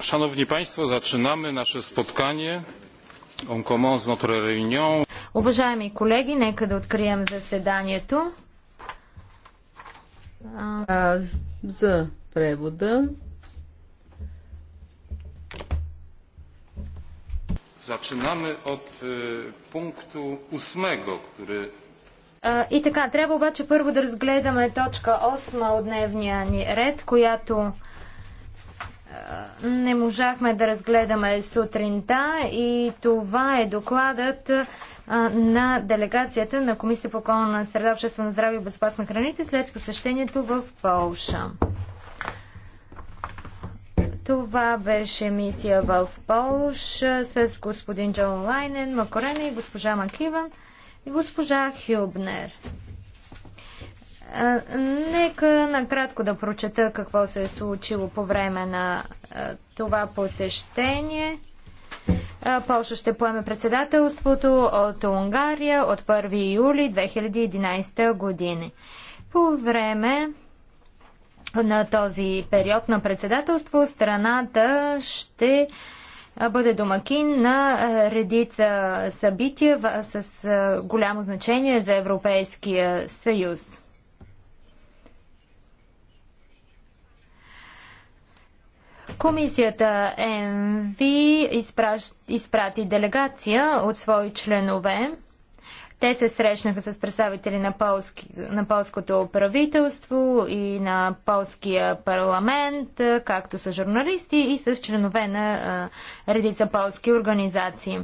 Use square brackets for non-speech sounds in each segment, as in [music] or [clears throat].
Szanowni Państwo, zaczynamy nasze spotkanie. On commence notre réunion. Уважаеми колеги, нека да открием заседанието. А, за превода. Зачинаме от пункту 8, który и така, трябва обаче първо да разгледаме точка 8 от дневния ни ред, която не можахме да разгледаме сутринта и това е докладът на делегацията на Комисията по околна среда, обществено здраве и безопасна храните след посещението в Полша. Това беше мисия в Полша с господин Джон Лайнен, Макорена и госпожа Макиван и госпожа Хюбнер. Нека накратко да прочета какво се е случило по време на това посещение. Полша ще поеме председателството от Унгария от 1 юли 2011 години. По време на този период на председателство страната ще бъде домакин на редица събития с голямо значение за Европейския съюз. Комисията МВ изпрати делегация от свои членове. Те се срещнаха с представители на, полски, на полското правителство и на полския парламент, както с журналисти и с членове на а, редица полски организации.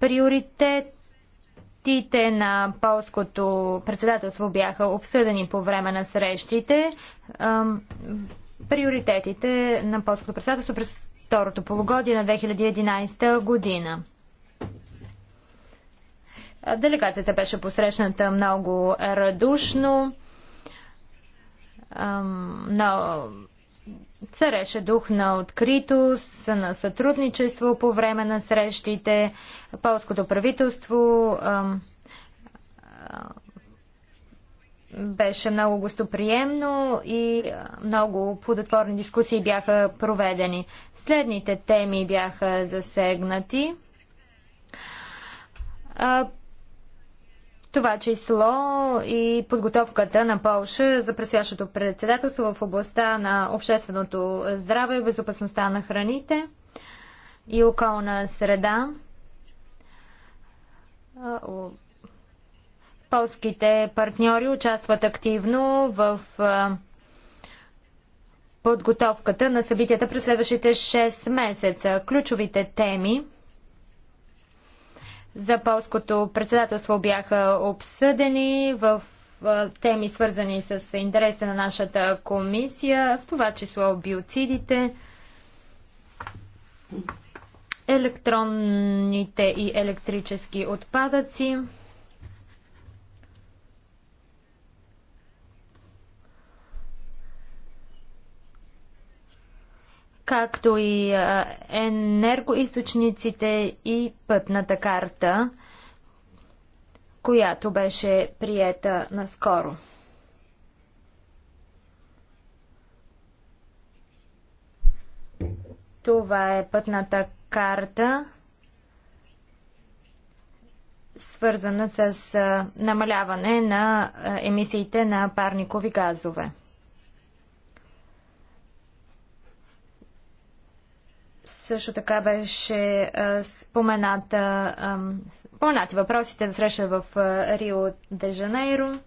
Приоритетите на полското председателство бяха обсъдени по време на срещите. А, приоритетите на полското председателство през второто полугодие на 2011 година. Делегацията беше посрещната много радушно. Но Цареше дух на откритост, на сътрудничество по време на срещите. Полското правителство беше много гостоприемно и много плодотворни дискусии бяха проведени. Следните теми бяха засегнати. Това число и подготовката на Полша за предстоящото председателство в областта на общественото здраве и безопасността на храните и околна среда Полските партньори участват активно в подготовката на събитията през следващите 6 месеца. Ключовите теми за полското председателство бяха обсъдени в теми свързани с интереса на нашата комисия, в това число биоцидите, електронните и електрически отпадъци. както и енергоисточниците и пътната карта, която беше приета наскоро. Това е пътната карта, свързана с намаляване на емисиите на парникови газове. Също така беше спомената, спомената въпросите за среща в Рио де Жанейро.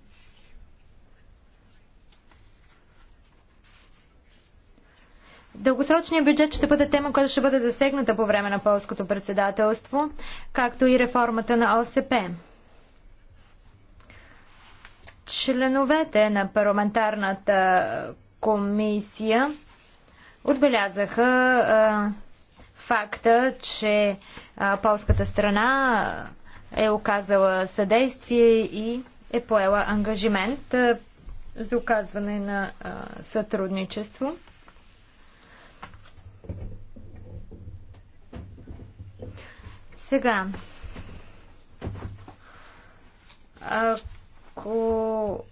Дългосрочният бюджет ще бъде тема, която ще бъде засегната по време на полското председателство, както и реформата на ОСП. Членовете на парламентарната комисия отбелязаха факта, че а, полската страна е оказала съдействие и е поела ангажимент а, за оказване на а, сътрудничество. Сега, ако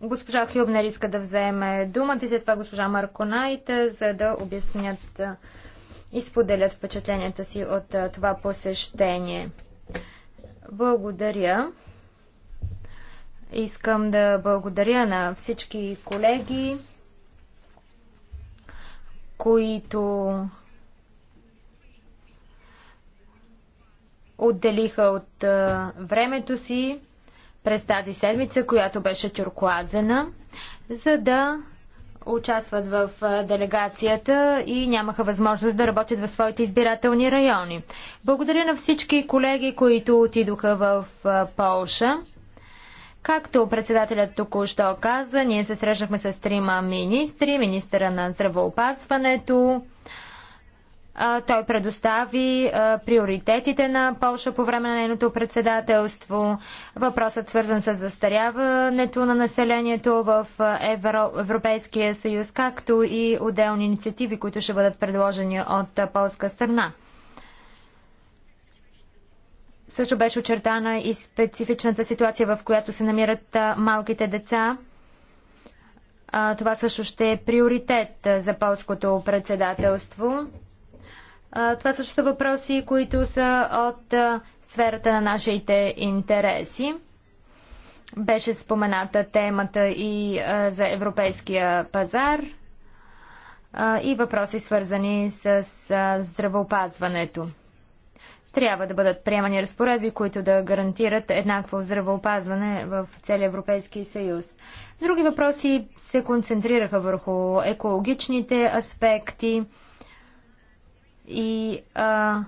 госпожа Хюбнер иска да вземе думата и след това госпожа Марконайта, за да обяснят и споделят впечатленията си от това посещение. Благодаря. Искам да благодаря на всички колеги, които отделиха от времето си през тази седмица, която беше тюркуазена, за да участват в делегацията и нямаха възможност да работят в своите избирателни райони. Благодаря на всички колеги, които отидоха в Полша. Както председателят току-що каза, ние се срещнахме с трима министри, министъра на здравеопазването, той предостави приоритетите на Полша по време на нейното председателство, въпросът свързан с застаряването на населението в Европейския съюз, както и отделни инициативи, които ще бъдат предложени от полска страна. Също беше очертана и специфичната ситуация, в която се намират малките деца. Това също ще е приоритет за полското председателство. Това също са въпроси, които са от сферата на нашите интереси. Беше спомената темата и за европейския пазар и въпроси свързани с здравеопазването. Трябва да бъдат приемани разпоредби, които да гарантират еднакво здравеопазване в целия Европейски съюз. Други въпроси се концентрираха върху екологичните аспекти, и а,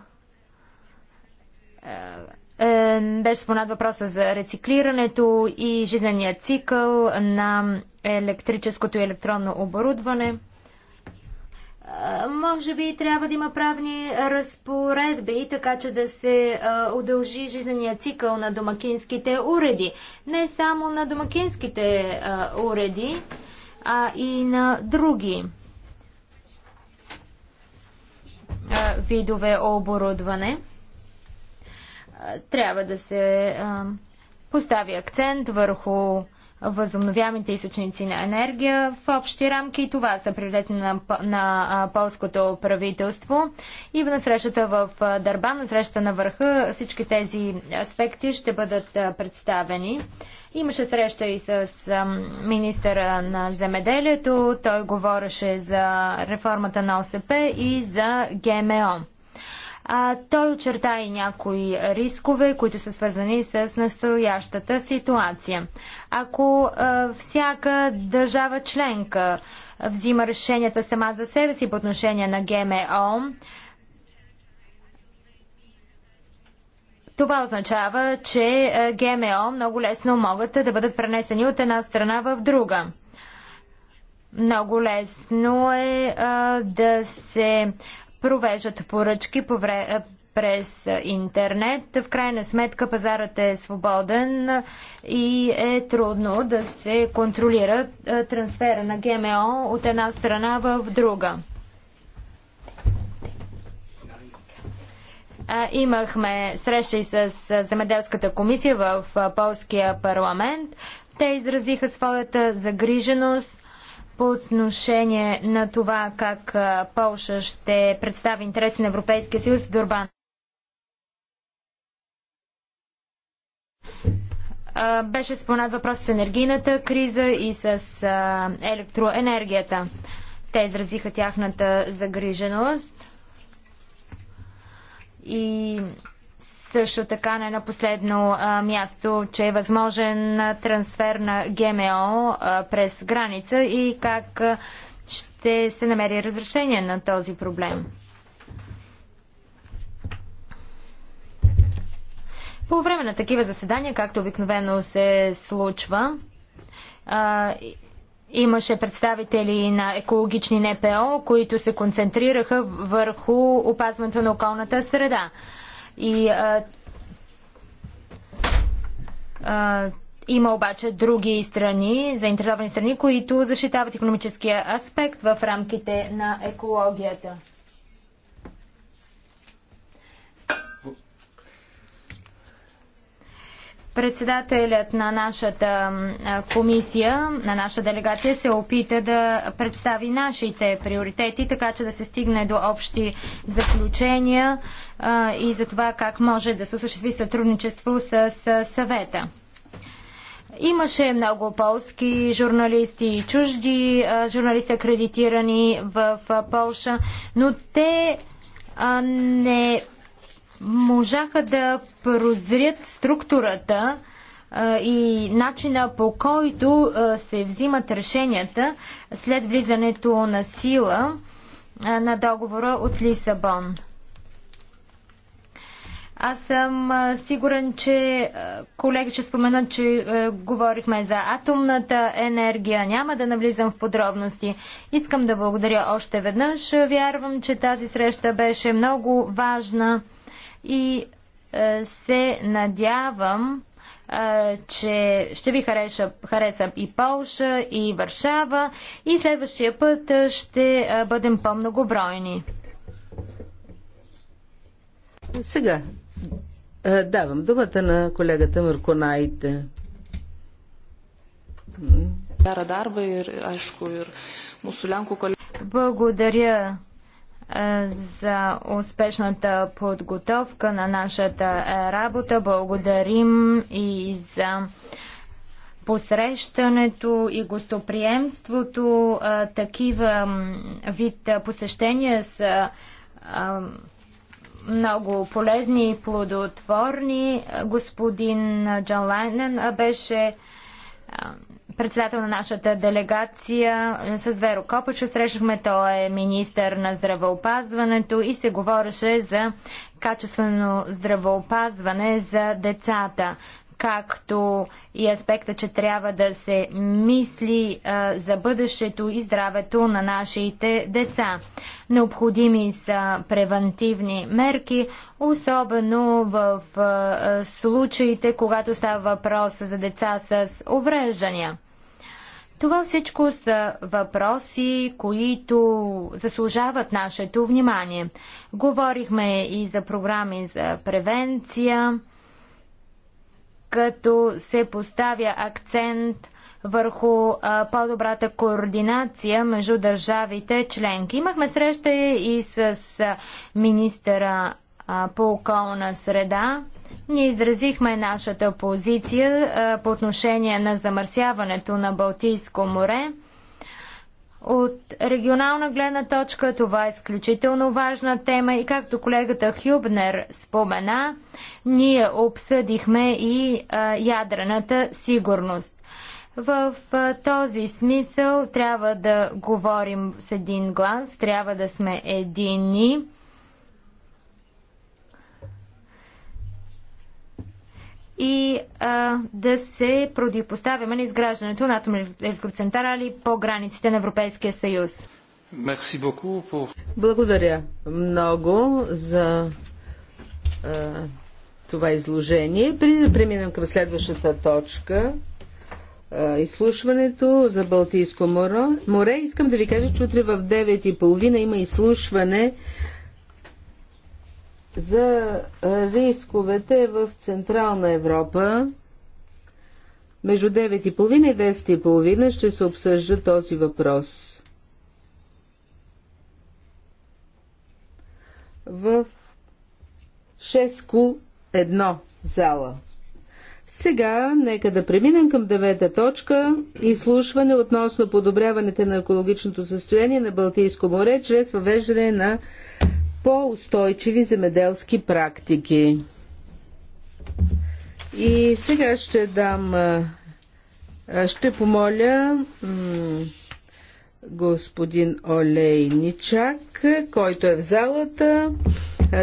а, е, е, беше спонат въпроса за рециклирането и жизнения цикъл на електрическото и електронно оборудване. Е, може би трябва да има правни разпоредби, така че да се а, удължи жизнения цикъл на домакинските уреди. Не само на домакинските а, уреди, а и на други видове оборудване. Трябва да се постави акцент върху възобновяемите източници на енергия в общи рамки. това са приоритети на, на полското правителство. И на срещата в Дърбан, на срещата на върха, всички тези аспекти ще бъдат представени. Имаше среща и с министъра на земеделието. Той говореше за реформата на ОСП и за ГМО. А, той очерта и някои рискове, които са свързани с настоящата ситуация. Ако а, всяка държава членка взима решенията сама за себе си по отношение на ГМО, Това означава, че е, ГМО много лесно могат да бъдат пренесени от една страна в друга. Много лесно е а, е, да се провеждат поръчки по вре, е, през интернет. В крайна сметка пазарът е свободен и е трудно да се контролира трансфера на ГМО от една страна в друга. Имахме срещи с Земеделската комисия в Полския парламент. Те изразиха своята загриженост по отношение на това как Полша ще представи интереси на Европейския съюз в Дурбан. Беше споменат въпрос с енергийната криза и с електроенергията. Те изразиха тяхната загриженост. И също така не на последно а, място, че е възможен а, трансфер на ГМО а, през граница и как ще се намери разрешение на този проблем. По време на такива заседания, както обикновено се случва, Имаше представители на екологични НПО, които се концентрираха върху опазването на околната среда. И а, а, има обаче други страни, заинтересовани страни, които защитават економическия аспект в рамките на екологията. Председателят на нашата комисия, на наша делегация се опита да представи нашите приоритети, така че да се стигне до общи заключения а, и за това как може да се осъществи сътрудничество с, с съвета. Имаше много полски журналисти и чужди а, журналисти акредитирани в а, Полша, но те не можаха да прозрят структурата и начина по който се взимат решенията след влизането на сила на договора от Лисабон. Аз съм сигурен, че колеги ще споменат, че говорихме за атомната енергия. Няма да навлизам в подробности. Искам да благодаря още веднъж. Вярвам, че тази среща беше много важна и е, се надявам, е, че ще ви хареша, хареса и Полша, и Варшава и следващия път е, ще бъдем по-многобройни. Сега давам думата на колегата Мърконайте. Благодаря. Е, за успешната подготовка на нашата е, работа. Благодарим и за посрещането и гостоприемството. Е, такива вид посещения са много полезни и плодотворни. Господин Лайнен беше председател на нашата делегация е, с Веро Копача Срещахме, той е министър на здравеопазването и се говореше за качествено здравеопазване за децата както и аспекта, че трябва да се мисли а, е, за бъдещето и здравето на нашите деца. Необходими са превентивни мерки, особено в а, е, случаите, когато става въпрос за деца с увреждания. Това всичко са въпроси, които заслужават нашето внимание. Говорихме и за програми за превенция, като се поставя акцент върху по-добрата координация между държавите членки. Имахме среща и с министъра по околна среда ние изразихме нашата позиция а, по отношение на замърсяването на Балтийско море. От регионална гледна точка това е изключително важна тема и както колегата Хюбнер спомена, ние обсъдихме и а, ядрената сигурност. В а, този смисъл трябва да говорим с един глас, трябва да сме единни и а, да се противопоставяме на изграждането на атомни електроцентрали по границите на Европейския съюз. Благодаря много за а, това изложение. Преди да преминем към следващата точка, а, изслушването за Балтийско море, море, искам да ви кажа, че утре в 9.30 има изслушване за рисковете в Централна Европа. Между 9.30 и 10.30 ще се обсъжда този въпрос. В 6 кул 1 зала. Сега нека да преминем към девета точка – изслушване относно подобряването на екологичното състояние на Балтийско море чрез въвеждане на по-устойчиви земеделски практики. И сега ще дам, ще помоля господин Олейничак, който е в залата,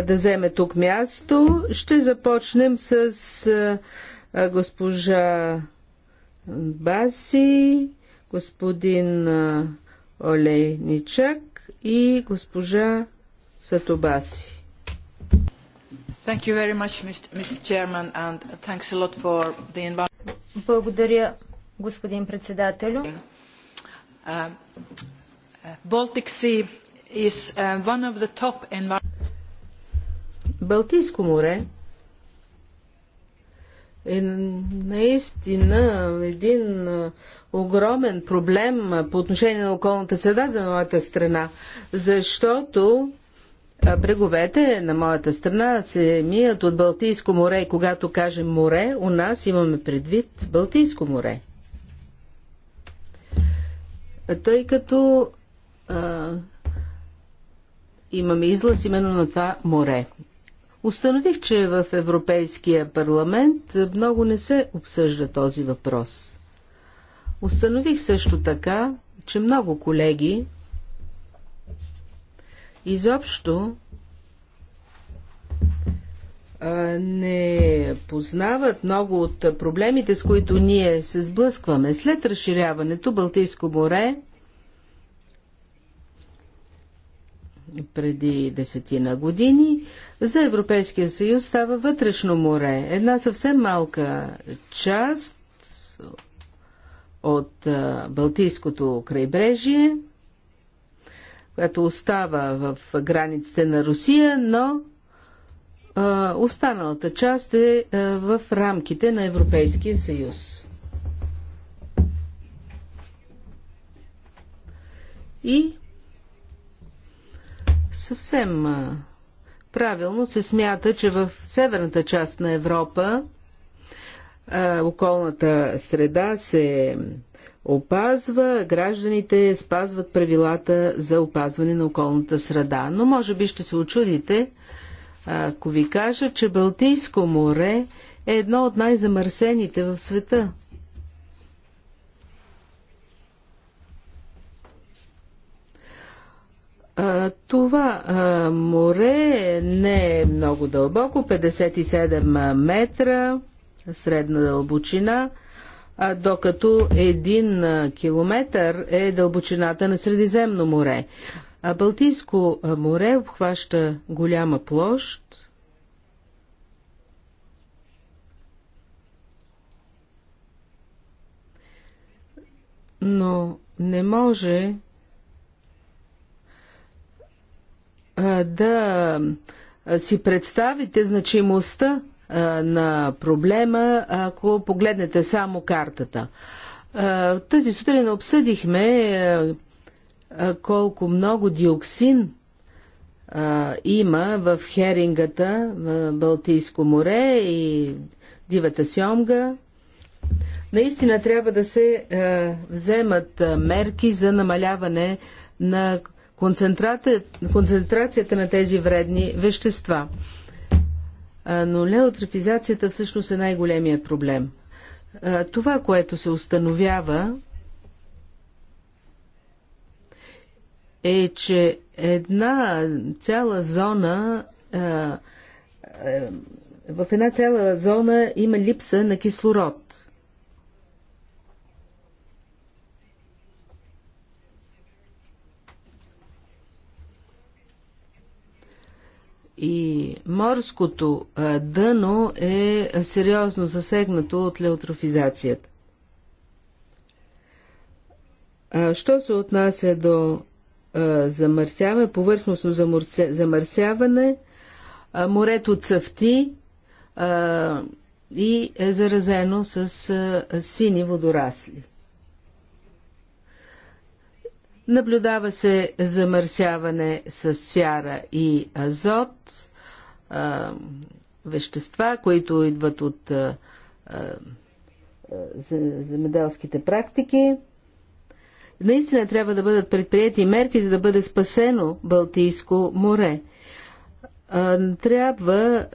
да вземе тук място. Ще започнем с госпожа Баси, господин Олей Ничак и госпожа Сатубаси. Благодаря, господин председателю. Балтийско море е наистина един огромен проблем по отношение на околната среда за моята страна, защото Бреговете на моята страна се мият от Балтийско море и когато кажем море, у нас имаме предвид Балтийско море. Тъй като а, имаме излъз именно на това море. Установих, че в Европейския парламент много не се обсъжда този въпрос. Установих също така, че много колеги изобщо не познават много от проблемите, с които ние се сблъскваме. След разширяването Балтийско море преди десетина години за Европейския съюз става вътрешно море. Една съвсем малка част от Балтийското крайбрежие която остава в границите на Русия, но останалата част е в рамките на Европейския съюз. И съвсем правилно се смята, че в северната част на Европа околната среда се опазва, гражданите спазват правилата за опазване на околната среда. Но може би ще се очудите, ако ви кажа, че Балтийско море е едно от най-замърсените в света. Това море не е много дълбоко, 57 метра средна дълбочина – докато един километър е дълбочината на Средиземно море. А Балтийско море обхваща голяма площ, но не може да си представите значимостта на проблема, ако погледнете само картата. Тази сутрин обсъдихме колко много диоксин има в херингата в Балтийско море и дивата сьомга. Наистина трябва да се вземат мерки за намаляване на концентрацията на тези вредни вещества но леотрофизацията всъщност е най-големия проблем. Това, което се установява, е, че една цяла зона в една цяла зона има липса на кислород. и морското дъно е сериозно засегнато от леотрофизацията. Що се отнася до замърсяване, повърхностно замърсяване, морето цъфти и е заразено с сини водорасли. Наблюдава се замърсяване с сяра и азот, вещества, които идват от земеделските практики. Наистина трябва да бъдат предприяти мерки, за да бъде спасено Балтийско море. Трябва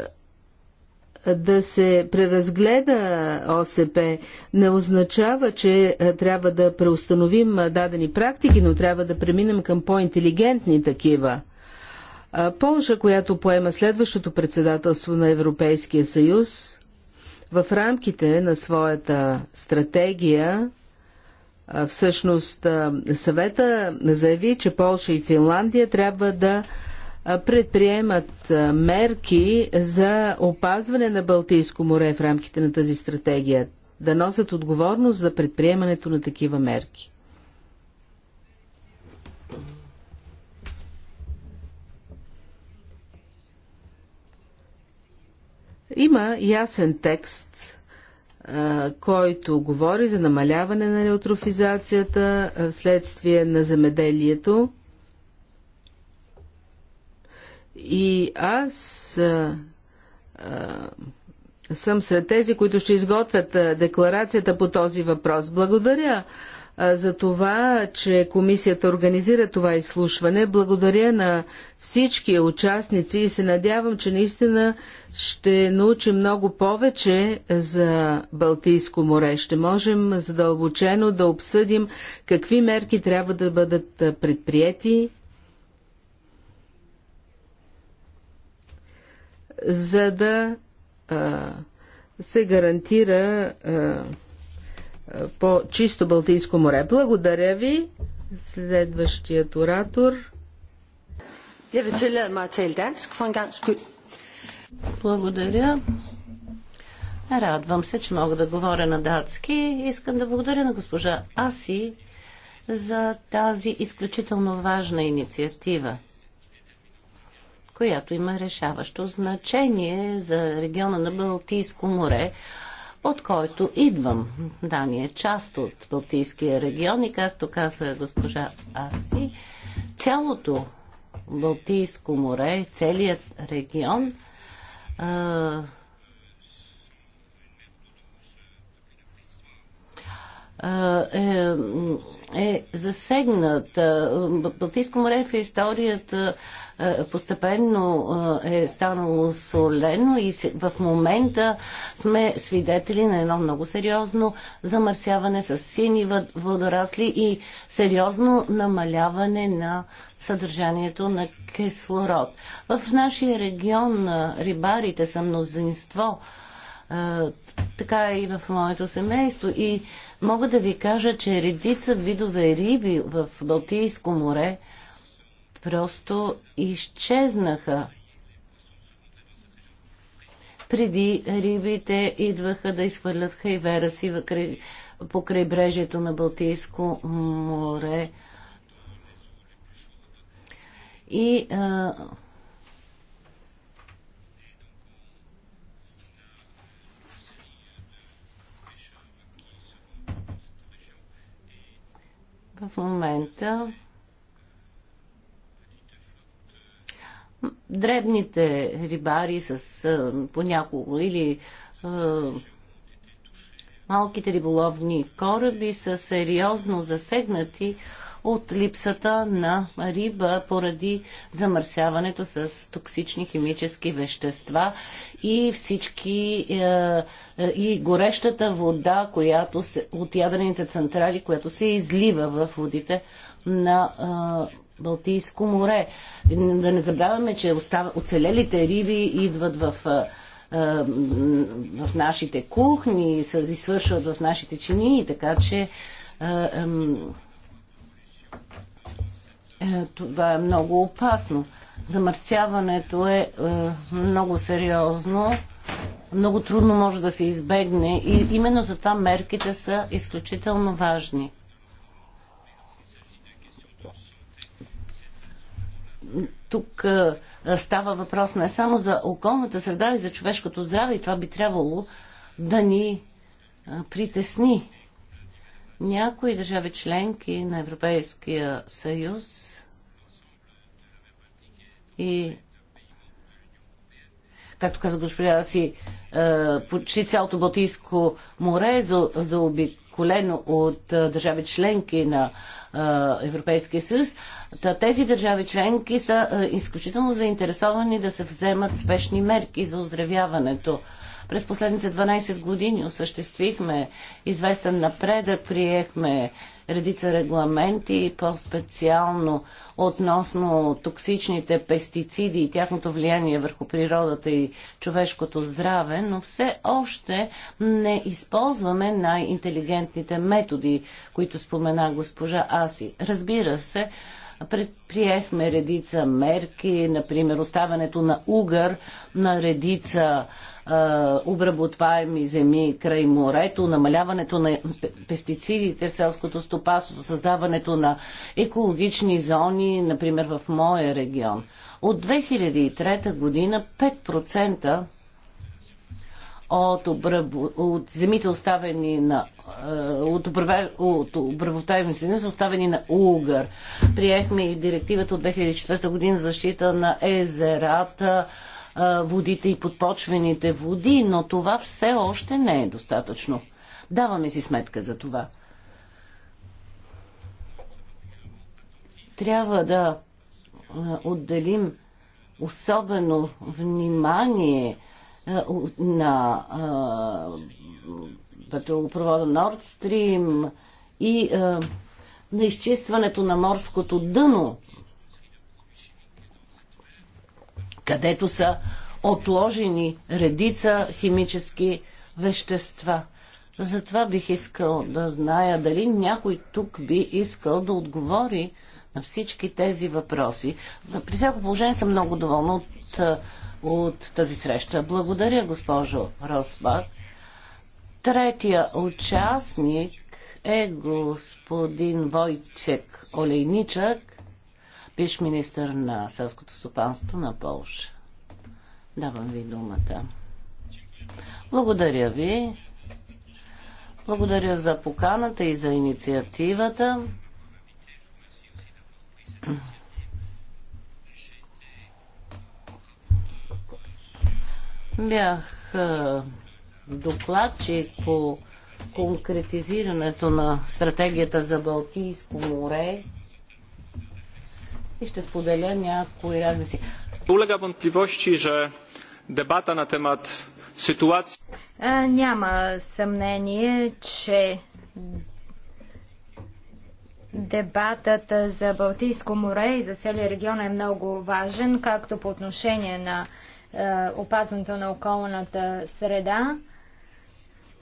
да се преразгледа ОСП не означава, че трябва да преустановим дадени практики, но трябва да преминем към по-интелигентни такива. Полша, която поема следващото председателство на Европейския съюз, в рамките на своята стратегия, всъщност съвета заяви, че Полша и Финландия трябва да предприемат мерки за опазване на Балтийско море в рамките на тази стратегия, да носят отговорност за предприемането на такива мерки. Има ясен текст, който говори за намаляване на неутрофизацията вследствие на земеделието и аз а, а, съм сред тези, които ще изготвят а, декларацията по този въпрос. Благодаря за това, че комисията организира това изслушване. Благодаря на всички участници и се надявам, че наистина ще научим много повече за Балтийско море. Ще можем задълбочено да обсъдим какви мерки трябва да бъдат предприяти за да се гарантира по чисто Балтийско море. Благодаря ви. Следващият оратор. Благодаря. Радвам се, че мога да говоря на датски. Искам да благодаря на госпожа Аси за тази изключително важна инициатива която има решаващо значение за региона на Балтийско море, от който идвам. Дания е част от Балтийския регион и, както казва госпожа Аси, цялото Балтийско море, целият регион а, е, е засегнат. Балтийско море е в историята е, постепенно е станало солено и в момента сме свидетели на едно много сериозно замърсяване с сини водорасли и сериозно намаляване на съдържанието на кислород. В нашия регион е, рибарите са мнозинство, е, така и в моето семейство и мога да ви кажа, че редица видове риби в Балтийско море просто изчезнаха. Преди рибите идваха да изхвърлят хайвера си по крайбрежието на Балтийско море. И а, в момента дребните рибари с а, по няколко или а, малките риболовни кораби са сериозно засегнати от липсата на риба поради замърсяването с токсични химически вещества и всички е, е и горещата вода, която се, от ядрените централи, която се излива в водите на е, Балтийско море. Да не забравяме, че оцелелите риби идват в, в нашите кухни, се извършват в нашите чини, така че е, това е много опасно. Замърсяването е, много сериозно, много трудно може да се избегне и именно за това мерките са изключително важни. тук става въпрос не само за околната среда и за човешкото здраве и това би трябвало да ни притесни. Някои държави членки на Европейския съюз и както каза господа си, почти цялото Балтийско море е заобиколено колено от държави членки на Европейския съюз, тези държави членки са изключително заинтересовани да се вземат спешни мерки за оздравяването. През последните 12 години осъществихме известен напредък, приехме редица регламенти, по-специално относно токсичните пестициди и тяхното влияние върху природата и човешкото здраве, но все още не използваме най-интелигентните методи, които спомена госпожа Аси. Разбира се, предприехме редица мерки, например оставането на угър на редица обработваеми земи край морето, намаляването на пестицидите в селското стопанство, създаването на екологични зони, например в моя регион. От 2003 година 5% от, от земите оставени на от, обраб... от обработаеми земи са оставени на угър. Приехме и директивата от 2004 година за защита на езерата, водите и подпочвените води, но това все още не е достатъчно. Даваме си сметка за това. Трябва да отделим особено внимание на петролопровода Nord Stream и на изчистването на морското дъно където са отложени редица химически вещества. Затова бих искал да зная дали някой тук би искал да отговори на всички тези въпроси. При всяко положение съм много доволна от, от тази среща. Благодаря, госпожо Росбах. Третия участник е господин Войчек Олейничък, виж министър на селското стопанство на Полша. Давам ви думата. Благодаря ви. Благодаря за поканата и за инициативата. Бях докладчик по конкретизирането на стратегията за Балтийско море и ще споделя някои размисли. Улега вънпливощи, че дебата на темат ситуация... Няма съмнение, че Дебатът за Балтийско море и за целия регион е много важен, както по отношение на е, опазването на околната среда,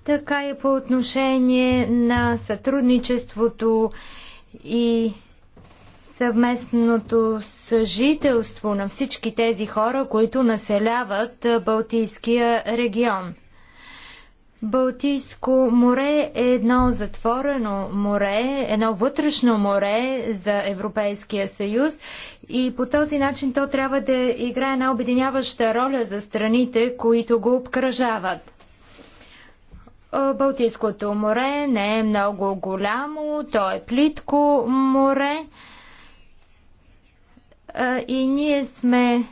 така и по отношение на сътрудничеството и съвместното съжителство на всички тези хора, които населяват Балтийския регион. Балтийско море е едно затворено море, едно вътрешно море за Европейския съюз и по този начин то трябва да играе една обединяваща роля за страните, които го обкръжават. Балтийското море не е много голямо, то е плитко море. И ние сме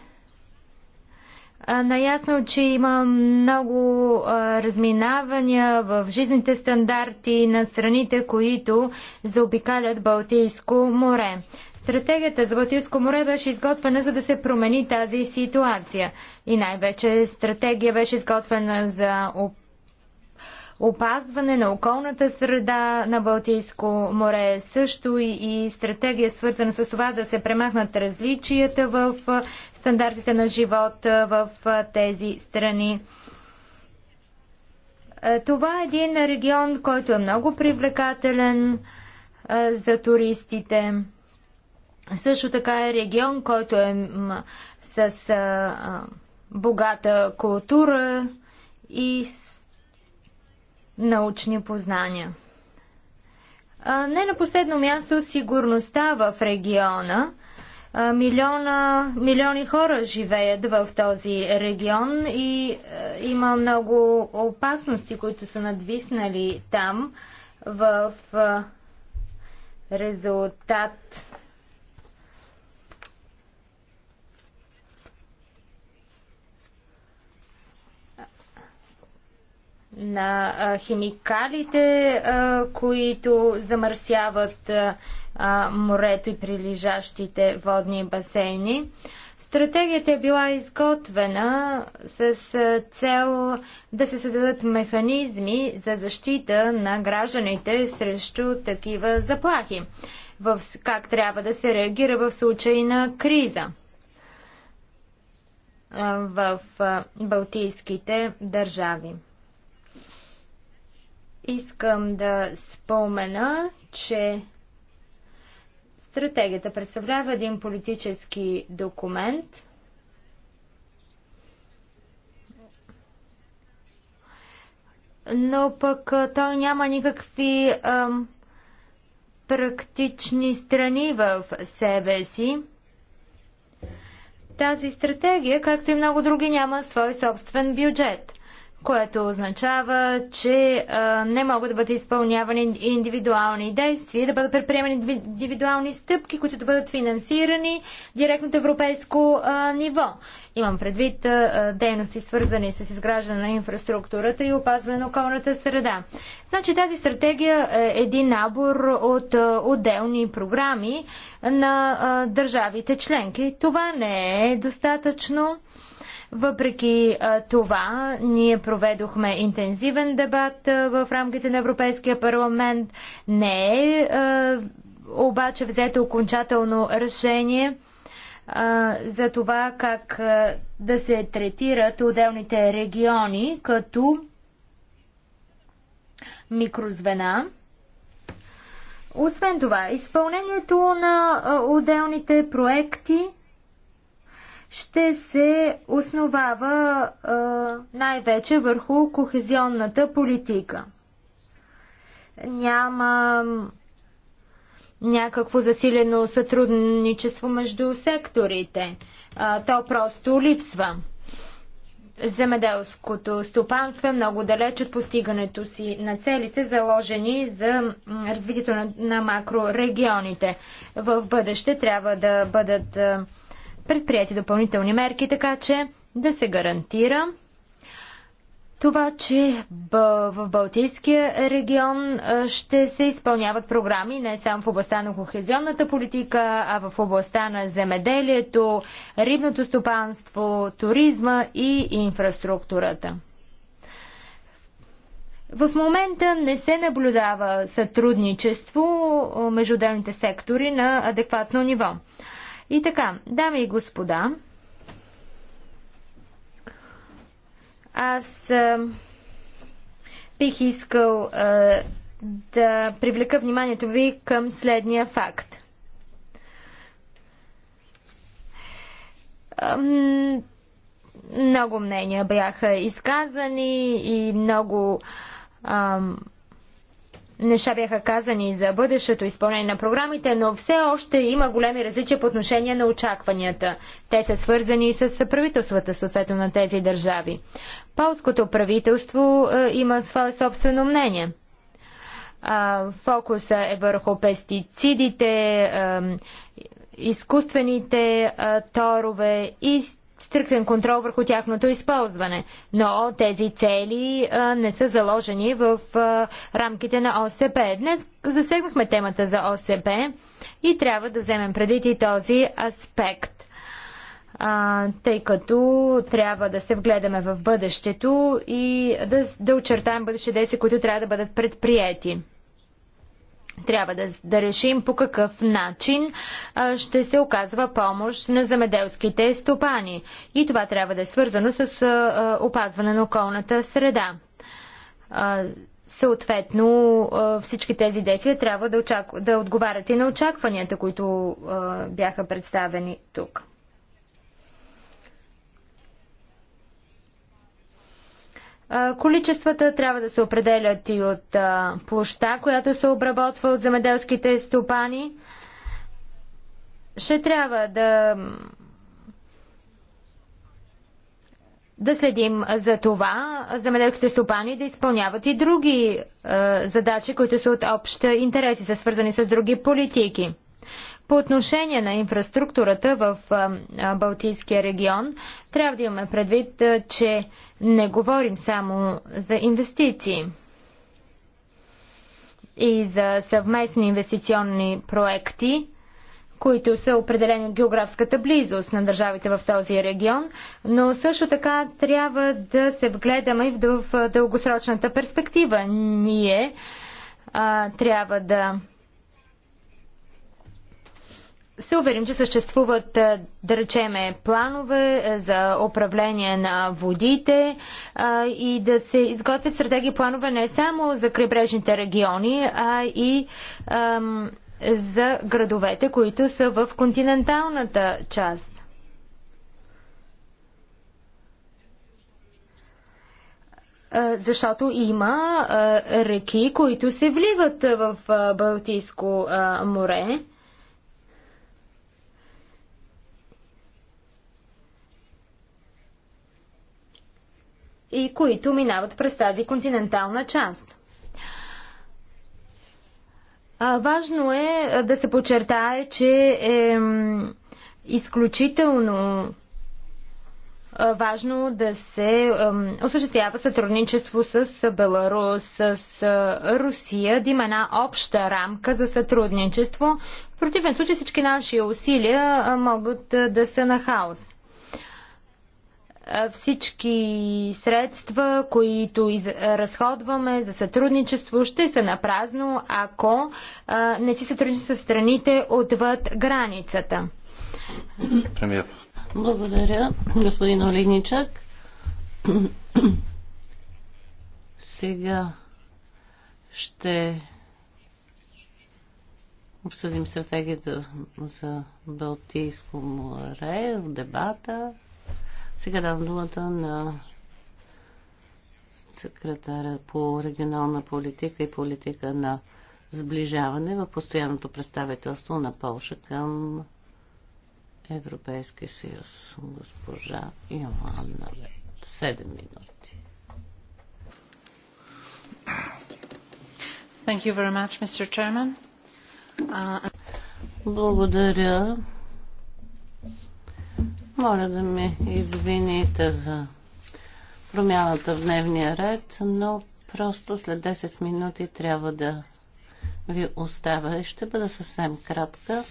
наясно, че има много разминавания в жизните стандарти на страните, които заобикалят Балтийско море. Стратегията за Балтийско море беше изготвена за да се промени тази ситуация. И най-вече стратегия беше изготвена за опазване на околната среда на Балтийско море, също и, и стратегия свързана с това да се премахнат различията в стандартите на живот в тези страни. Това е един регион, който е много привлекателен за туристите. Също така е регион, който е с богата култура и научни познания. Не на последно място сигурността в региона. Милиона, милиони хора живеят в този регион и има много опасности, които са надвиснали там в резултат на химикалите, които замърсяват морето и прилежащите водни басейни. Стратегията е била изготвена с цел да се създадат механизми за защита на гражданите срещу такива заплахи, в как трябва да се реагира в случай на криза в Балтийските държави. Искам да спомена, че стратегията представлява един политически документ, но пък той няма никакви ам, практични страни в себе си. Тази стратегия, както и много други, няма свой собствен бюджет което означава, че а, не могат да бъдат изпълнявани индивидуални действия, да бъдат предприемани индивидуални стъпки, които да бъдат финансирани директно от европейско а, ниво. Имам предвид а, дейности, свързани с изграждане на инфраструктурата и опазване на околната среда. Значи тази стратегия е един набор от а, отделни програми на а, държавите членки. Това не е достатъчно. А, въпреки това, ние проведохме интензивен дебат в рамките на Европейския парламент. Не е обаче взето окончателно решение за това как да се третират отделните региони като микрозвена. Освен това, изпълнението на отделните проекти ще се основава най-вече върху кохезионната политика. Няма някакво засилено сътрудничество между секторите. А, то просто липсва. Земеделското стопанство е много далеч от постигането си на целите, заложени за развитието на, на макрорегионите. В бъдеще трябва да бъдат предприяти допълнителни мерки, така че да се гарантира това, че в Балтийския регион ще се изпълняват програми не само в областта на кохезионната политика, а в областта на земеделието, рибното стопанство, туризма и инфраструктурата. В момента не се наблюдава сътрудничество между отделните сектори на адекватно ниво. И така, дами и господа, аз а, бих искал а, да привлека вниманието ви към следния факт. Много мнения бяха изказани и много ам, неща бяха казани за бъдещето изпълнение на програмите, но все още има големи различия по отношение на очакванията. Те са свързани и с правителствата, съответно на тези държави. Полското правителство е, има свое собствено мнение. Фокуса е върху пестицидите, е, изкуствените е, торове и стриктен контрол върху тяхното използване. Но тези цели а, не са заложени в а, рамките на ОСП. Днес засегнахме темата за ОСП и трябва да вземем предвид и този аспект. А, тъй като трябва да се вгледаме в бъдещето и да, да очертаем бъдещите действия, които трябва да бъдат предприяти трябва да, да решим по какъв начин а, ще се оказва помощ на замеделските стопани. И това трябва да е свързано с а, а, опазване на околната среда. А, съответно, а, всички тези действия трябва да, очак... да отговарят и на очакванията, които а, бяха представени тук. Количествата трябва да се определят и от площа, която се обработва от земеделските стопани. Ще трябва да да следим за това земеделските стопани да изпълняват и други е, задачи, които са от обща интереси, са свързани с други политики. По отношение на инфраструктурата в Балтийския регион, трябва да имаме предвид, че не говорим само за инвестиции и за съвместни инвестиционни проекти, които са определени от географската близост на държавите в този регион, но също така трябва да се вгледаме и в дългосрочната перспектива. Ние а, трябва да се уверим, че съществуват, да речеме, планове за управление на водите и да се изготвят стратегии планове не само за крайбрежните региони, а и за градовете, които са в континенталната част. защото има реки, които се вливат в Балтийско море. и които минават през тази континентална част. А, важно е да се подчертае, че е изключително важно да се осъществява сътрудничество с Беларус, с Русия, да има една обща рамка за сътрудничество. В противен случай всички наши усилия могат да са на хаос всички средства, които из... разходваме за сътрудничество, ще са напразно, ако а, не си сътрудничат с страните отвъд границата. Премьер. Благодаря, господин Олигничък. Сега ще обсъдим стратегията за Балтийско море в дебата. Сега давам думата на секретаря по регионална политика и политика на сближаване в постоянното представителство на Полша към Европейския съюз. Госпожа Йоанна 7 Седем минути. Thank you very much, Mr. Chairman. Uh... Благодаря, моля да ме извините за промяната в дневния ред, но просто след 10 минути трябва да ви оставя и ще бъда съвсем кратка.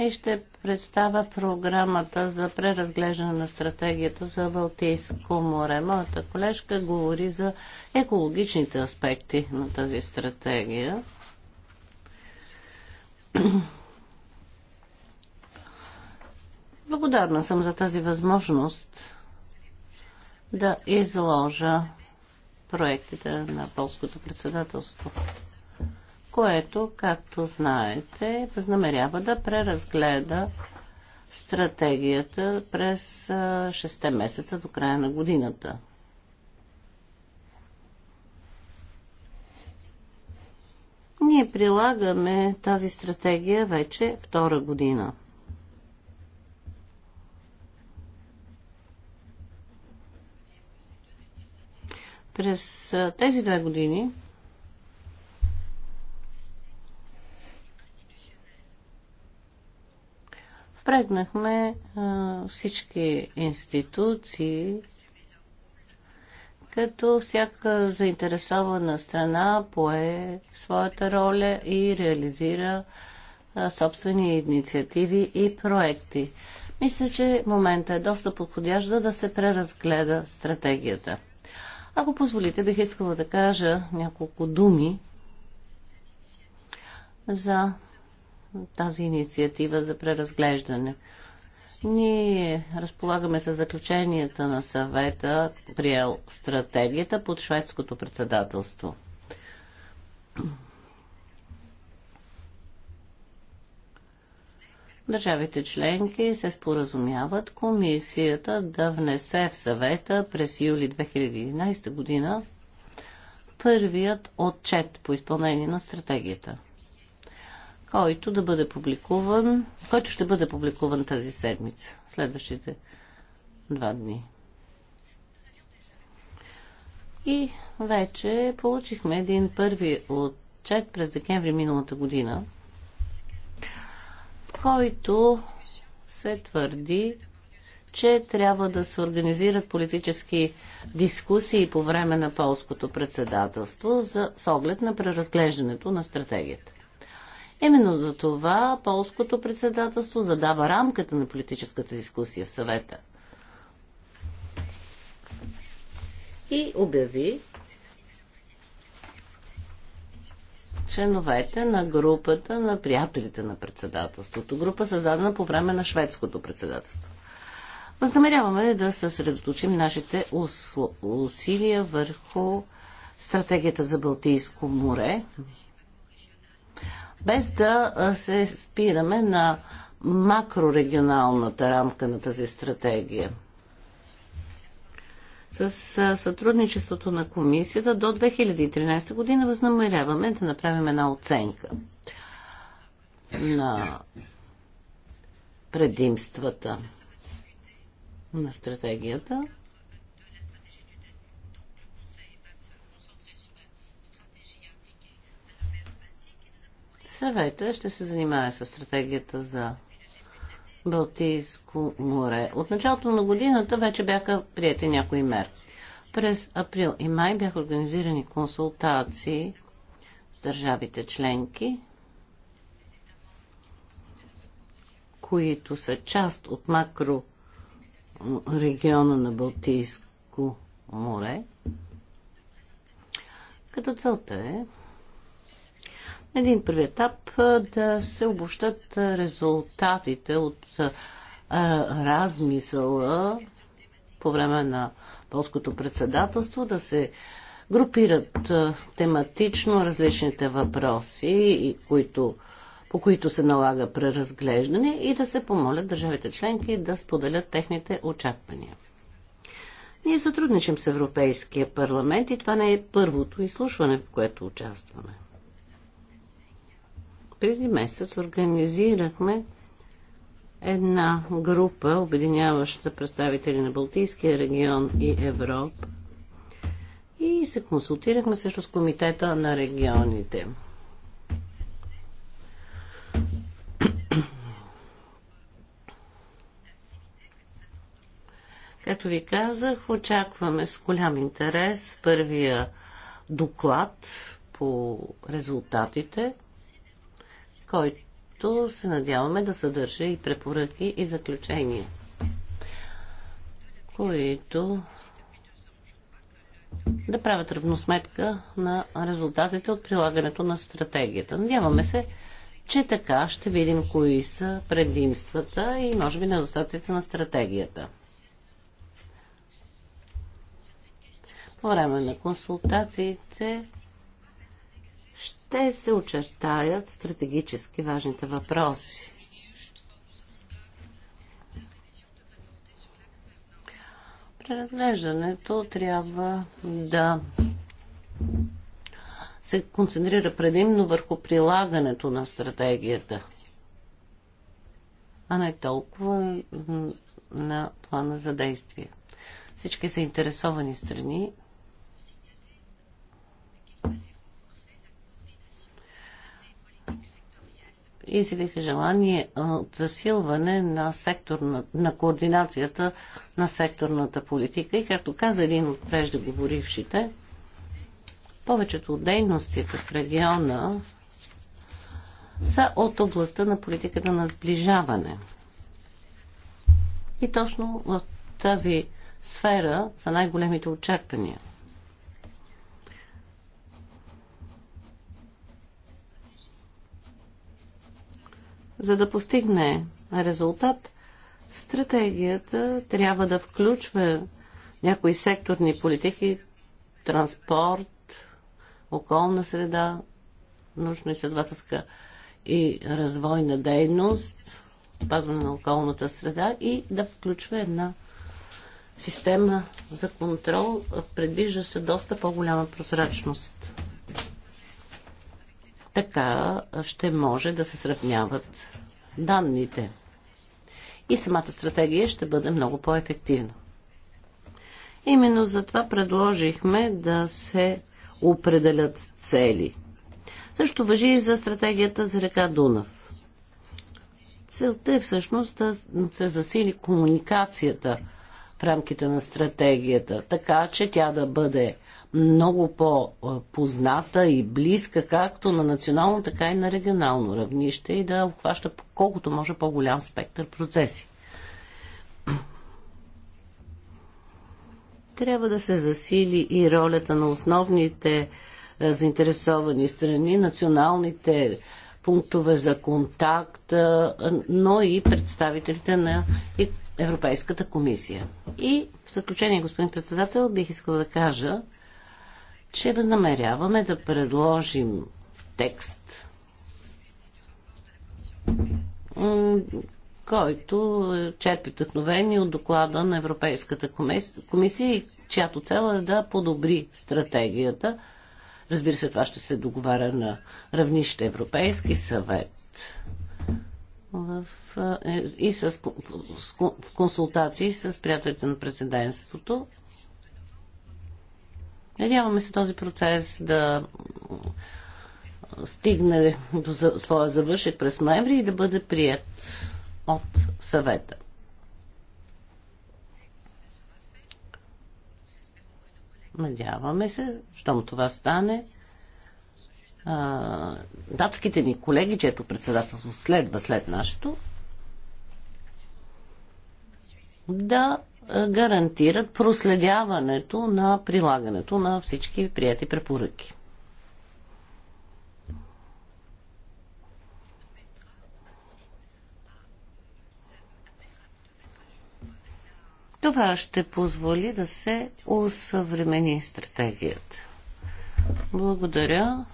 И ще представя програмата за преразглеждане на стратегията за Балтийско море. Моята колежка говори за екологичните аспекти на тази стратегия Благодарна съм за тази възможност да изложа проектите на полското председателство, което, както знаете, възнамерява да преразгледа стратегията през 6 месеца до края на годината. Ние прилагаме тази стратегия вече втора година – През тези две години впрегнахме всички институции, като всяка заинтересована страна пое своята роля и реализира собствени инициативи и проекти. Мисля, че момента е доста подходящ, за да се преразгледа стратегията. Ако позволите, бих искала да кажа няколко думи за тази инициатива за преразглеждане. Ние разполагаме с заключенията на съвета, приел стратегията под шведското председателство. Държавите членки се споразумяват комисията да внесе в съвета през юли 2011 година първият отчет по изпълнение на стратегията, който да бъде публикуван, който ще бъде публикуван тази седмица, следващите два дни. И вече получихме един първи отчет през декември миналата година – който се твърди, че трябва да се организират политически дискусии по време на полското председателство за, с оглед на преразглеждането на стратегията. Именно за това полското председателство задава рамката на политическата дискусия в съвета и обяви, членовете на групата на приятелите на председателството. Група създадена по време на шведското председателство. Възнамеряваме да съсредоточим нашите усилия върху стратегията за Балтийско море, без да се спираме на макрорегионалната рамка на тази стратегия – с сътрудничеството на комисията до 2013 година възнамеряваме да направим една оценка на предимствата на стратегията. Съвета ще се занимава с стратегията за Балтийско море. От началото на годината вече бяха прияти някои мерки. През април и май бяха организирани консултации с държавите членки, които са част от макро региона на Балтийско море, като целта е един първи етап да се обобщат резултатите от размисъла по време на полското председателство, да се групират тематично различните въпроси, които, по които се налага преразглеждане и да се помолят държавите членки да споделят техните очаквания. Ние сътрудничим с Европейския парламент и това не е първото изслушване, в което участваме. Преди месец организирахме една група, обединяваща представители на Балтийския регион и Европа. И се консултирахме също с Комитета на регионите. Както ви казах, очакваме с голям интерес първия доклад по резултатите който се надяваме да съдържа и препоръки и заключения, които да правят равносметка на резултатите от прилагането на стратегията. Надяваме се, че така ще видим кои са предимствата и може би недостатъците на стратегията. По време на консултациите ще се очертаят стратегически важните въпроси. Преразглеждането трябва да се концентрира предимно върху прилагането на стратегията, а не толкова на плана за действие. Всички са интересовани страни изявиха желание от засилване на, секторна, на координацията на секторната политика. И както каза един от преждеговорившите, повечето от дейностите в региона са от областта на политиката на сближаване. И точно в тази сфера са най-големите очаквания. За да постигне резултат, стратегията трябва да включва някои секторни политики, транспорт, околна среда, научно-изследователска и развойна дейност, опазване на околната среда и да включва една система за контрол, предвижда се доста по-голяма прозрачност. Така ще може да се сравняват данните. И самата стратегия ще бъде много по-ефективна. Именно за това предложихме да се определят цели. Също въжи и за стратегията за река Дунав. Целта е всъщност да се засили комуникацията в рамките на стратегията, така че тя да бъде много по-позната и близка както на национално, така и на регионално равнище и да обхваща колкото може по-голям спектър процеси. Трябва да се засили и ролята на основните е, заинтересовани страни, националните пунктове за контакт, е, но и представителите на Европейската комисия. И в заключение, господин председател, бих искала да кажа, че възнамеряваме да предложим текст, който черпи вдъхновение от доклада на Европейската комисия, чиято цел е да подобри стратегията. Разбира се, това ще се договаря на равнище Европейски съвет в, е, и с, в консултации с приятелите на президентството Надяваме се този процес да стигне до своя завършек през ноември и да бъде прият от съвета. Надяваме се, щом това стане, датските ни колеги, чето председателство следва след нашето, да е, гарантират проследяването на прилагането на всички прияти препоръки. Това ще позволи да се усъвремени стратегията. Благодаря.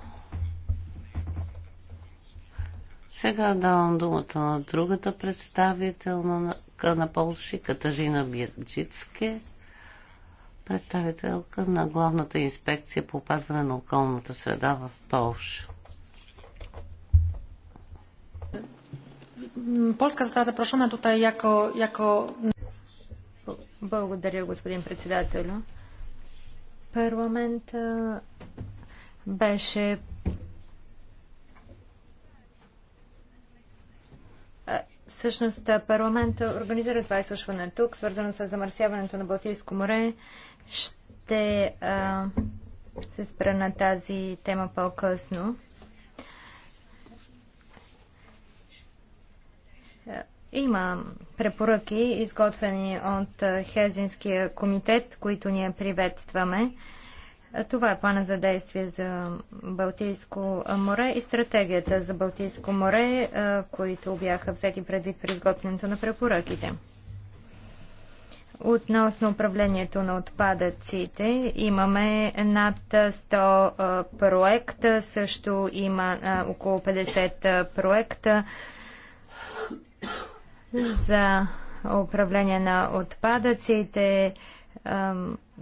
Сега давам думата на другата представител на Полши, Катажина Бирджицке, представителка на Главната инспекция по опазване на околната среда в Полша. Polska została zaproszona tutaj jako... jako... Благодаря, господин председателю. Парламент беше Всъщност е, парламент организира това изслушване тук, свързано с замърсяването на Балтийско море. Ще а, се спра на тази тема по-късно. Е, има препоръки, изготвени от Хезинския комитет, които ние приветстваме. Това е плана за действие за Балтийско море и стратегията за Балтийско море, е, които бяха взети предвид при изготвянето на препоръките. Относно управлението на отпадъците, имаме над 100 е, проекта, също има е, около 50 проекта за управление на отпадъците,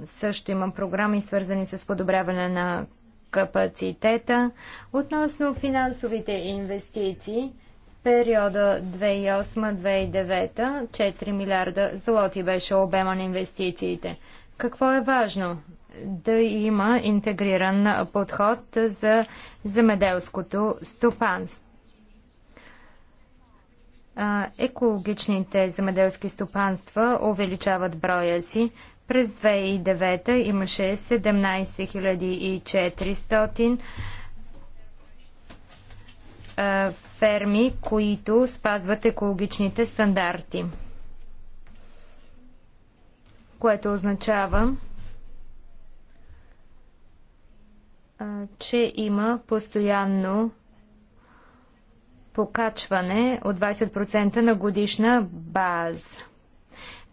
също имам програми, свързани с подобряване на капацитета. Относно финансовите инвестиции, периода 2008-2009 4 милиарда злоти беше обема на инвестициите. Какво е важно? Да има интегриран подход за земеделското стопанство. Екологичните земеделски стопанства увеличават броя си. През 2009 имаше 17400 ферми, които спазват екологичните стандарти. Което означава, че има постоянно покачване от 20% на годишна база.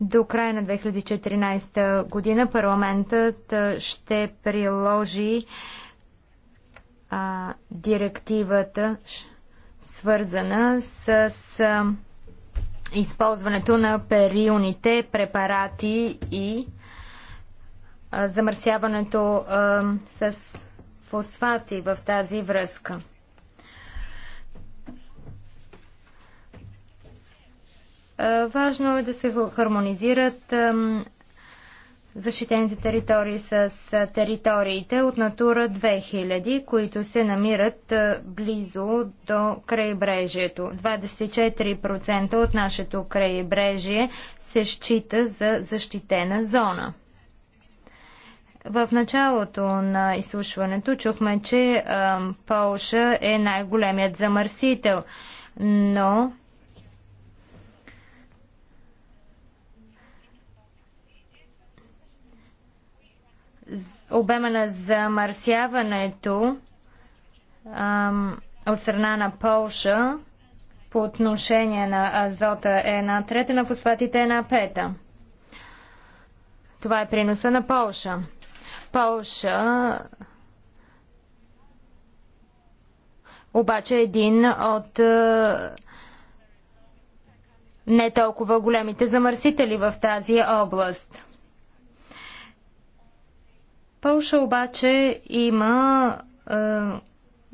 До края на 2014 година парламентът ще приложи а, директивата, свързана с а, използването на периуните препарати и а, замърсяването а, с фосфати в тази връзка. Е, важно е да се хармонизират защитените територии с териториите от Натура 2000, които се намират близо до крайбрежието. 24% от нашето крайбрежие се счита за защитена зона. В началото на изслушването чухме, че Полша е най-големият замърсител, но обема на замърсяването ам, от страна на Полша по отношение на азота е на трета, на фосфатите е една пета. Това е приноса на Полша. Полша обаче е един от не толкова големите замърсители в тази област. Полша обаче има е,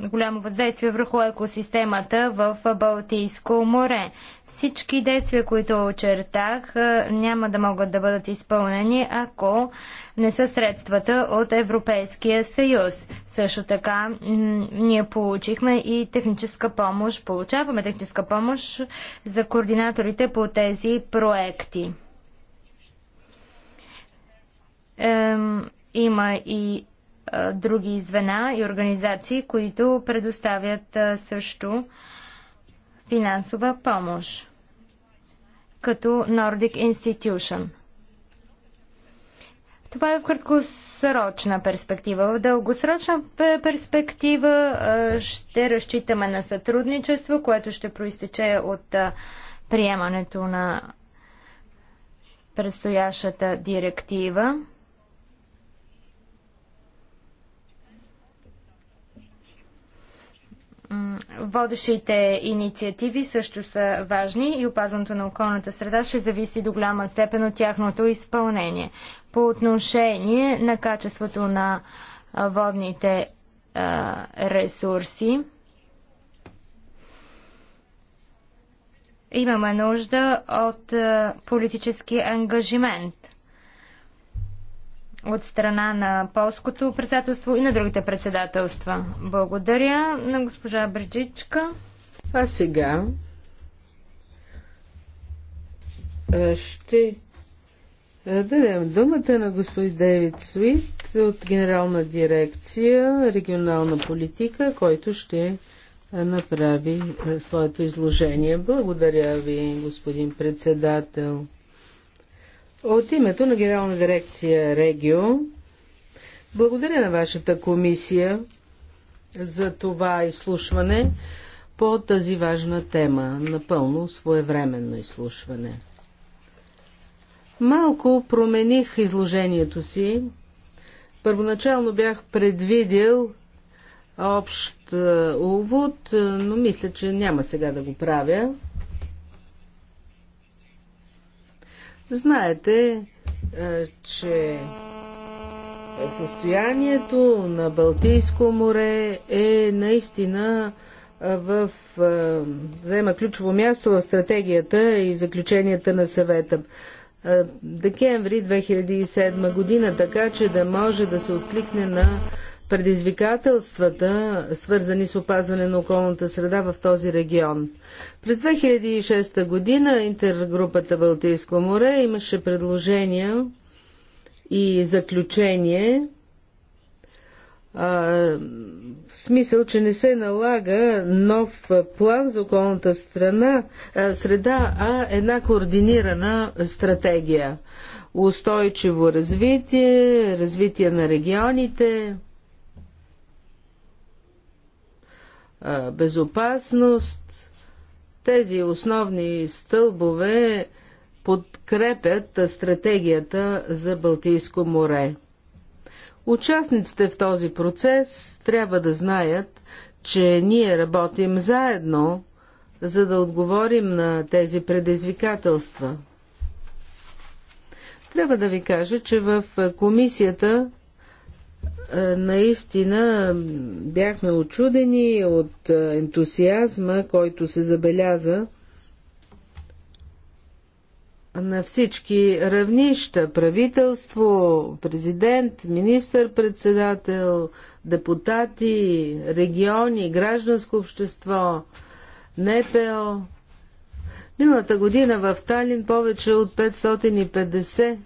голямо въздействие върху екосистемата в Балтийско море. Всички действия, които очертах, е, няма да могат да бъдат изпълнени, ако не са средствата от Европейския съюз. Също така, ние получихме и техническа помощ, получаваме техническа помощ за координаторите по тези проекти. Има и а, други звена и организации, които предоставят а, също финансова помощ, като Nordic Institution. Това е в краткосрочна перспектива. В дългосрочна перспектива ще разчитаме на сътрудничество, което ще проистече от приемането на предстоящата директива. Водещите инициативи също са важни и опазването на околната среда ще зависи до голяма степен от тяхното изпълнение. По отношение на качеството на водните ресурси, имаме нужда от политически ангажимент – от страна на полското председателство и на другите председателства. Благодаря на госпожа Бриджичка. А сега ще дадем думата на господин Дейвид Свит от Генерална дирекция регионална политика, който ще направи своето изложение. Благодаря ви, господин председател. От името на Генерална дирекция Регио, благодаря на вашата комисия за това изслушване по тази важна тема. Напълно своевременно изслушване. Малко промених изложението си. Първоначално бях предвидел общ увод, но мисля, че няма сега да го правя. Знаете, е, че състоянието на Балтийско море е наистина е, в, е, заема ключово място в стратегията и в заключенията на съвета. Декември 2007 година, така че да може да се откликне на предизвикателствата, свързани с опазване на околната среда в този регион. През 2006 година интергрупата Балтийско море имаше предложения и заключение а, в смисъл, че не се налага нов план за околната страна, а, среда, а една координирана стратегия. Устойчиво развитие, развитие на регионите, безопасност. Тези основни стълбове подкрепят стратегията за Балтийско море. Участниците в този процес трябва да знаят, че ние работим заедно, за да отговорим на тези предизвикателства. Трябва да ви кажа, че в комисията е, наистина бяхме очудени от е, ентусиазма, който се забеляза на всички равнища правителство, президент, министър-председател, депутати, региони, гражданско общество, НПО. Миналата година в Талин повече от 550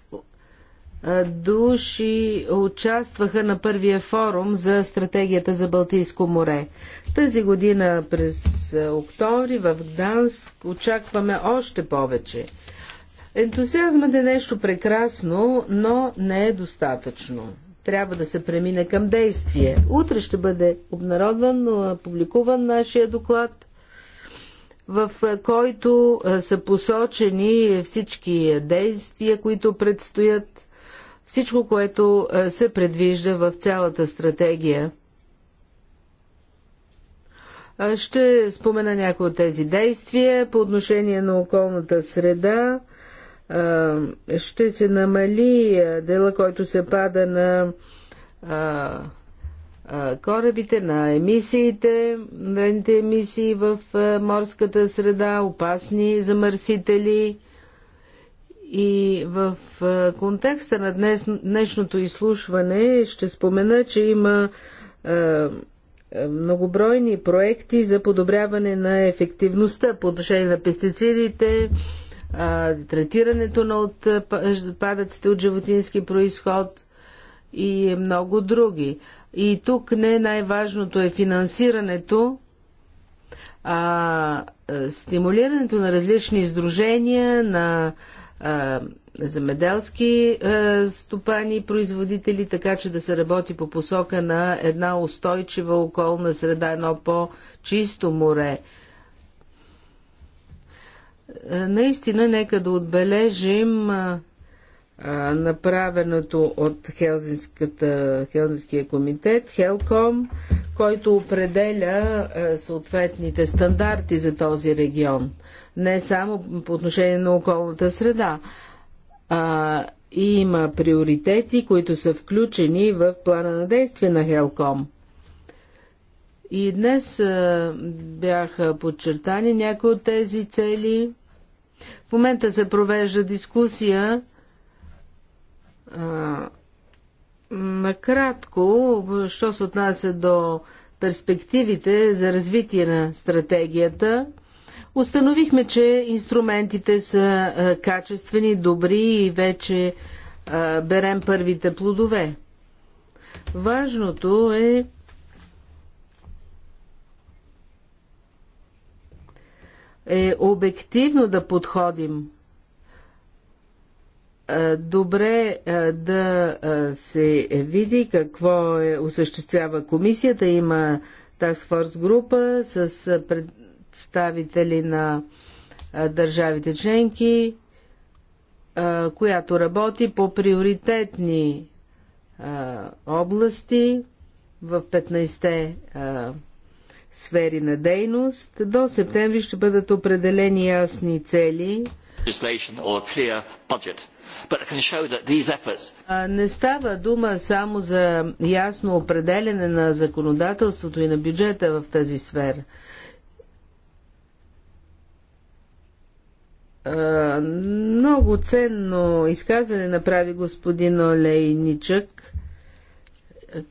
души участваха на първия форум за стратегията за Балтийско море. Тази година през октомври в Гданск очакваме още повече. Ентусиазмът е нещо прекрасно, но не е достатъчно. Трябва да се премине към действие. Утре ще бъде обнародван, публикуван нашия доклад, в който са посочени всички действия, които предстоят всичко, което е, се предвижда в цялата стратегия. Е, ще спомена някои от тези действия. По отношение на околната среда е, ще се намали дела, който се пада на корабите, на емисиите, вредните емисии в морската среда, опасни замърсители – и в контекста на днес, днешното изслушване ще спомена, че има е, многобройни проекти за подобряване на ефективността по отношение на пестицидите, третирането на отпадъците от животински происход и много други. И тук не най-важното е финансирането, а стимулирането на различни издружения, на земеделски стопани и производители, така че да се работи по посока на една устойчива околна среда, едно по-чисто море. Наистина, нека да отбележим направеното от Хелзинския комитет, Хелком, който определя съответните стандарти за този регион – не само по отношение на околната среда. А, и има приоритети, които са включени в плана на действие на Хелком. И днес а, бяха подчертани някои от тези цели. В момента се провежда дискусия а, накратко, що се отнася до перспективите за развитие на стратегията Установихме, че инструментите са качествени, добри и вече берем първите плодове. Важното е е обективно да подходим. Добре да се види какво е, осъществява комисията. Има Task Force група с представители на държавите членки, която работи по приоритетни области в 15-те сфери на дейност. До септември ще бъдат определени ясни цели. Не става дума само за ясно определене на законодателството и на бюджета в тази сфера. много ценно изказване направи господин Олейничък,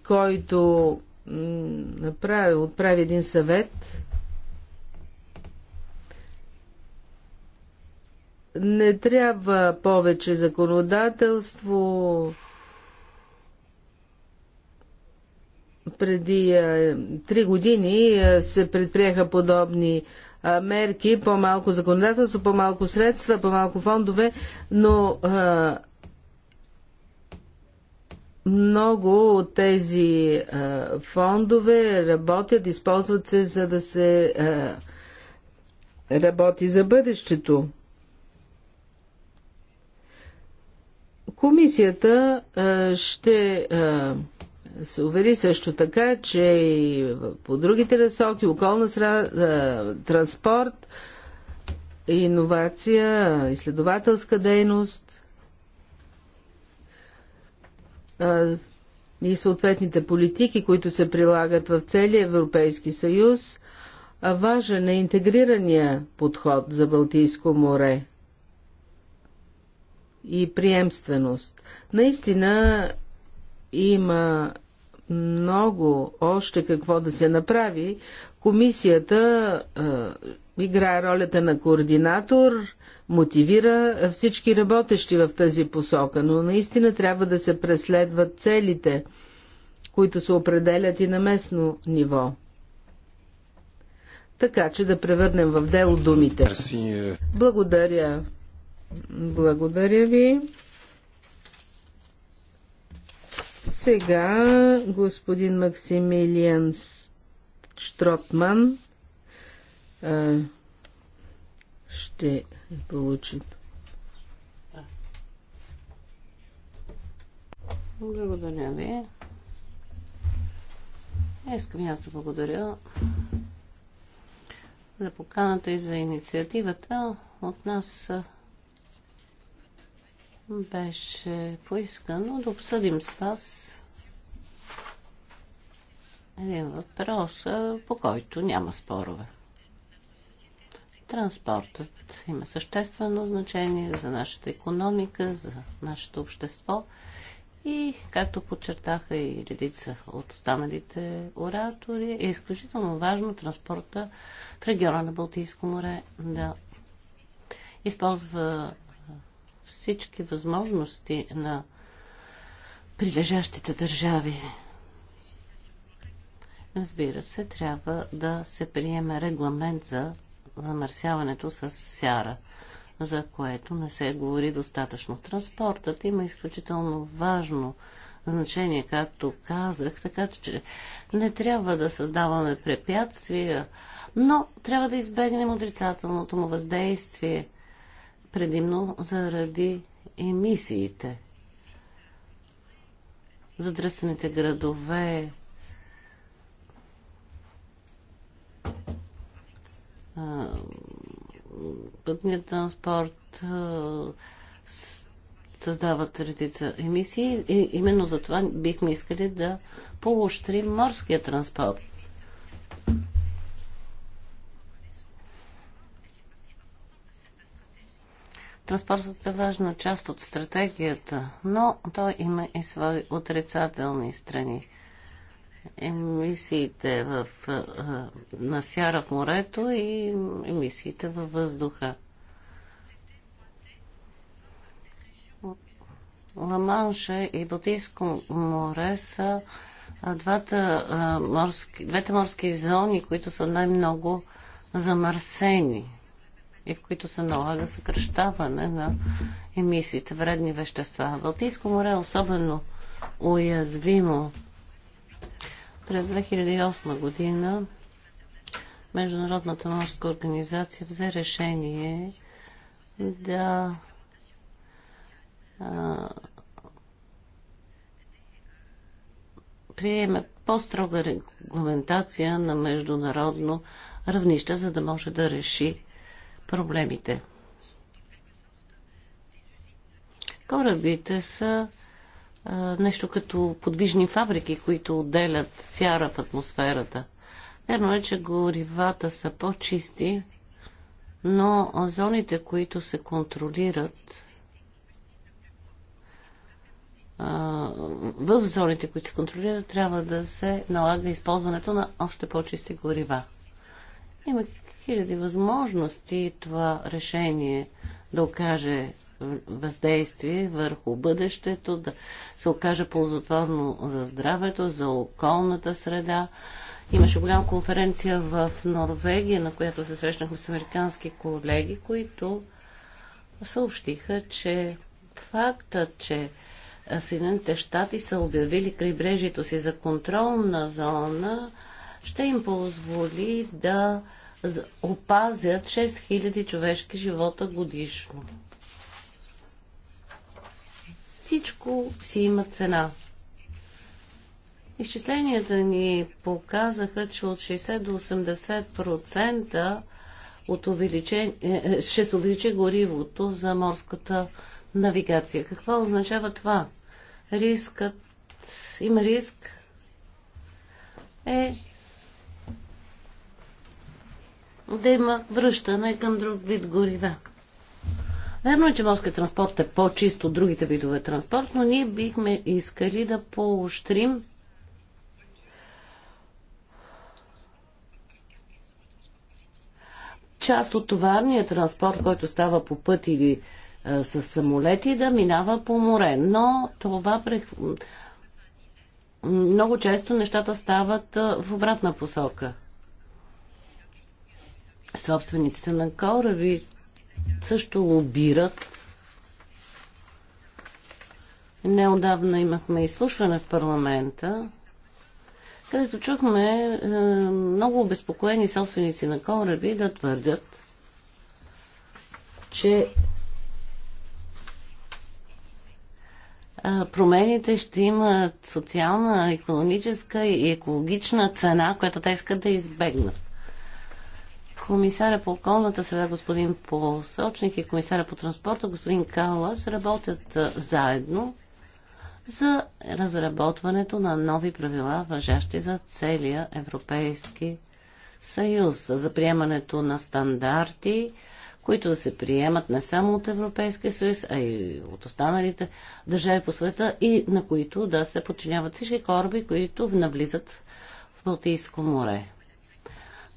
който направи, отправи един съвет. Не трябва повече законодателство. Преди три години се предприеха подобни мерки, по-малко законодателство, по-малко средства, по-малко фондове, но много от тези фондове работят, използват се, за да се работи за бъдещето. Комисията ще се увери също така, че и по другите насоки, околна среда, транспорт, иновация, изследователска дейност и съответните политики, които се прилагат в целия Европейски съюз, важен е интегрирания подход за Балтийско море и приемственост. Наистина има много още какво да се направи. Комисията е, играе ролята на координатор, мотивира всички работещи в тази посока, но наистина трябва да се преследват целите, които се определят и на местно ниво. Така че да превърнем в дело думите. Благодаря. Благодаря ви. Сега господин Максимилиан Штротман ще получи. Благодаря ви. Искам аз да благодаря за поканата и за инициативата. От нас беше поискано да обсъдим с вас един въпрос, по който няма спорове. Транспортът има съществено значение за нашата економика, за нашето общество и, както подчертаха и редица от останалите оратори, е изключително важно транспорта в региона на Балтийско море да използва всички възможности на прилежащите държави. Разбира се, трябва да се приеме регламент за замърсяването с сяра, за което не се говори достатъчно. Транспортът има изключително важно значение, както казах, така че не трябва да създаваме препятствия, но трябва да избегнем отрицателното му въздействие – предимно заради емисиите. Задръстените градове пътният транспорт създават редица емисии и именно за това бихме искали да поощрим морския транспорт. Транспортът е важна част от стратегията, но той има и свои отрицателни страни. Емисиите в, на сяра в морето и емисиите във въздуха. Ламанша и Балтийско море са двата, морски, двете морски зони, които са най-много замърсени и в които се налага съкръщаване на емисиите вредни вещества. Балтийско море е особено уязвимо. През 2008 година Международната морска организация взе решение да а, приеме по-строга регламентация на международно равнище, за да може да реши проблемите. Корабите са а, нещо като подвижни фабрики, които отделят сяра в атмосферата. Верно е, че горивата са по-чисти, но зоните, които се контролират, в зоните, които се контролират, трябва да се налага използването на още по-чисти горива. Има хиляди възможности това решение да окаже въздействие върху бъдещето, да се окаже ползотворно за здравето, за околната среда. Имаше голяма конференция в Норвегия, на която се срещнахме с американски колеги, които съобщиха, че факта, че Съединените щати са обявили крайбрежието си за контролна зона, ще им позволи да опазят 6000 човешки живота годишно. Всичко си има цена. Изчисленията ни показаха, че от 60 до 80% от увеличен... Е, е, ще се увеличи горивото за морската навигация. Какво означава това? Рискът, има риск е да има връщане към друг вид горива. Верно е, че морският транспорт е по-чист от другите видове транспорт, но ние бихме искали да поощрим част от товарния транспорт, който става по път или а, е, с самолети, да минава по море. Но това прех... много често нещата стават а, е, в обратна посока собствениците на кораби също лобират. Неодавна имахме изслушване в парламента, където чухме е, много обезпокоени собственици на кораби да твърдят, че е, промените ще имат социална, економическа и екологична цена, която те искат да избегнат комисаря по околната среда господин Посочник и комисаря по транспорта господин Калас работят заедно за разработването на нови правила, въжащи за целия Европейски съюз, за приемането на стандарти, които да се приемат не само от Европейския съюз, а и от останалите държави по света и на които да се подчиняват всички кораби, които навлизат в Балтийско море.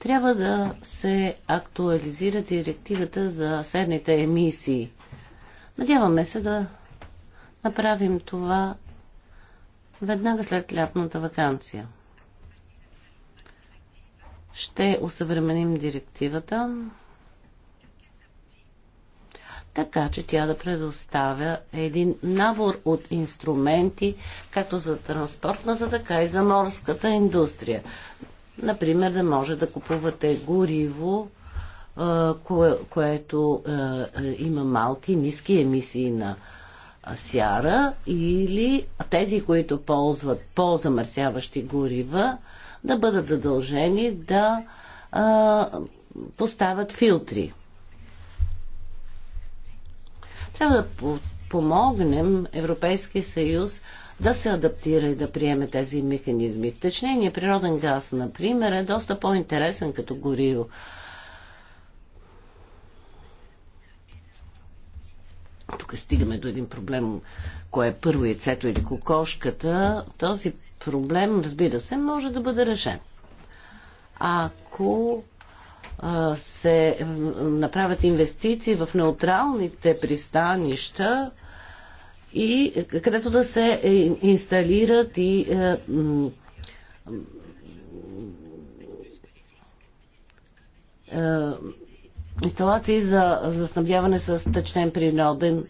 Трябва да се актуализира директивата за средните емисии. Надяваме се да направим това веднага след лятната вакансия. Ще усъвременим директивата, така че тя да предоставя един набор от инструменти, както за транспортната, така и за морската индустрия. Например, да може да купувате гориво, кое, което има малки, ниски емисии на сяра или тези, които ползват по-замърсяващи горива, да бъдат задължени да е, поставят филтри. Трябва да помогнем Европейския съюз да се адаптира и да приеме тези механизми. Втечнение природен газ, например, е доста по-интересен като гориво. Тук стигаме до един проблем, кое е първо яйцето или кокошката. Този проблем, разбира се, може да бъде решен. Ако се направят инвестиции в неутралните пристанища, и където да се е, инсталират и е, е, инсталации за, за снабдяване с тъчнен природен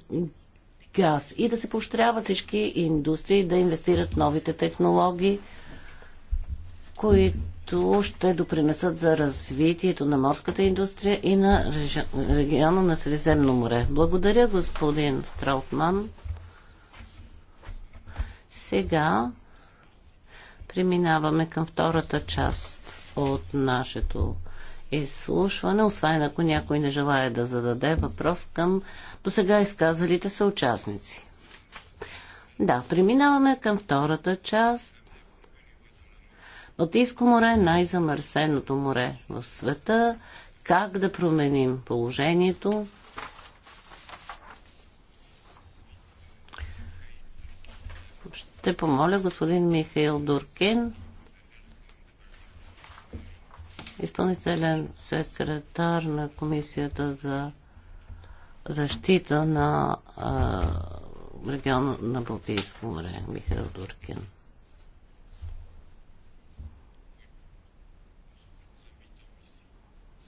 газ и да се поощряват всички индустрии да инвестират в новите технологии, които ще допринесат за развитието на морската индустрия и на региона на Средиземно море. Благодаря, господин Страутман. Сега преминаваме към втората част от нашето изслушване, освен ако някой не желая да зададе въпрос към до сега изказалите са участници. Да, преминаваме към втората част. Балтийско море е най-замърсеното море в света. Как да променим положението? ще помоля господин Михаил Дуркин, изпълнителен секретар на Комисията за защита на а, региона на Балтийско море, Михаил Дуркин.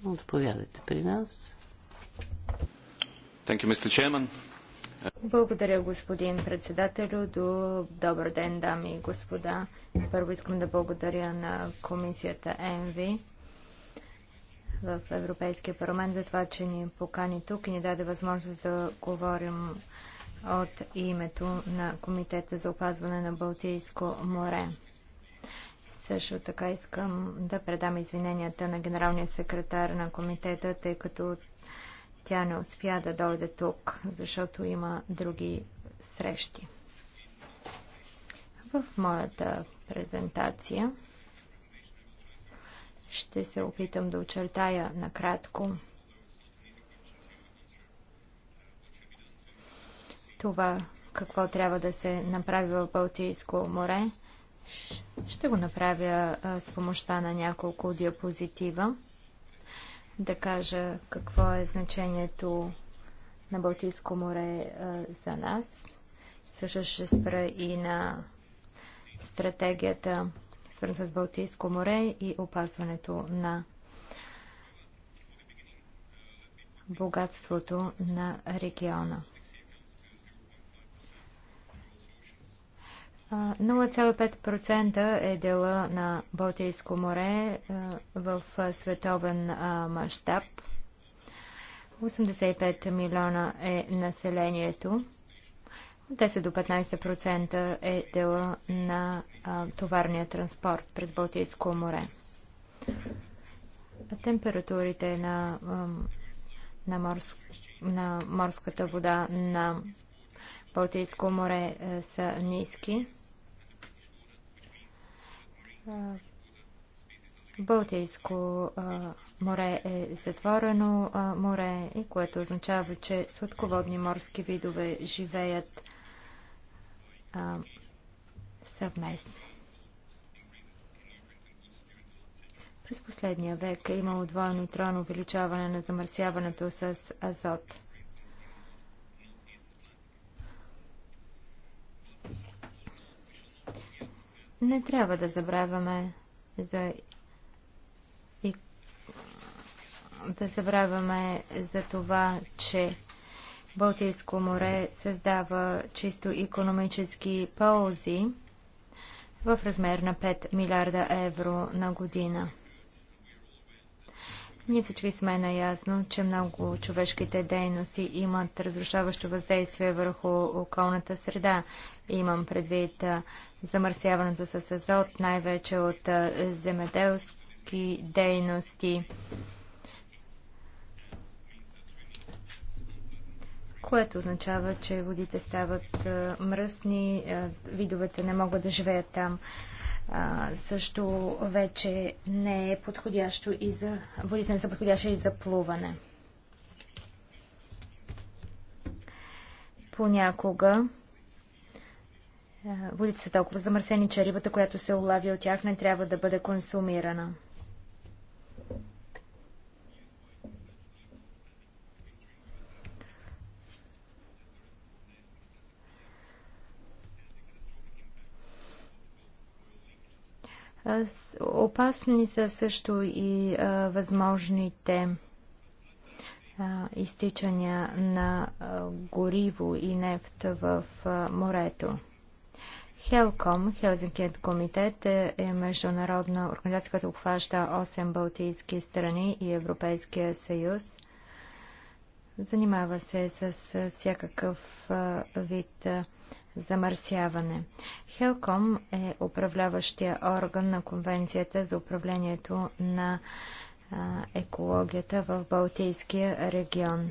Отповядайте при нас. Thank you, Mr. Chairman. Благодаря, господин председателю. Добър ден, дами и господа. Първо искам да благодаря на комисията ЕНВИ в Европейския парламент за това, че ни покани тук и ни даде възможност да говорим от името на Комитета за опазване на Балтийско море. Също така искам да предам извиненията на генералния секретар на комитета, тъй като тя не успя да дойде тук, защото има други срещи. В моята презентация ще се опитам да очертая накратко това, какво трябва да се направи в Балтийско море. Ще го направя с помощта на няколко диапозитива да кажа какво е значението на Балтийско море а, за нас. Също ще спра и на стратегията свързана с Балтийско море и опазването на богатството на региона. 0,5% е дела на Балтийско море в световен мащаб. 85 милиона е населението. 10 до 15% е дела на товарния транспорт през Балтийско море. Температурите на, на, морск, на морската вода на Балтийско море са ниски. Балтийско море е, е, е, е затворено море, и което означава, че сладководни морски видове живеят съвместно. През последния век е имало двойно трон тройно увеличаване на замърсяването с азот. Не трябва да забравяме за и да забравяме за това, че Балтийско море създава чисто економически ползи в размер на 5 милиарда евро на година. Ние всички сме наясно, че много човешките дейности имат разрушаващо въздействие върху околната среда. Имам предвид замърсяването с азот, най-вече от земеделски дейности, което означава, че водите стават мръсни, видовете не могат да живеят там. Също вече не е подходящо и за... Водите не са подходящи и за плуване. Понякога водите са толкова замърсени, че рибата, която се улавя от тях, не трябва да бъде консумирана. Опасни са също и а, възможните а, изтичания на а, гориво и нефт в морето. Хелком, Хелзинкият комитет е, е международна организация, която обхваща 8 балтийски страни и Европейския съюз. Занимава се с всякакъв вид замърсяване. Хелком е управляващия орган на Конвенцията за управлението на екологията в Балтийския регион.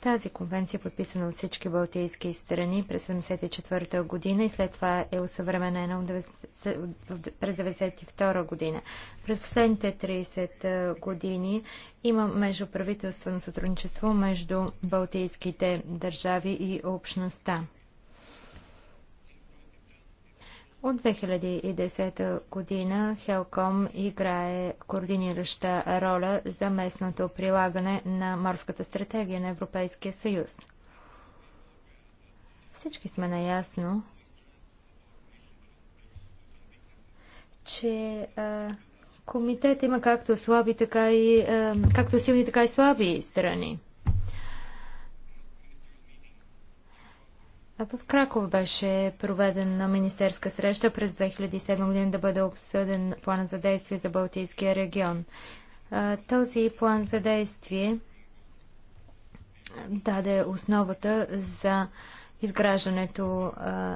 Тази конвенция е подписана от всички балтийски страни през 1974 година и след това е усъвременена през 1992 година. През последните 30 години има междуправителствено сътрудничество между балтийските държави и общността. От 2010 година Хелком играе координираща роля за местното прилагане на морската стратегия на Европейския съюз. Всички сме наясно, че а, комитет има както слаби, така и а, както силни, така и слаби страни. В Краков беше проведена министерска среща през 2007 година да бъде обсъден план за действие за Балтийския регион. Този план за действие даде основата за изграждането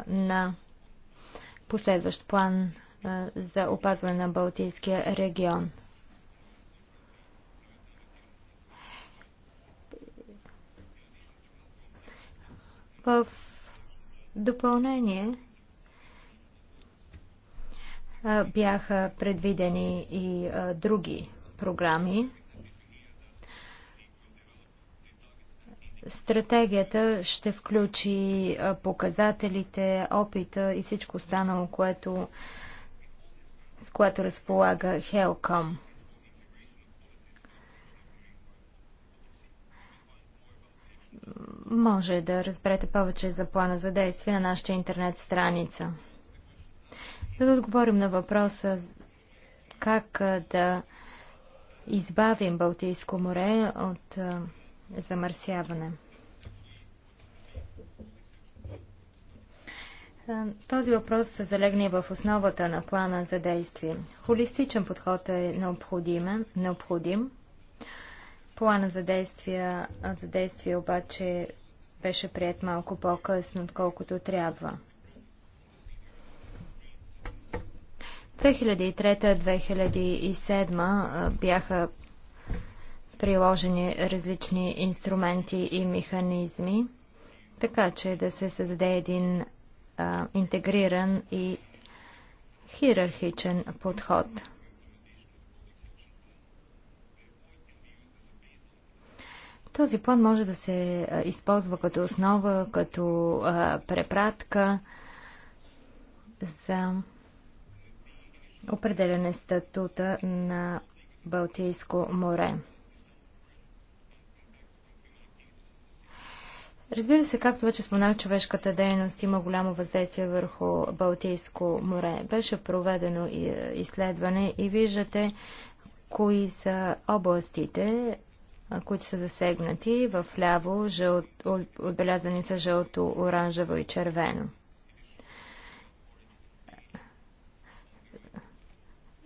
на последващ план за опазване на Балтийския регион. В допълнение бяха предвидени и други програми. Стратегията ще включи показателите, опита и всичко останало, което, с което разполага Хелком. може да разберете повече за плана за действие на нашата интернет страница. За да отговорим на въпроса как да избавим Балтийско море от замърсяване. Този въпрос се залегне в основата на плана за действие. Холистичен подход е необходим, необходим Плана за действия за действия обаче беше прият малко по-късно, отколкото трябва. 2003-2007 бяха приложени различни инструменти и механизми, така че да се създаде един а, интегриран и хирархичен подход – Този план може да се използва като основа, като а, препратка за определене статута на Балтийско море. Разбира се, както вече споменах, човешката дейност има голямо въздействие върху Балтийско море. Беше проведено изследване и виждате кои са областите, които са засегнати. В ляво жълт, отбелязани са жълто, оранжево и червено.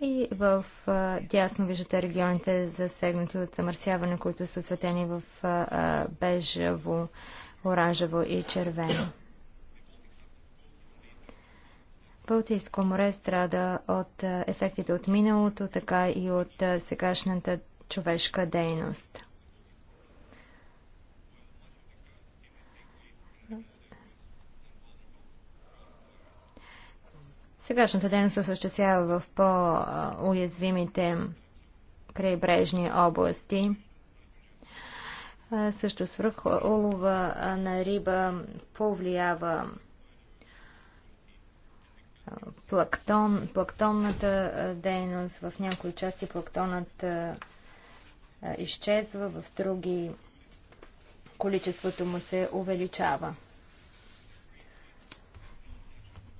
И в дясно виждате регионите засегнати от замърсяване, които са оцветени в бежево, оранжево и червено. Балтийско море страда от ефектите от миналото, така и от сегашната човешка дейност. Сегашната дейност се осъществява в по-уязвимите крайбрежни области. Също улова на риба повлиява плактон, плактонната дейност. В някои части плактонът изчезва, в други количеството му се увеличава.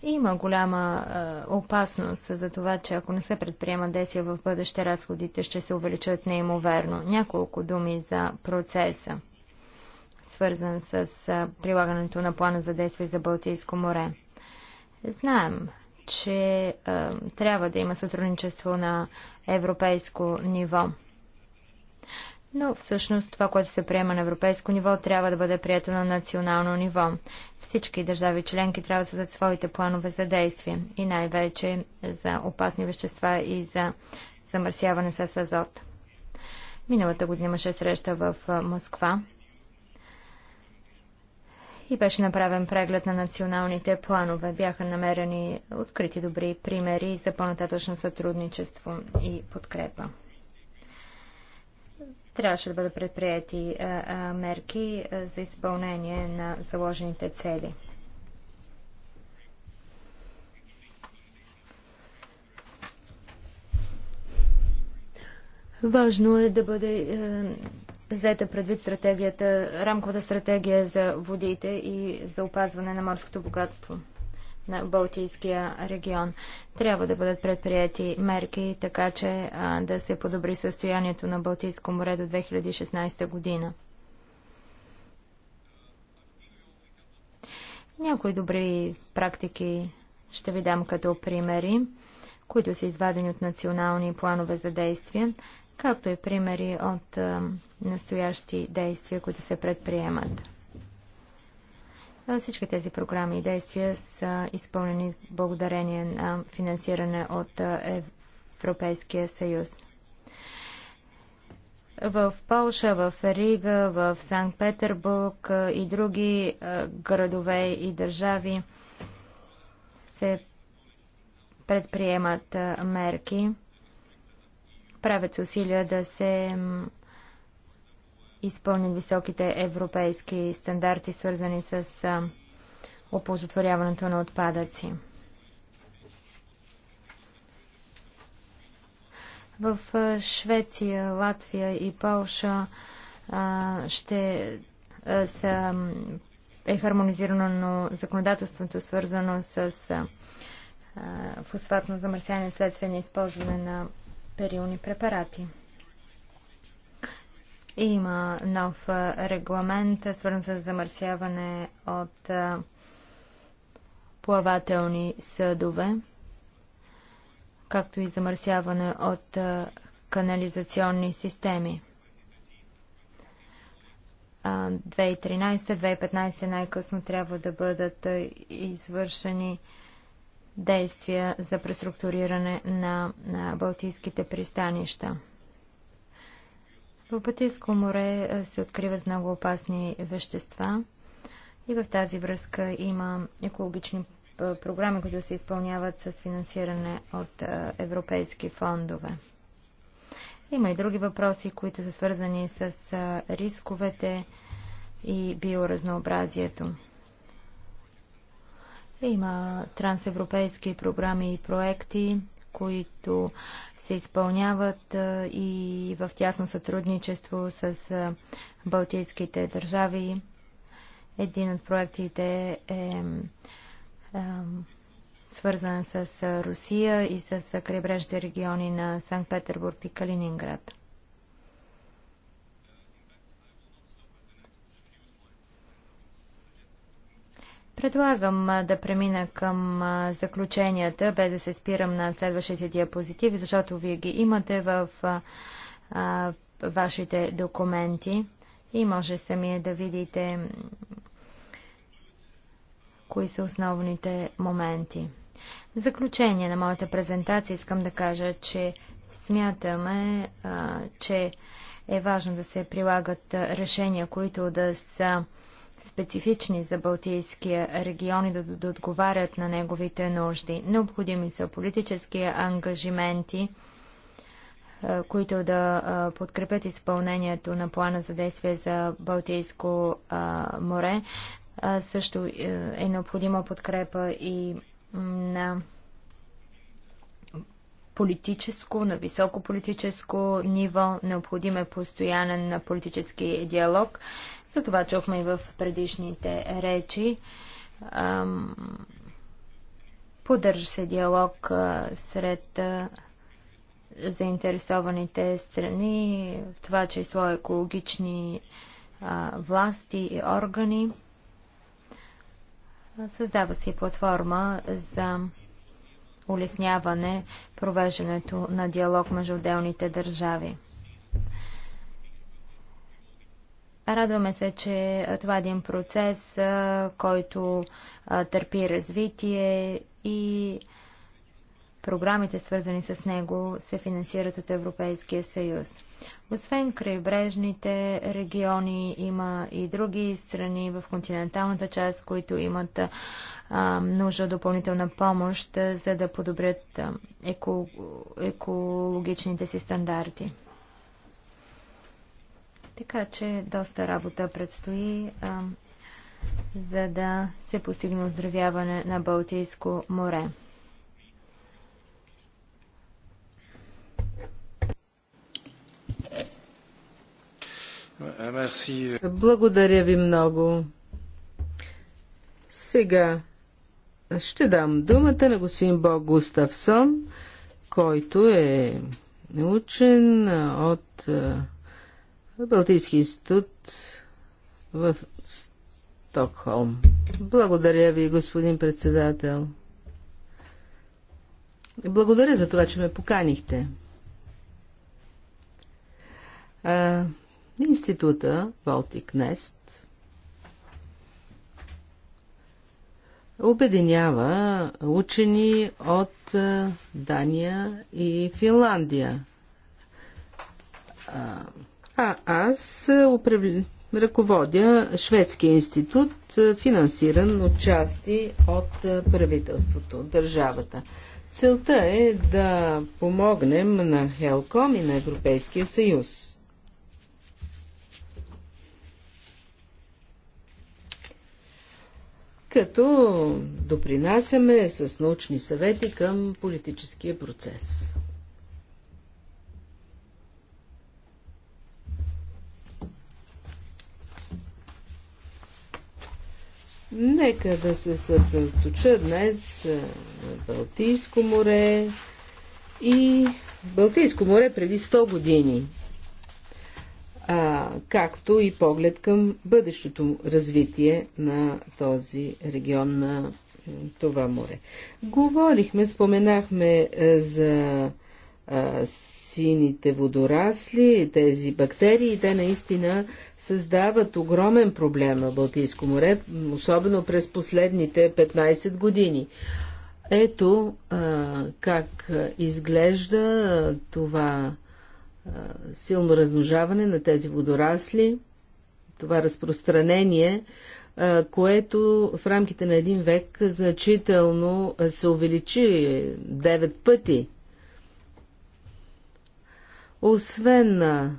Има голяма е, опасност за това, че ако не се предприема действия в бъдеще, разходите ще се увеличат неимоверно. Няколко думи за процеса, свързан с е, прилагането на плана за действие за Балтийско море. Знаем, че е, трябва да има сътрудничество на европейско ниво но всъщност това, което се приема на европейско ниво, трябва да бъде прието на национално ниво. Всички държави членки трябва да създадат своите планове за действие и най-вече за опасни вещества и за замърсяване с азот. Миналата година имаше среща в Москва и беше направен преглед на националните планове. Бяха намерени открити добри примери за по-нататъчно сътрудничество и подкрепа трябваше да бъдат предприяти мерки за изпълнение на заложените цели. Важно е да бъде е, взета предвид стратегията, рамковата стратегия за водите и за опазване на морското богатство на Балтийския регион. Трябва да бъдат предприяти мерки, така че да се подобри състоянието на Балтийско море до 2016 година. Някои добри практики ще ви дам като примери, които са извадени от национални планове за действие, както и примери от настоящи действия, които се предприемат. Всички тези програми и действия са изпълнени благодарение на финансиране от Европейския съюз. В Полша, в Рига, в Санкт-Петербург и други градове и държави се предприемат мерки. Правят се усилия да се изпълнят високите европейски стандарти, свързани с оползотворяването на отпадъци. В Швеция, Латвия и Полша ще са, е хармонизирано но законодателството, свързано с а, фосфатно замърсяване следствие на използване на перилни препарати. Има нов регламент, свързан с замърсяване от плавателни съдове, както и замърсяване от канализационни системи. 2013-2015 най-късно трябва да бъдат извършени действия за преструктуриране на, на балтийските пристанища. В Батийско море се откриват много опасни вещества и в тази връзка има екологични програми, които се изпълняват с финансиране от европейски фондове. Има и други въпроси, които са свързани с рисковете и биоразнообразието. Има трансевропейски програми и проекти, които се изпълняват и в тясно сътрудничество с балтийските държави. Един от проектите е свързан с Русия и с крайбрежните региони на Санкт-Петербург и Калининград. Предлагам да премина към заключенията, без да се спирам на следващите диапозитиви, защото вие ги имате в вашите документи и може сами да видите кои са основните моменти. В заключение на моята презентация искам да кажа, че смятаме, че е важно да се прилагат решения, които да са специфични за Балтийския регион и да, да отговарят на неговите нужди. Необходими са политически ангажименти, е, които да е, подкрепят изпълнението на плана за действие за Балтийско е, море. Също е необходима подкрепа и на политическо, на високо политическо ниво. Необходим е постоянен политически диалог за това чухме и в предишните речи. Поддържа се диалог сред заинтересованите страни, в това число екологични власти и органи. Създава се платформа за улесняване провеждането на диалог между отделните държави. Радваме се, че това е един процес, който търпи развитие и програмите, свързани с него, се финансират от Европейския съюз. Освен крайбрежните региони, има и други страни в континенталната част, които имат нужда от допълнителна помощ, за да подобрят еко, екологичните си стандарти. Така че доста работа предстои, а, за да се постигне оздравяване на Балтийско море. Благодаря ви много. Сега ще дам думата на господин Бог Густавсон, който е учен от Балтийски институт в Стокхолм. Благодаря ви, господин председател. Благодаря за това, че ме поканихте. А, института Балтик Нест обединява учени от Дания и Финландия. А аз е, управ... ръководя Шведския институт, е, финансиран от части от е, правителството, държавата. Целта е да помогнем на Хелком и на Европейския съюз. Като допринасяме с научни съвети към политическия процес. Нека да се съсредоточа днес на Балтийско море и Балтийско море преди 100 години, а, както и поглед към бъдещото развитие на този регион на това море. Говорихме, споменахме за а, сините водорасли, тези бактерии, те наистина създават огромен проблем на Балтийско море, особено през последните 15 години. Ето а, как изглежда а, това а, силно размножаване на тези водорасли, това разпространение, а, което в рамките на един век значително се увеличи 9 пъти. Освен на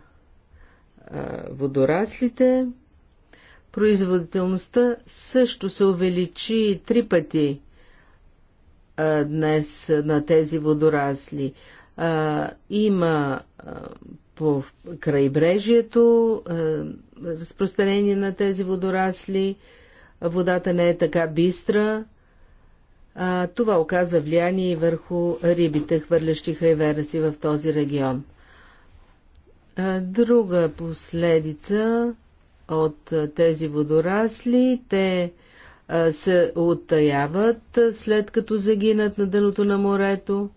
водораслите, производителността също се увеличи три пъти а, днес на тези водорасли. А, има а, по крайбрежието разпространение на тези водорасли, водата не е така бистра. това оказва влияние и върху рибите, хвърлящи хайвера си в този регион. Друга последица от тези водорасли, те се оттаяват след като загинат на дъното на морето,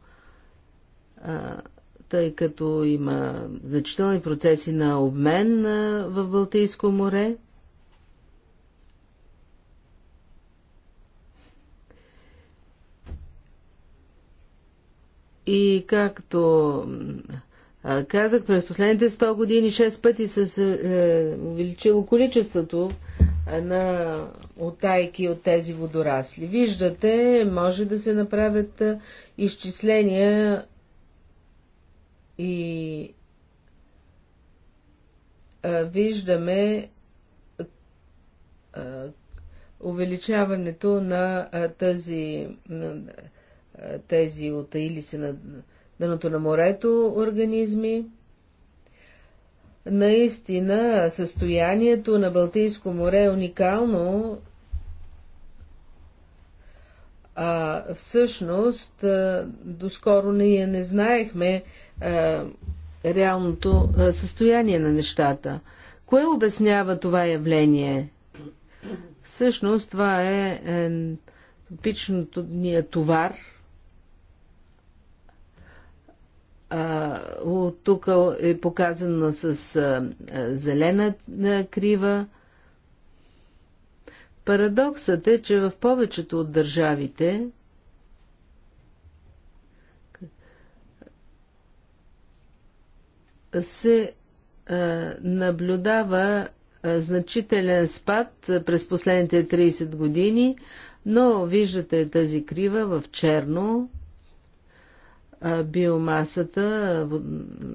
тъй като има значителни процеси на обмен в Балтийско море. И както Казах, през последните 100 години 6 пъти се е, увеличило количеството на отайки от тези водорасли. Виждате, може да се направят изчисления и виждаме увеличаването на тази, на тези отаилици на дъното на морето организми. Наистина, състоянието на Балтийско море е уникално, а всъщност доскоро ние не знаехме а, реалното състояние на нещата. Кое обяснява това явление? Всъщност това е, е типичното товар – тук е показана с зелена крива. Парадоксът е, че в повечето от държавите се наблюдава значителен спад през последните 30 години, но виждате тази крива в черно, биомасата,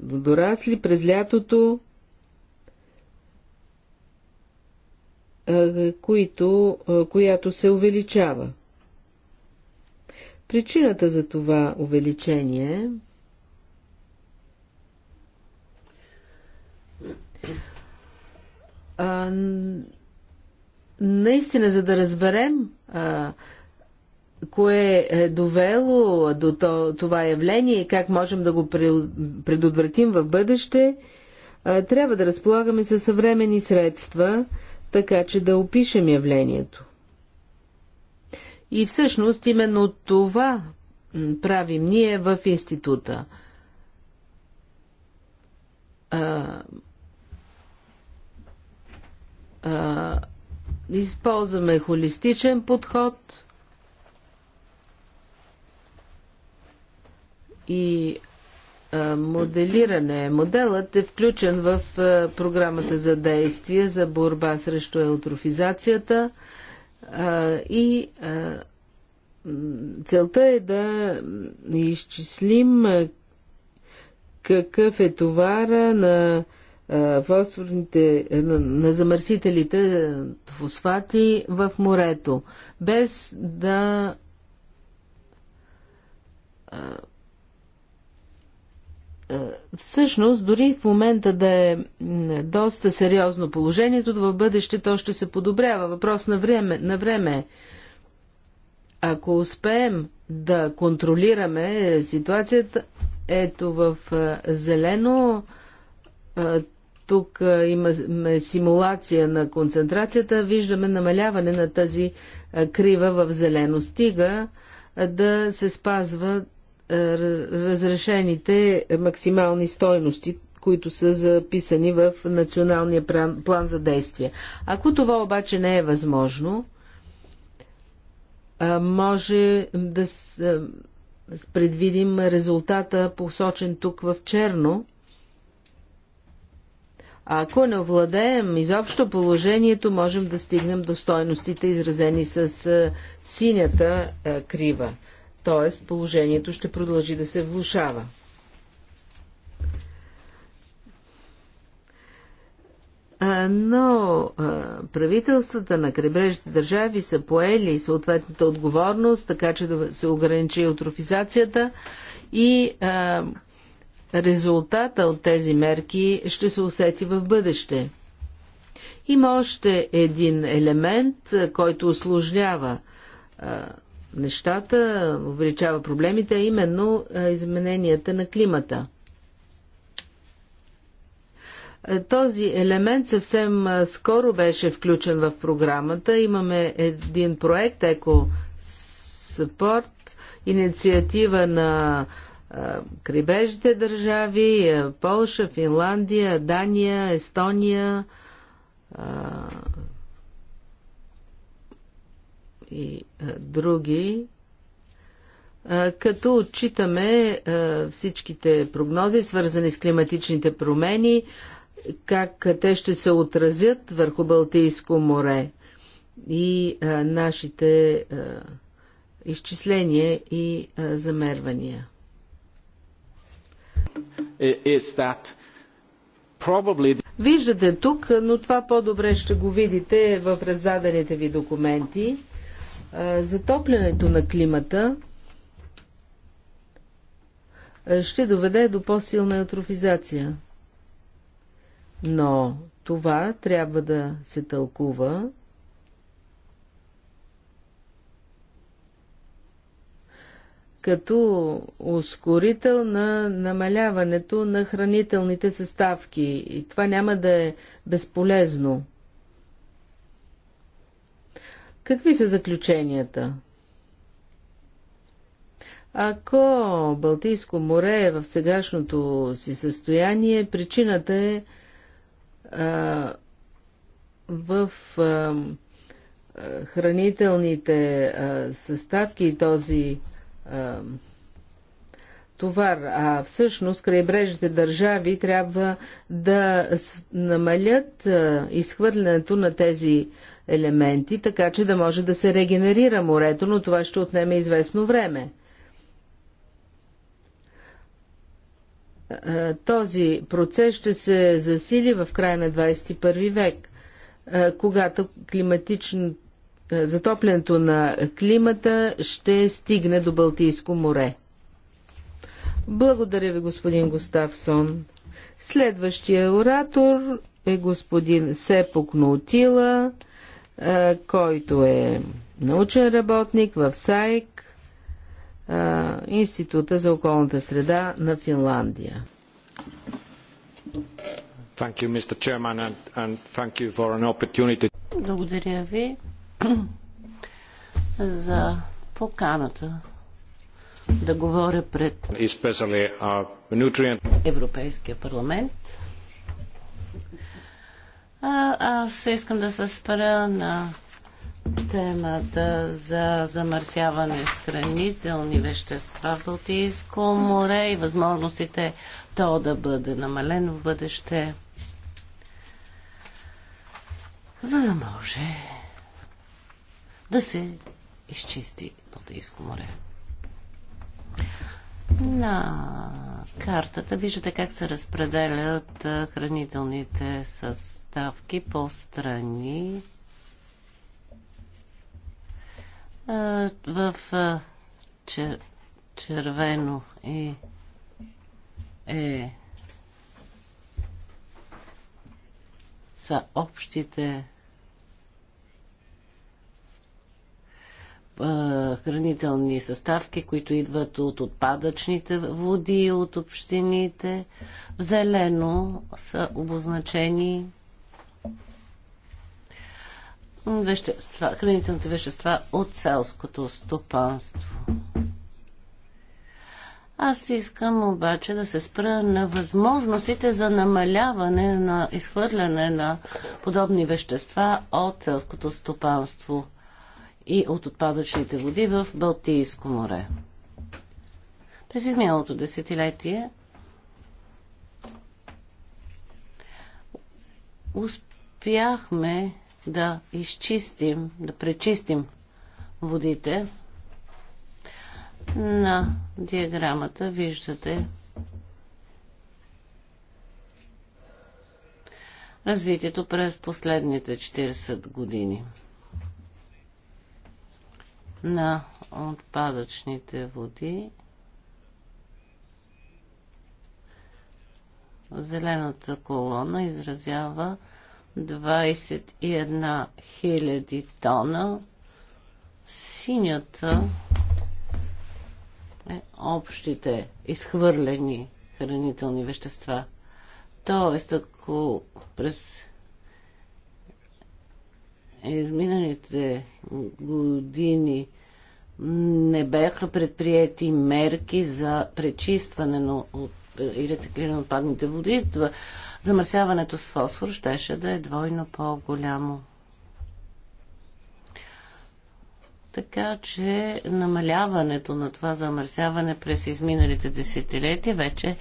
водорасли през лятото, които, която се увеличава. Причината за това увеличение а, наистина, за да разберем а, кое е довело до това явление и как можем да го предотвратим в бъдеще, трябва да разполагаме със съвремени средства, така че да опишем явлението. И всъщност именно това правим ние в института. А, а, използваме холистичен подход – и моделиране. Моделът е включен в програмата за действие за борба срещу еутрофизацията и целта е да изчислим какъв е товара на фосфорните, на замърсителите фосфати в морето, без да е, всъщност дори в момента да е доста сериозно положението, в бъдеще то ще се подобрява. Въпрос на време. На време. Ако успеем да контролираме ситуацията, ето в е, зелено, е, тук имаме симулация на концентрацията, виждаме намаляване на тази крива в зелено. Стига да се спазва е, разрешените максимални стойности, които са записани в националния план за действие. Ако това обаче не е възможно, може да предвидим резултата посочен тук в черно. А ако не овладеем изобщо положението, можем да стигнем до стойностите, изразени с синята крива т.е. положението ще продължи да се влушава. но правителствата на крайбрежните държави са поели съответната отговорност, така че да се ограничи отрофизацията и резултата от тези мерки ще се усети в бъдеще. Има още един елемент, който осложнява нещата, увеличава проблемите, а именно измененията на климата. Е, този елемент съвсем скоро беше включен в програмата. Имаме един проект Еко Support, инициатива на крайбрежните държави, е, Полша, Финландия, Дания, Естония, и други, като отчитаме всичките прогнози, свързани с климатичните промени, как те ще се отразят върху Балтийско море и нашите изчисления и замервания. Probably... Виждате тук, но това по-добре ще го видите в раздадените ви документи. Затоплянето на климата ще доведе до по-силна атрофизация. Но това трябва да се тълкува като ускорител на намаляването на хранителните съставки. И това няма да е безполезно. Какви са заключенията? Ако Балтийско море е в сегашното си състояние, причината е а, в а, хранителните а, съставки и този а, товар, а всъщност крайбрежните държави трябва да намалят а, изхвърлянето на тези елементи, така че да може да се регенерира морето, но това ще отнеме известно време. Този процес ще се засили в края на 21 век, когато климатично... затоплянето на климата ще стигне до Балтийско море. Благодаря ви, господин Густавсон. Следващия оратор е господин Сепок Наутила, който е научен работник в САЕК, Института за околната среда на Финландия. Благодаря ви за поканата да говоря пред uh, Европейския парламент. А, аз искам да се спра на темата за замърсяване с хранителни вещества в Балтийско море и възможностите то да бъде намалено в бъдеще, за да може да се изчисти Балтийско море. На картата виждате как се разпределят хранителните съставки по страни. В червено и е са общите хранителни съставки, които идват от отпадъчните води, от общините. В зелено са обозначени вещества, хранителните вещества от селското стопанство. Аз искам обаче да се спра на възможностите за намаляване на изхвърляне на подобни вещества от селското стопанство – и от отпадъчните води в Балтийско море. През изминалото десетилетие успяхме да изчистим, да пречистим водите. На диаграмата виждате развитието през последните 40 години на отпадъчните води. Зелената колона изразява 21 000 тона. Синята е общите изхвърлени хранителни вещества. Тоест, ако през изминалите години не бяха предприяти мерки за пречистване на и рециклиране на отпадните води, замърсяването с фосфор щеше да е двойно по-голямо. Така че намаляването на това замърсяване през изминалите десетилетия вече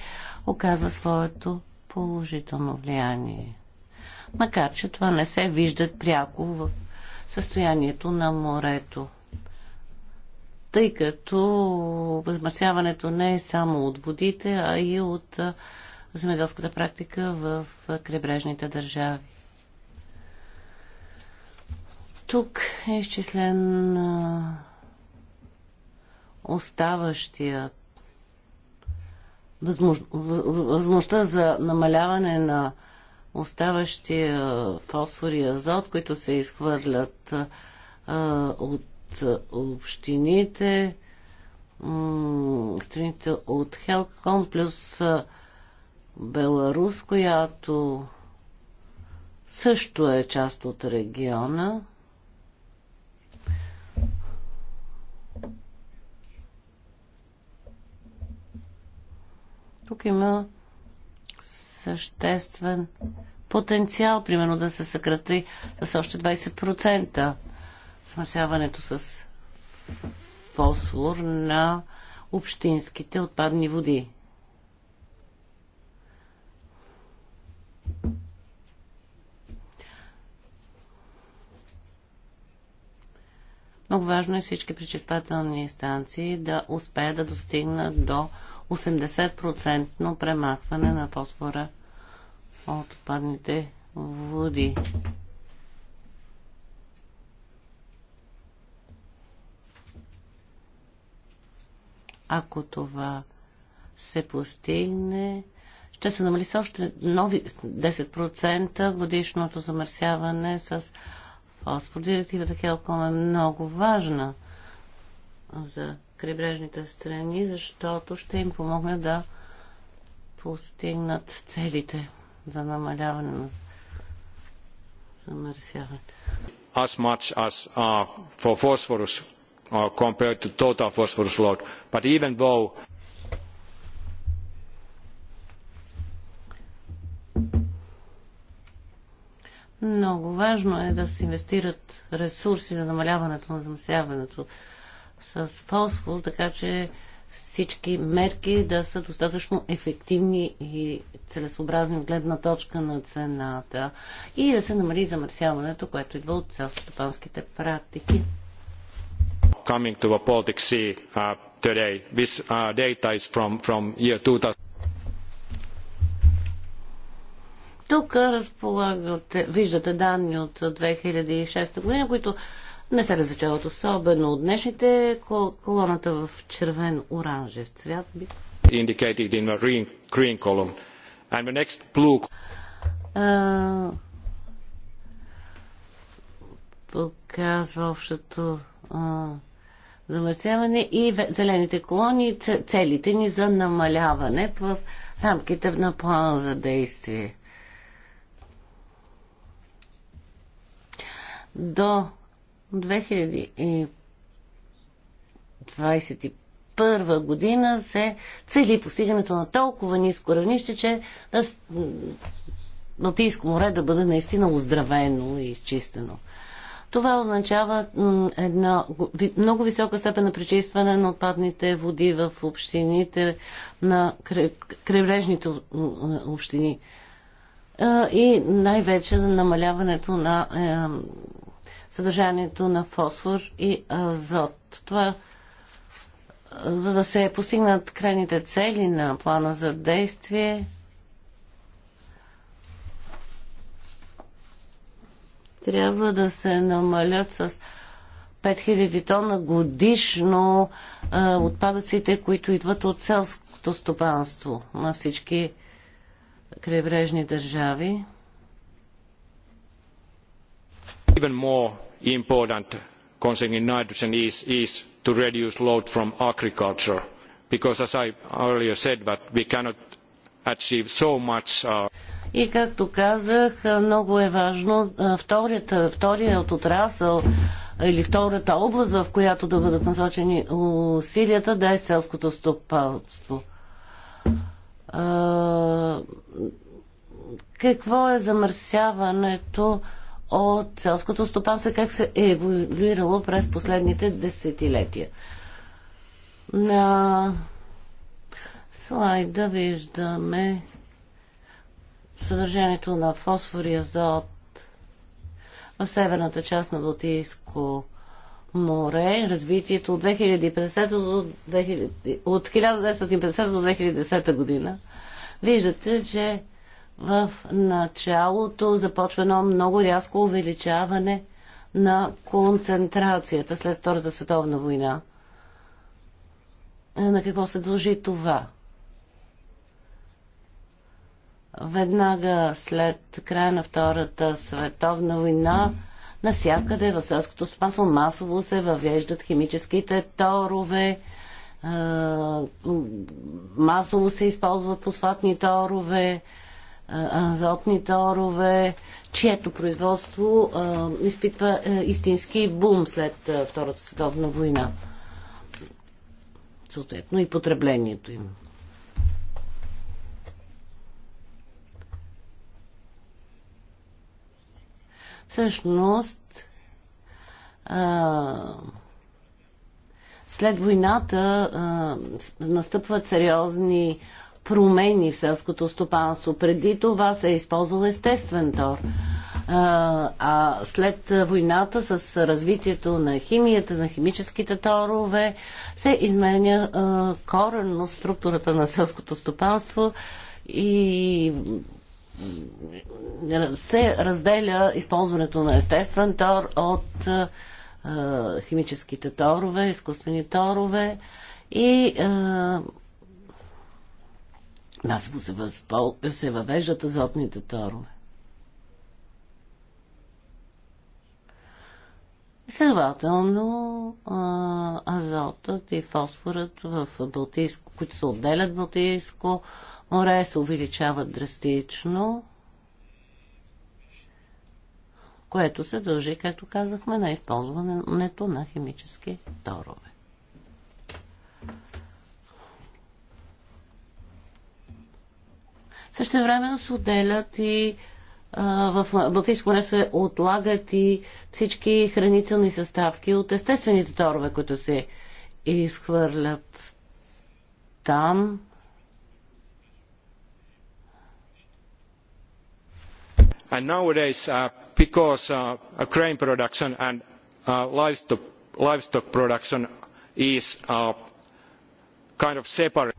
оказва своето положително влияние макар че това не се виждат пряко в състоянието на морето. Тъй като възмърсяването не е само от водите, а и от земеделската практика в крайбрежните държави. Тук е изчислен оставащия възможността за намаляване на оставащия фосфор и азот, които се изхвърлят от общините, страните от Хелком, плюс Беларус, която също е част от региона. Тук има съществен потенциал, примерно да се съкрати с още 20% смасяването с фосфор на общинските отпадни води. Много важно е всички пречиствателни станции да успеят да достигнат до 80% премахване на фосфора от отпадните води. Ако това се постигне, ще се намали с още нови 10% годишното замърсяване с фосфор. Директивата Хелком е много важна за крайбрежните страни, защото ще им помогне да постигнат целите за намаляване на замърсяването. As much as uh, for phosphorus uh, compared to total phosphorus load, but even though Много важно е да се инвестират ресурси за намаляването на замърсяването. Uh, с фосфор, така че всички мерки да са достатъчно ефективни и целесообразни от гледна точка на цената и да се намали замърсяването, което идва от селскостопанските практики. Coming to the Baltic Sea uh, today, this uh, data is from, from year 2000. Тук разполагате, виждате данни от 2006 година, които не се различават особено от днешните. колоната в червен-оранжев цвят би... Indicated in a green, green column. And the next blue... Показва общото а... замърсяване и зелените колони целите ни за намаляване в рамките на плана за действие. До 2021 година се цели постигането на толкова ниско равнище, че да, Балтийско море да бъде наистина оздравено и изчистено. Това означава една много висока степен на пречистване на отпадните води в общините, на крайбрежните общини и най-вече за намаляването на съдържанието на фосфор и азот. Това за да се постигнат крайните цели на плана за действие, трябва да се намалят с 5000 тона годишно а, отпадъците, които идват от селското стопанство на всички крайбрежни държави. Even more important concerning nitrogen is to reduce load from agriculture because as I earlier said that we cannot achieve so much uh, и както казах, много е важно вторият отрасъл или втората област, в която да бъдат насочени усилията, да е селското стопанство. Какво е замърсяването? от селското стопанство и как се е еволюирало през последните десетилетия. На слайда виждаме съдържанието на фосфор и азот в северната част на Балтийско море, развитието от 2050 до 2000, от 1950 до 2010 година. Виждате, че в началото започва едно много рязко увеличаване на концентрацията след Втората световна война. Е, на какво се дължи това? Веднага след края на Втората световна война навсякъде в селското стопанство масово се въвеждат химическите торове, е, масово се използват фосфатни торове, азотни торове, чието производство а, изпитва а, истински бум след а, Втората световна война. Съответно и потреблението им. Всъщност, а, след войната а, настъпват сериозни а, промени в селското стопанство. Преди това се е използвал естествен тор. А след войната с развитието на химията, на химическите торове, се изменя коренно структурата на селското стопанство и се разделя използването на естествен тор от химическите торове, изкуствени торове и нас му се, възпол... се въвеждат азотните торове. Следователно, азотът и фосфорът в Балтийско, които се отделят в Балтийско море, се увеличават драстично, което се дължи, както казахме, на използването на химически торове. Също времено се отделят и в Балтийско море се отлагат и всички хранителни съставки от естествените торове, които се изхвърлят там. And nowadays, uh, because uh, production and uh, livestock, livestock production is uh, kind of separate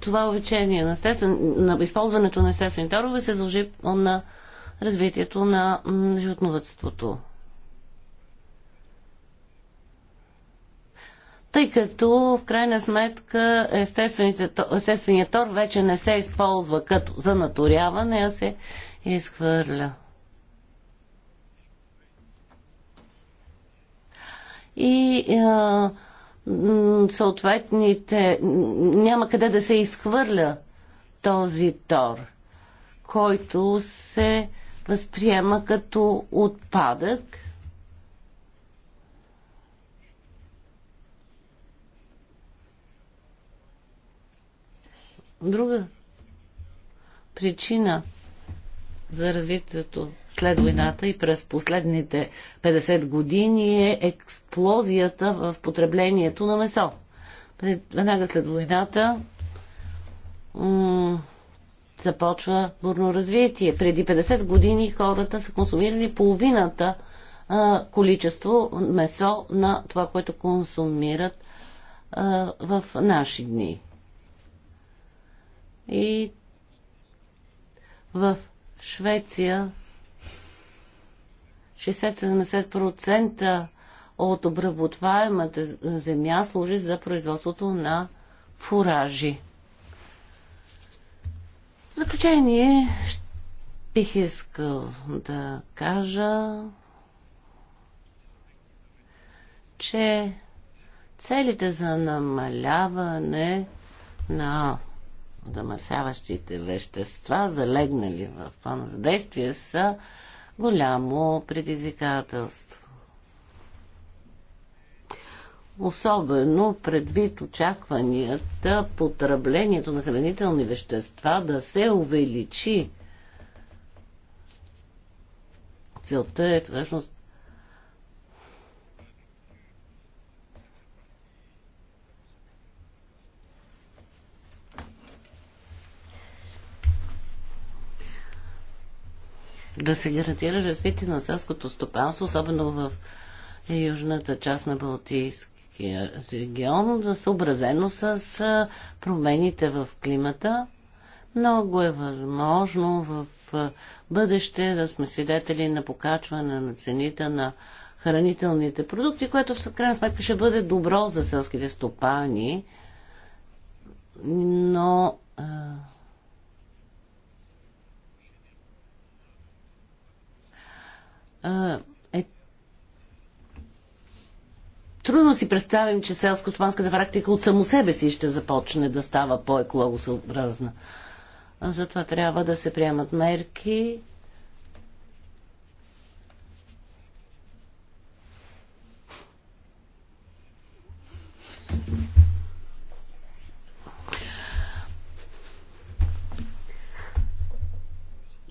това увечение на, естествен, на използването на естествени торове се дължи на развитието на животновътството. Тъй като в крайна сметка естественият тор вече не се използва като за наторяване, а се изхвърля. И а, съответните... няма къде да се изхвърля този тор, който се възприема като отпадък. Друга причина – за развитието след войната и през последните 50 години е експлозията в потреблението на месо. Веднага след войната започва бурно развитие. Преди 50 години хората са консумирали половината а, количество месо на това, което консумират а, в наши дни. И в Швеция 60-70% от обработваемата земя служи за производството на фуражи. В заключение бих искал да кажа, че целите за намаляване на замърсяващите вещества, залегнали в плана за действие, са голямо предизвикателство. Особено предвид очакванията потреблението на хранителни вещества да се увеличи. Целта е всъщност да се гарантира развитие на селското стопанство, особено в южната част на Балтийския регион, да съобразено с промените в климата. Много е възможно в бъдеще да сме свидетели на покачване на цените на хранителните продукти, което в крайна сметка ще бъде добро за селските стопани, но е Трудно си представим, че селско-стопанската практика от само себе си ще започне да става по-екологосъобразна. Затова трябва да се приемат мерки.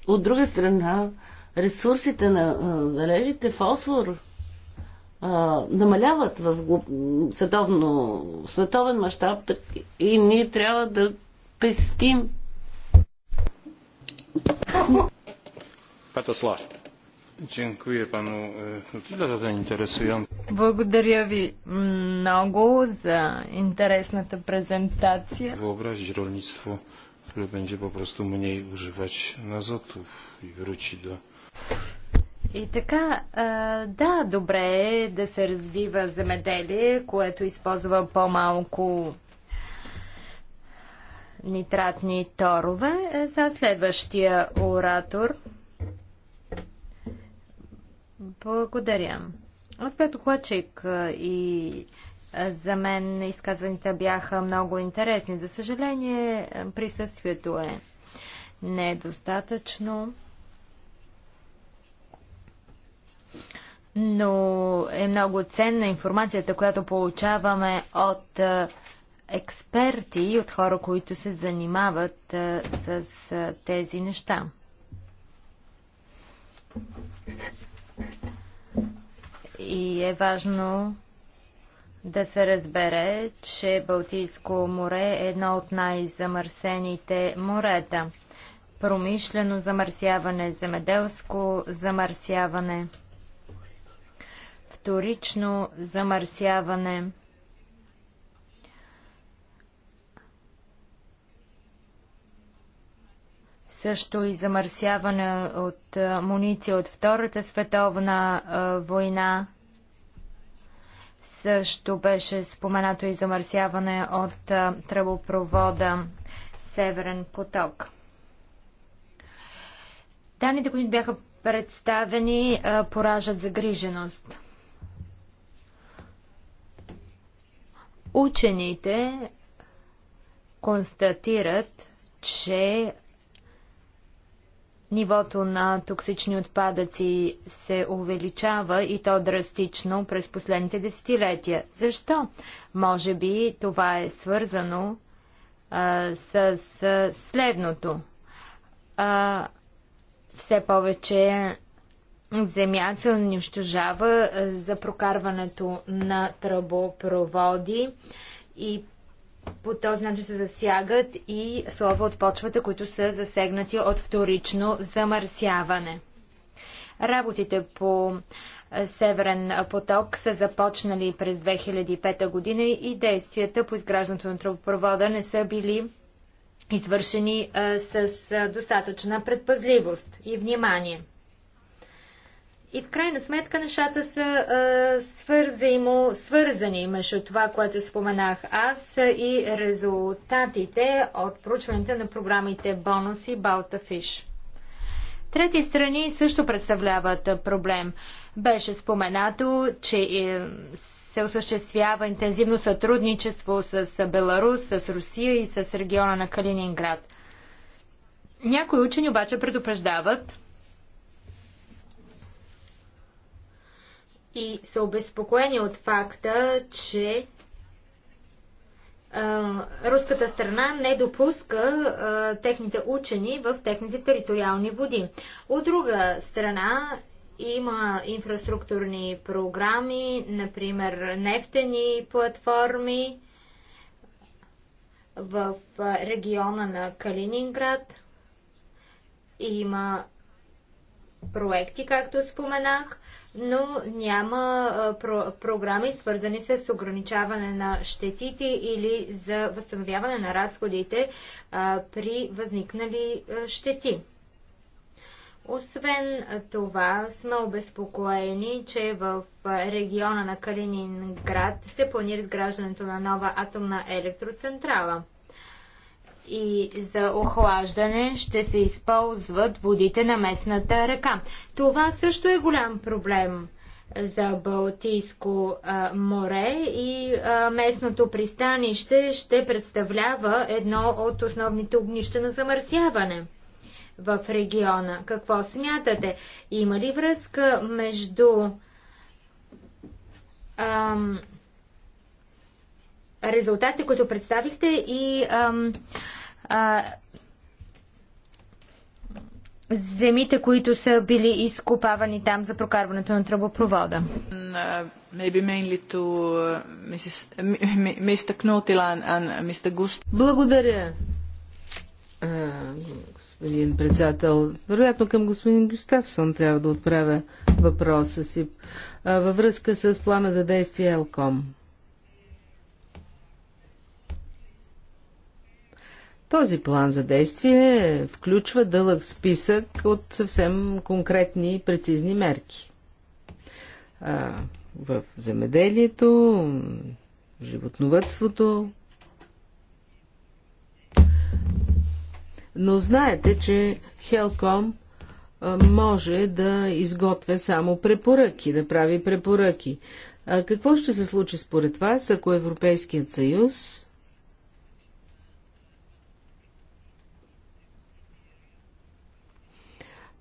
От друга страна, ресурсите на залежите фосфор а, намаляват в световно, световен мащаб и ние трябва да пестим. Петослав. E, Благодаря ви много за интересната презентация. Въобрази Wyobrazić rolnictwo, по-просто po и уживач używać azotów i wróci до и така, да, добре е да се развива земеделие, което използва по-малко нитратни торове. За е, следващия оратор. Благодаря. Аз бях докладчик и за мен изказваните бяха много интересни. За съжаление, присъствието е недостатъчно. Е но е много ценна информацията, която получаваме от е, експерти и от хора, които се занимават е, с е, тези неща. И е важно да се разбере, че Балтийско море е едно от най-замърсените морета. Промишлено замърсяване, земеделско замърсяване – вторично замърсяване. Също и замърсяване от муниция от Втората световна война. Също беше споменато и замърсяване от тръбопровода Северен поток. Данните, които бяха представени, поражат загриженост. Учените констатират, че нивото на токсични отпадъци се увеличава и то драстично през последните десетилетия. Защо? Може би това е свързано а, с, следното. А, все повече земя се унищожава е, за прокарването на тръбопроводи и по този начин се засягат и слова от почвата, които са засегнати от вторично замърсяване. Работите по е, Северен поток са започнали през 2005 година и действията по изграждането на тръбопровода не са били извършени е, с достатъчна предпазливост и внимание. И в крайна сметка нещата са свързаимо, свързани между това, което споменах аз и резултатите от проучването на програмите Бонус и Балтафиш. Трети страни също представляват проблем. Беше споменато, че е, се осъществява интензивно сътрудничество с Беларус, с Русия и с региона на Калининград. Някои учени обаче предупреждават, и са обезпокоени от факта, че руската страна не допуска техните учени в техните териториални води. От друга страна има инфраструктурни програми, например нефтени платформи в региона на Калининград. Има проекти, както споменах, но няма а, про програми свързани с ограничаване на щетите или за възстановяване на разходите а, при възникнали а, щети. Освен това, сме обезпокоени, че в региона на Калининград се планира изграждането на нова атомна електроцентрала и за охлаждане ще се използват водите на местната река. Това също е голям проблем за Балтийско а, море и а, местното пристанище ще представлява едно от основните огнища на замърсяване в региона. Какво смятате? Има ли връзка между ам, резултатите, които представихте и ам, а, земите, които са били изкопавани там за прокарването на тръбопровода. Благодаря, господин председател. Вероятно към господин Гюставсон трябва да отправя въпроса си във връзка с плана за действие Елком. Този план за действие включва дълъг списък от съвсем конкретни и прецизни мерки. А, в земеделието, животновътството. Но знаете, че Хелком може да изготвя само препоръки, да прави препоръки. А какво ще се случи според вас, ако Европейският съюз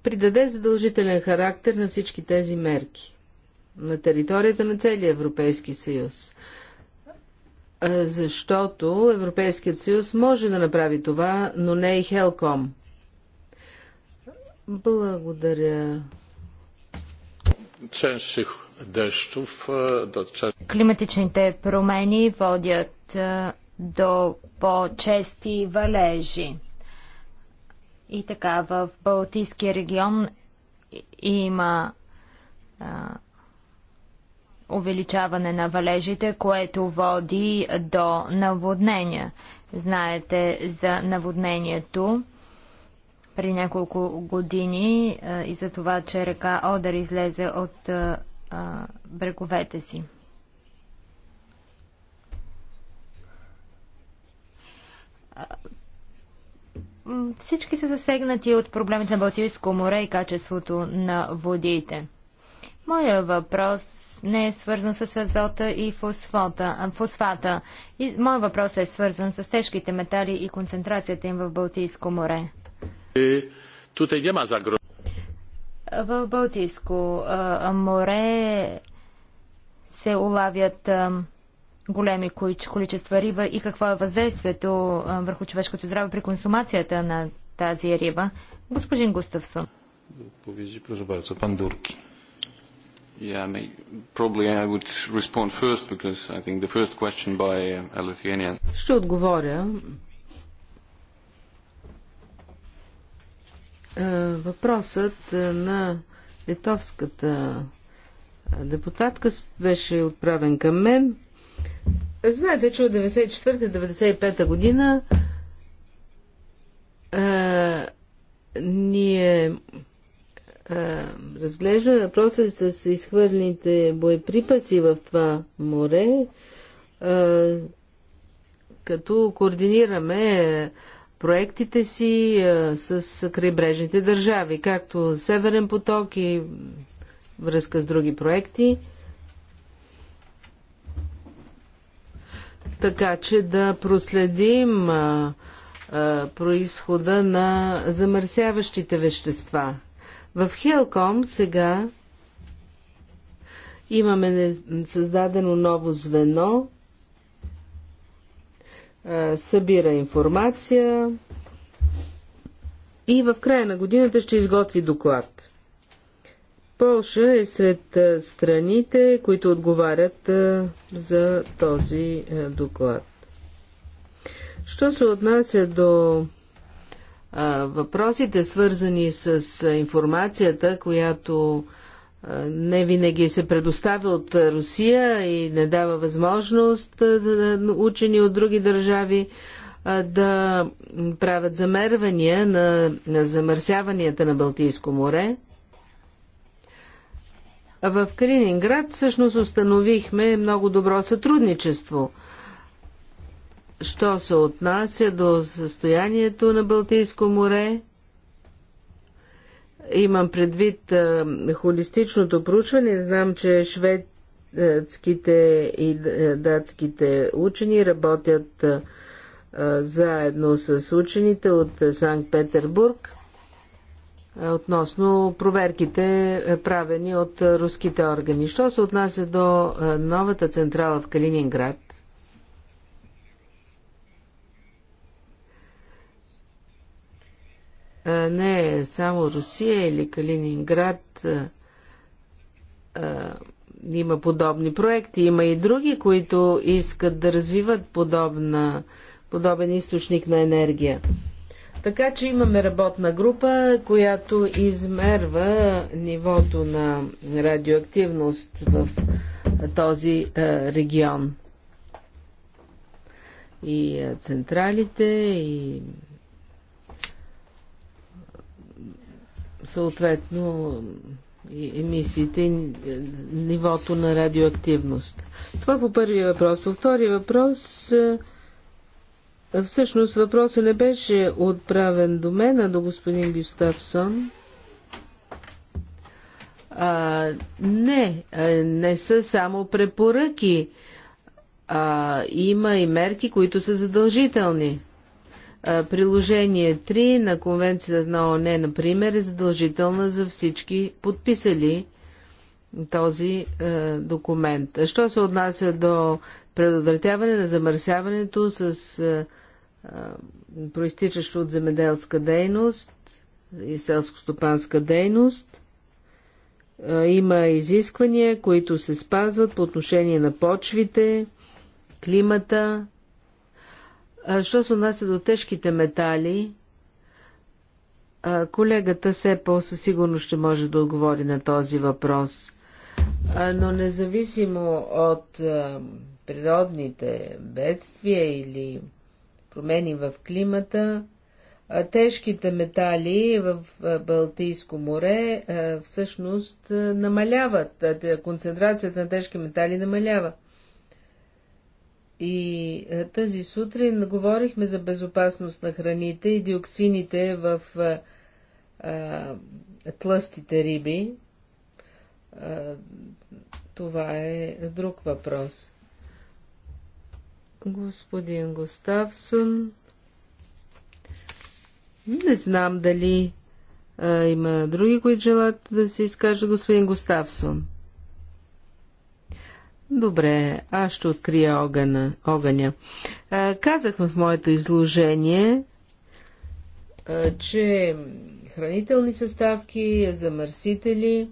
придаде задължителен характер на всички тези мерки на територията на целия Европейски съюз. Защото Европейският съюз може да направи това, но не и Хелком. Благодаря. Ченших дъщов до Климатичните промени водят до по-чести валежи. И така, в Балтийския регион има увеличаване на валежите, което води до наводнения. Знаете за наводнението при няколко години и за това, че река Одър излезе от бреговете си. Всички са засегнати от проблемите на Балтийско море и качеството на водите. Моя въпрос не е свързан с азота и фосфата. фосфата. И моят въпрос е свързан с тежките метали и концентрацията им в Балтийско море. Е, в Балтийско море се улавят големи количества риба и какво е въздействието върху човешкото здраве при консумацията на тази риба. Господин Густавсон. Повижи, proszę bardzo, pan Durki. Yeah, I mean, probably I would respond first because I think the first question by a uh, Lithuanian. Ще отговоря. Въпросът на литовската депутатка беше отправен към мен Знаете, че от 1994-1995 година а, ние а, разглеждаме въпроса с изхвърлените боеприпаси в това море, а, като координираме проектите си а, с крайбрежните държави, както Северен поток и връзка с други проекти. така че да проследим а, а, происхода на замърсяващите вещества. В Хелком сега имаме създадено ново звено, а, събира информация и в края на годината ще изготви доклад. Полша е сред страните, които отговарят за този доклад. Що се отнася до въпросите, свързани с информацията, която не винаги се предоставя от Русия и не дава възможност учени от други държави да правят замервания на замърсяванията на Балтийско море – в Калининград всъщност установихме много добро сътрудничество. Що се отнася до състоянието на Балтийско море, имам предвид а, холистичното проучване. Знам, че шведските и датските учени работят а, заедно с учените от Санкт-Петербург. Е, относно проверките, е, правени от руските органи. Що се отнася до е, новата централа в Калининград? Не само Русия или Калининград има подобни проекти. Има и други, които искат да развиват подобна, подобен източник на енергия. Така че имаме работна група, която измерва нивото на радиоактивност в този е, регион. И е, централите, и съответно емисиите, е, нивото на радиоактивност. Това по първия въпрос. По втория въпрос Всъщност въпросът не беше отправен до мен, а до господин Гюставсон. А, не, не са само препоръки. А, има и мерки, които са задължителни. А, приложение 3 на Конвенцията на ОНЕ, например, е задължителна за всички подписали този а, документ. Що се отнася до предотвратяване на замърсяването с а, проистичащо от земеделска дейност и селско-стопанска дейност. Има изисквания, които се спазват по отношение на почвите, климата. Що се отнася до тежките метали, колегата Сепо със сигурност ще може да отговори на този въпрос. Но независимо от природните бедствия или промени в климата, тежките метали в Балтийско море всъщност намаляват, концентрацията на тежки метали намалява. И тази сутрин говорихме за безопасност на храните и диоксините в а, тлъстите риби. А, това е друг въпрос господин Гоставсон. Не знам дали а, има други, които желаят да се изкажат, господин Густавсон. Добре, аз ще открия огъна, огъня. А, казах в моето изложение, а, че хранителни съставки, замърсители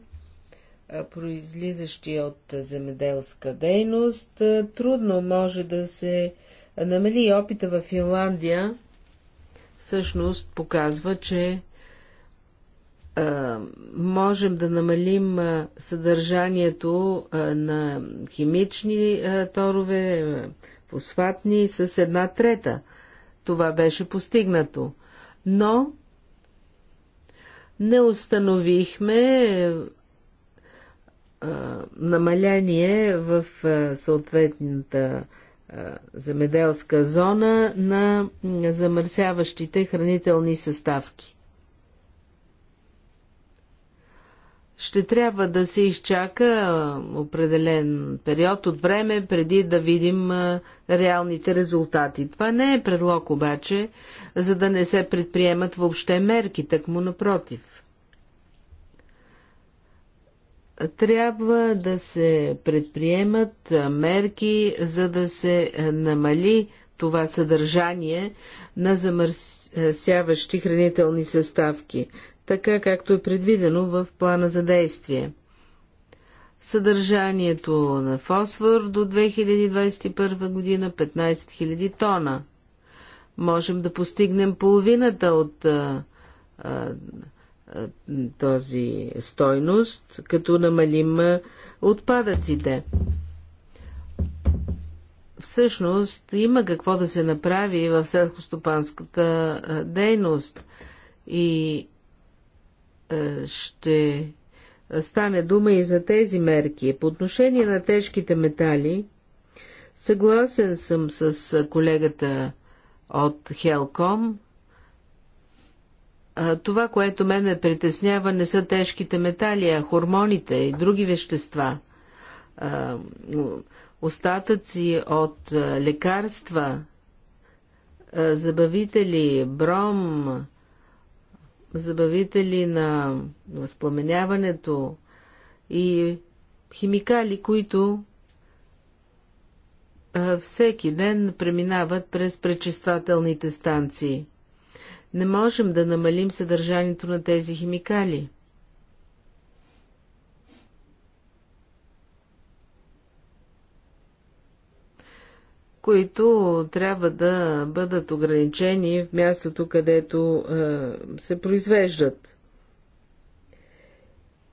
Произлизащи от земеделска дейност, трудно може да се намали опита в Финландия, всъщност показва, че можем да намалим съдържанието на химични торове, фосфатни с една трета. Това беше постигнато. Но не установихме намаляние в съответната земеделска зона на замърсяващите хранителни съставки. Ще трябва да се изчака определен период от време преди да видим реалните резултати. Това не е предлог обаче, за да не се предприемат въобще мерки, так му напротив трябва да се предприемат мерки, за да се намали това съдържание на замърсяващи хранителни съставки, така както е предвидено в плана за действие. Съдържанието на фосфор до 2021 година 15 000 тона. Можем да постигнем половината от а, а, този стойност, като намалим отпадъците. Всъщност има какво да се направи в селскостопанската дейност и ще стане дума и за тези мерки. По отношение на тежките метали, съгласен съм с колегата от Хелком, това, което мен ме притеснява, не са тежките метали, а хормоните и други вещества. Остатъци от лекарства, забавители, бром, забавители на възпламеняването и химикали, които всеки ден преминават през пречиствателните станции не можем да намалим съдържанието на тези химикали. които трябва да бъдат ограничени в мястото, където е, се произвеждат.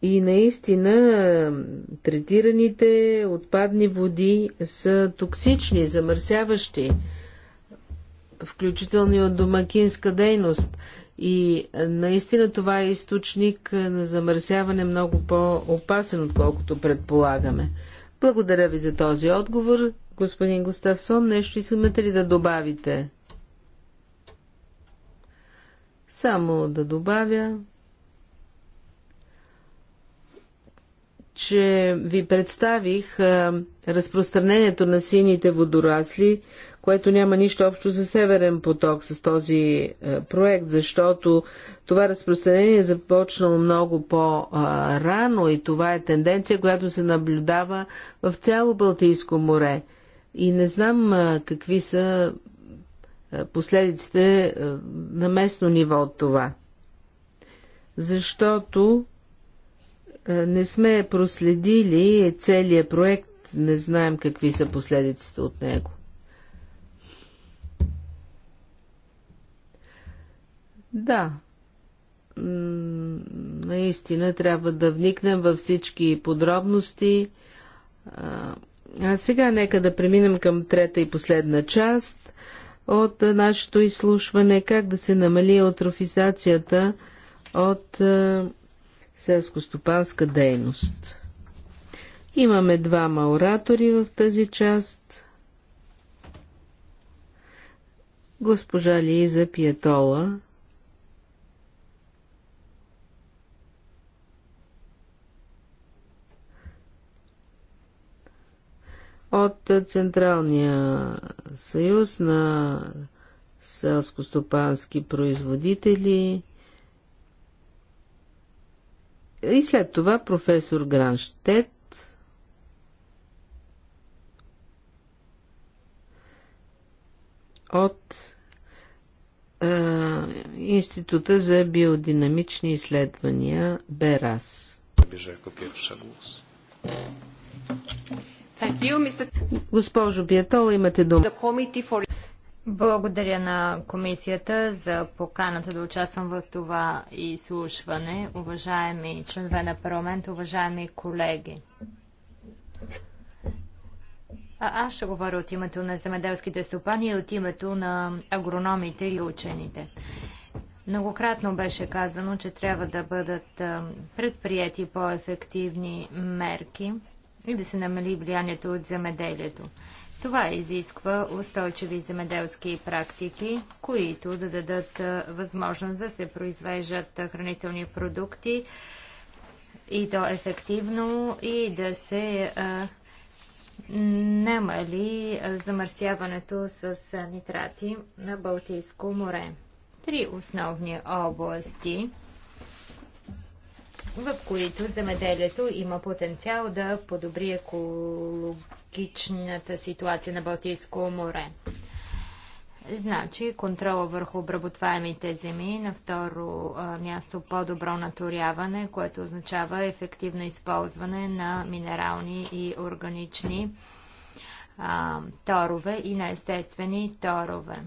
И наистина третираните отпадни води са токсични, замърсяващи включително и от домакинска дейност. И е, наистина това е източник е, на замърсяване много по-опасен, отколкото предполагаме. Благодаря ви за този отговор. Господин Густавсон, нещо искате ли да добавите? Само да добавя, че ви представих е, разпространението на сините водорасли което няма нищо общо за Северен поток с този е, проект, защото това разпространение е започнало много по-рано и това е тенденция, която се наблюдава в цяло Балтийско море. И не знам е, какви са е, последиците на местно ниво от това. Защото не сме проследили целият проект, не знаем какви са последиците от него. Да, наистина трябва да вникнем във всички подробности. А сега нека да преминем към трета и последна част от нашето изслушване как да се намали атрофизацията от селскостопанска дейност. Имаме двама оратори в тази част. Госпожа Лиза Пиетола от Централния съюз на селскостопански производители. И след това професор Гранштет от е, Института за биодинамични изследвания БЕРАС. Бежа, Госпожо Биятол, имате дума. Благодаря на комисията за поканата да участвам в това изслушване, уважаеми членове на парламент, уважаеми колеги. А аз ще говоря от името на земеделските стопани и от името на агрономите и учените. Многократно беше казано, че трябва да бъдат предприяти по-ефективни мерки – и да се намали влиянието от земеделието. Това изисква устойчиви земеделски практики, които да дадат възможност да се произвеждат хранителни продукти и то ефективно и да се намали замърсяването с нитрати на Балтийско море. Три основни области – в които земеделието има потенциал да подобри екологичната ситуация на Балтийско море. Значи контрола върху обработваемите земи, на второ а, място по-добро наторяване, което означава ефективно използване на минерални и органични а, торове и на естествени торове.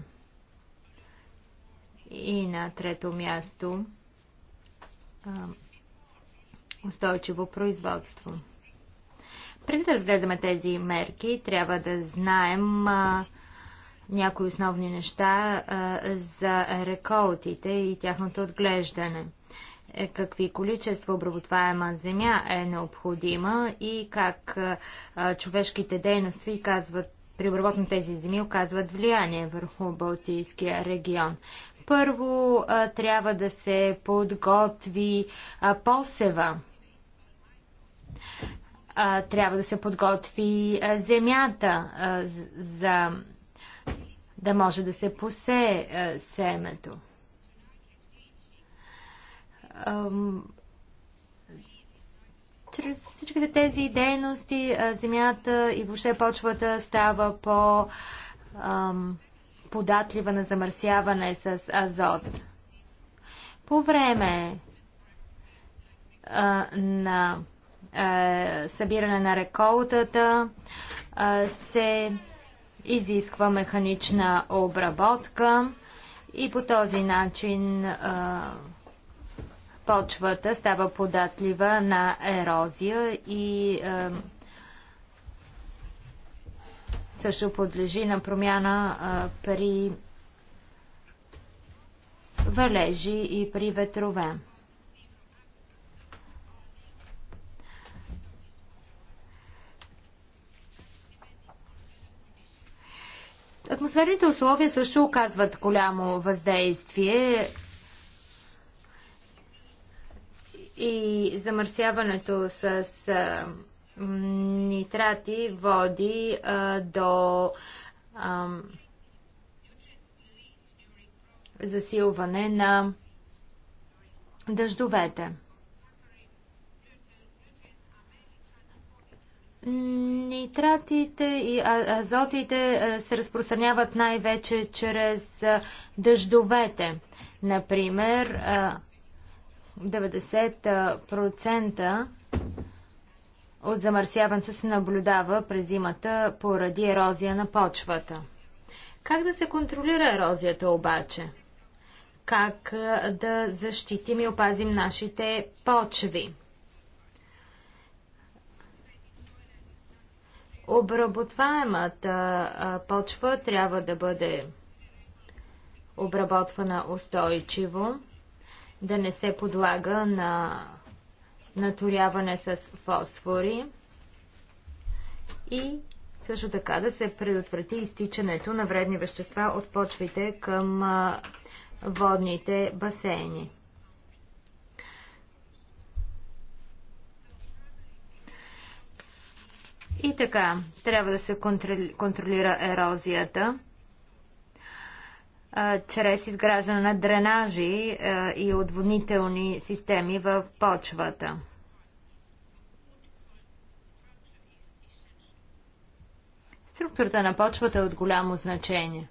И на трето място а, устойчиво производство. Преди да разгледаме тези мерки, трябва да знаем а, някои основни неща а, за реколтите и тяхното отглеждане. Е, какви количества обработваема земя е необходима и как а, човешките дейности казват при обработна тези земи оказват влияние върху Балтийския регион. Първо а, трябва да се подготви а, посева трябва да се подготви земята за да може да се посее семето чрез всичките тези дейности земята и въобще почвата става по а, податлива на замърсяване с азот. По време а, на е, събиране на реколтата е, се изисква механична обработка и по този начин е, почвата става податлива на ерозия и също подлежи на промяна при валежи и при ветрове. Атмосферните условия също оказват голямо въздействие и замърсяването с нитрати води а, до а, засилване на дъждовете. Нитратите и азотите се разпространяват най-вече чрез дъждовете. Например, 90% от замърсяването се наблюдава през зимата поради ерозия на почвата. Как да се контролира ерозията обаче? Как да защитим и опазим нашите почви? Обработваемата почва трябва да бъде обработвана устойчиво, да не се подлага на наторяване с фосфори и също така да се предотврати изтичането на вредни вещества от почвите към водните басейни. И така, трябва да се контролира ерозията чрез изграждане на дренажи и отводнителни системи в почвата. Структурата на почвата е от голямо значение.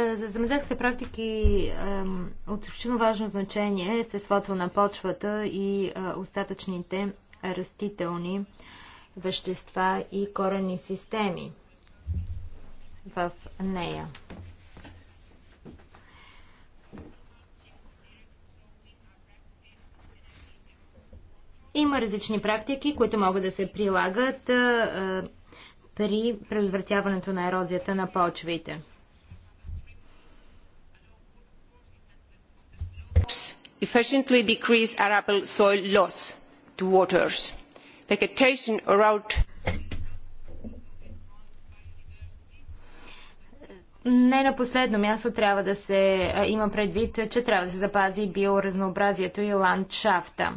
Е, за земеделските практики от изключително важно значение е естеството на почвата и е, остатъчните растителни вещества и корени системи в нея. Има различни практики, които могат да се прилагат е, при предотвратяването на ерозията на почвите. efficiently decrease arable soil loss to waters. Vegetation around Не на последно място трябва да се има предвид, че трябва да се запази биоразнообразието и ландшафта.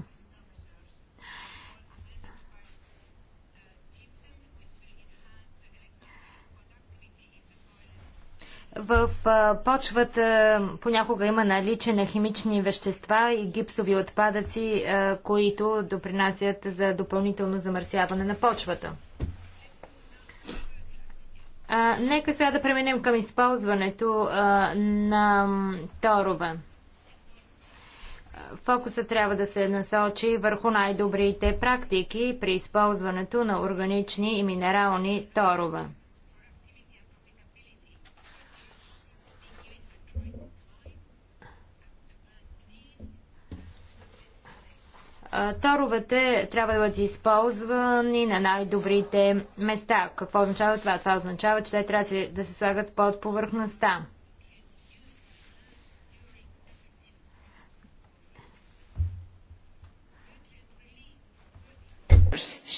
В почвата понякога има наличие на химични вещества и гипсови отпадъци, които допринасят за допълнително замърсяване на почвата. А, нека сега да преминем към използването а, на торове. Фокуса трябва да се насочи върху най-добрите практики при използването на органични и минерални торове. Торовете трябва да бъдат използвани на най-добрите места. Какво означава това? Това означава, че те трябва да се слагат под повърхността.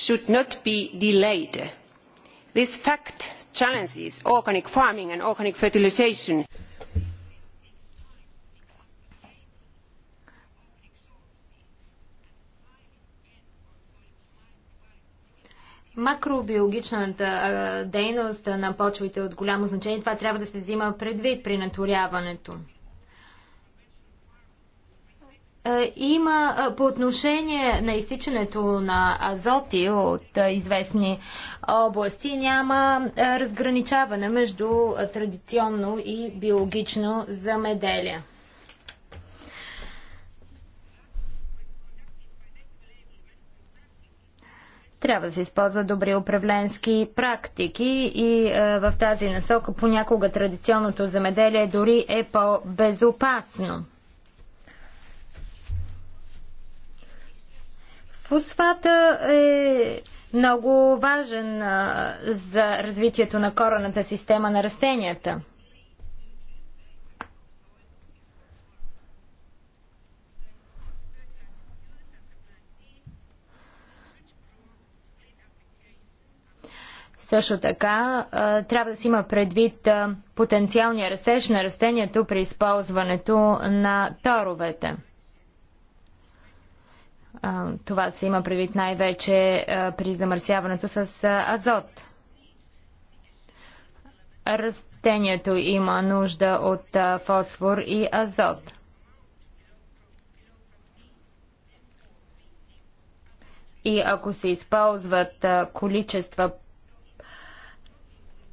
should not be delayed. This fact challenges organic farming and organic fertilization. Макробиологичната дейност на почвите е от голямо значение. Това трябва да се взима предвид при наторяването. Има по отношение на изтичането на азоти от известни области, няма разграничаване между традиционно и биологично замеделие. Трябва да се използват добри управленски практики и а, е, в тази насока понякога традиционното замеделие дори е по-безопасно. Фосфата е много важен а, е, за развитието на корената система на растенията. Също така трябва да си има предвид потенциалния растеж на растението при използването на торовете. Това се има предвид най-вече при замърсяването с азот. Растението има нужда от фосфор и азот. И ако се използват количества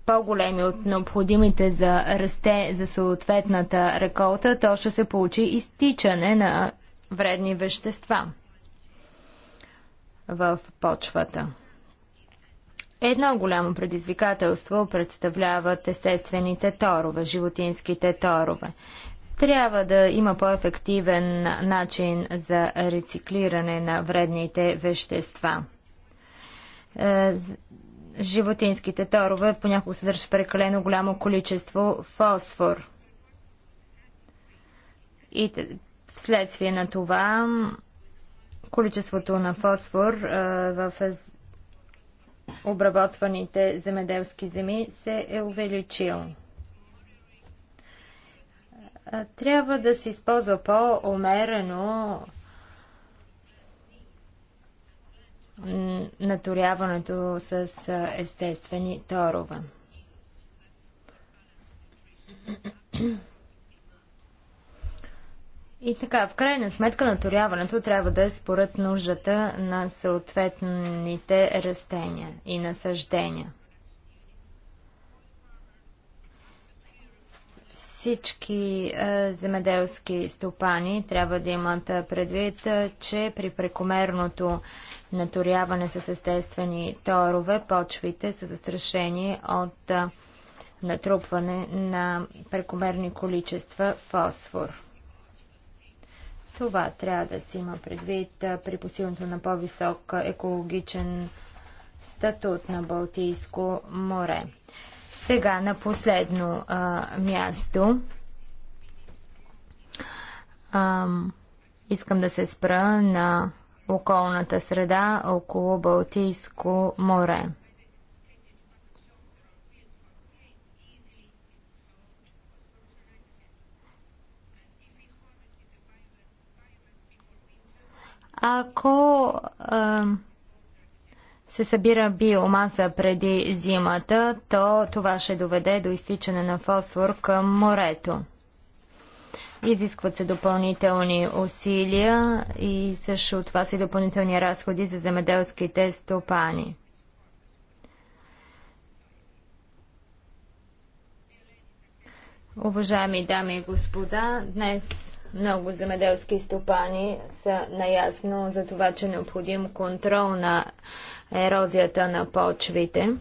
по-големи от необходимите за расте за съответната реколта, то ще се получи изтичане на вредни вещества в почвата. Едно голямо предизвикателство представляват естествените торове, животинските торове. Трябва да има по-ефективен начин за рециклиране на вредните вещества е, животинските торове понякога съдържат прекалено голямо количество фосфор. И вследствие на това количеството на фосфор в обработваните земеделски земи се е увеличило. Трябва да се използва по-умерено наторяването с естествени торове. И така, в крайна сметка наторяването трябва да е според нуждата на съответните растения и насъждения. Всички е, земеделски стопани трябва да имат е, предвид, е, че при прекомерното наторяване с естествени торове, почвите са застрашени от натрупване на прекомерни количества фосфор. Това трябва да се има предвид при посилното на по-висок екологичен статут на Балтийско море. Сега на последно а, място. А, искам да се спра на околната среда около Балтийско море. Ако а, се събира биомаса преди зимата, то това ще доведе до изтичане на фосфор към морето. Изискват се допълнителни усилия и също това са допълнителни разходи за земеделските стопани. Уважаеми дами и господа, днес много земеделски стопани са наясно за това, че е необходим контрол на ерозията на почвите.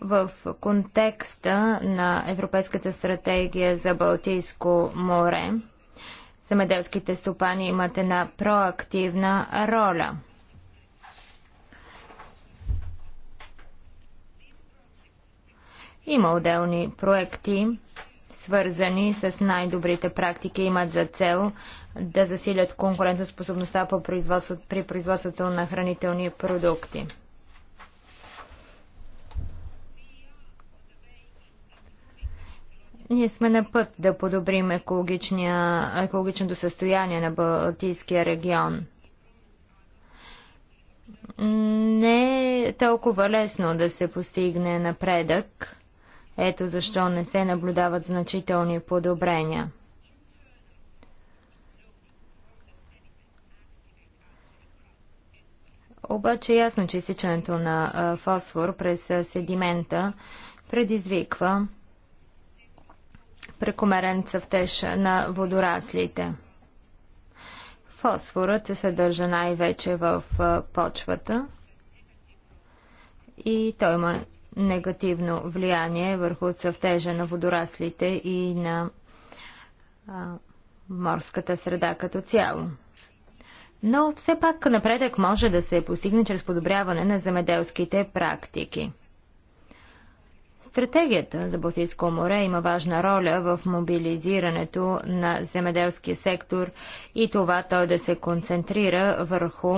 в контекста на Европейската стратегия за Балтийско море. Земеделските стопани имат една проактивна роля – Има отделни проекти, свързани с най-добрите практики, имат за цел да засилят конкурентоспособността по производство, при производството на хранителни продукти. Ние сме на път да подобрим екологичното състояние на Балтийския регион. Не е толкова лесно да се постигне напредък ето защо не се наблюдават значителни подобрения. Обаче ясно, че изсичането на фосфор през седимента предизвиква прекомерен цъфтеж на водораслите. Фосфорът се съдържа най-вече в почвата и той има негативно влияние върху цъфтежа на водораслите и на а, морската среда като цяло. Но все пак напредък може да се постигне чрез подобряване на земеделските практики. Стратегията за Балтийско море има важна роля в мобилизирането на земеделския сектор и това той да се концентрира върху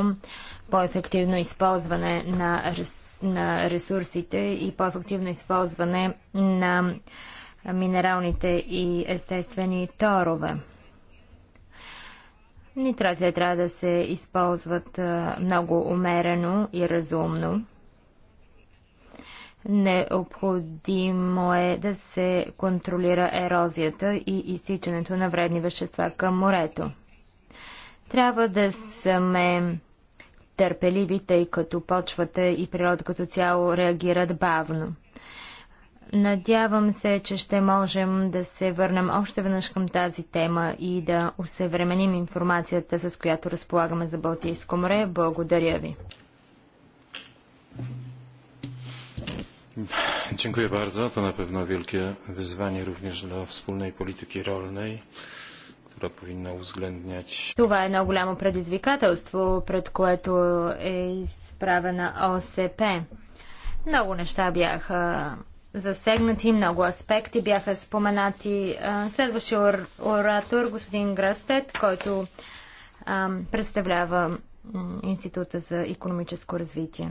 по-ефективно използване на ресурсите на ресурсите и по-ефективно използване на минералните и естествени торове. Нитратите трябва да се използват много умерено и разумно. Необходимо е да се контролира ерозията и изтичането на вредни вещества към морето. Трябва да сме търпеливи, тъй като почвата и природа като цяло реагират бавно. Надявам се, че ще можем да се върнем още веднъж към тази тема и да усъвременим информацията, с която разполагаме за Балтийско море. Благодаря ви. Dziękuję bardzo. To na pewno wielkie wyzwanie również dla wspólnej polityki rolnej która powinna uwzględniać. Това е едно голямо предизвикателство, пред което е изправена ОСП. Много неща бяха засегнати, много аспекти бяха споменати. Следващия ор, оратор, господин Грастет, който ам, представлява Института за економическо развитие.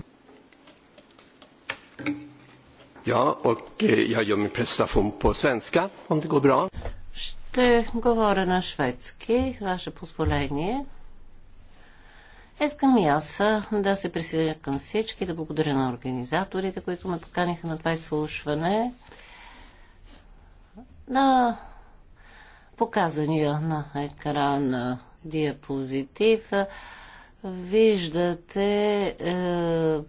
Ja, och eh, jag gör min presentation på svenska om det går bra. Ще говоря на шведски, ваше позволение. Искам и аз да се присъединя към всички, да благодаря на организаторите, които ме поканиха на това изслушване, на показания на екрана диапозитив. Виждате е,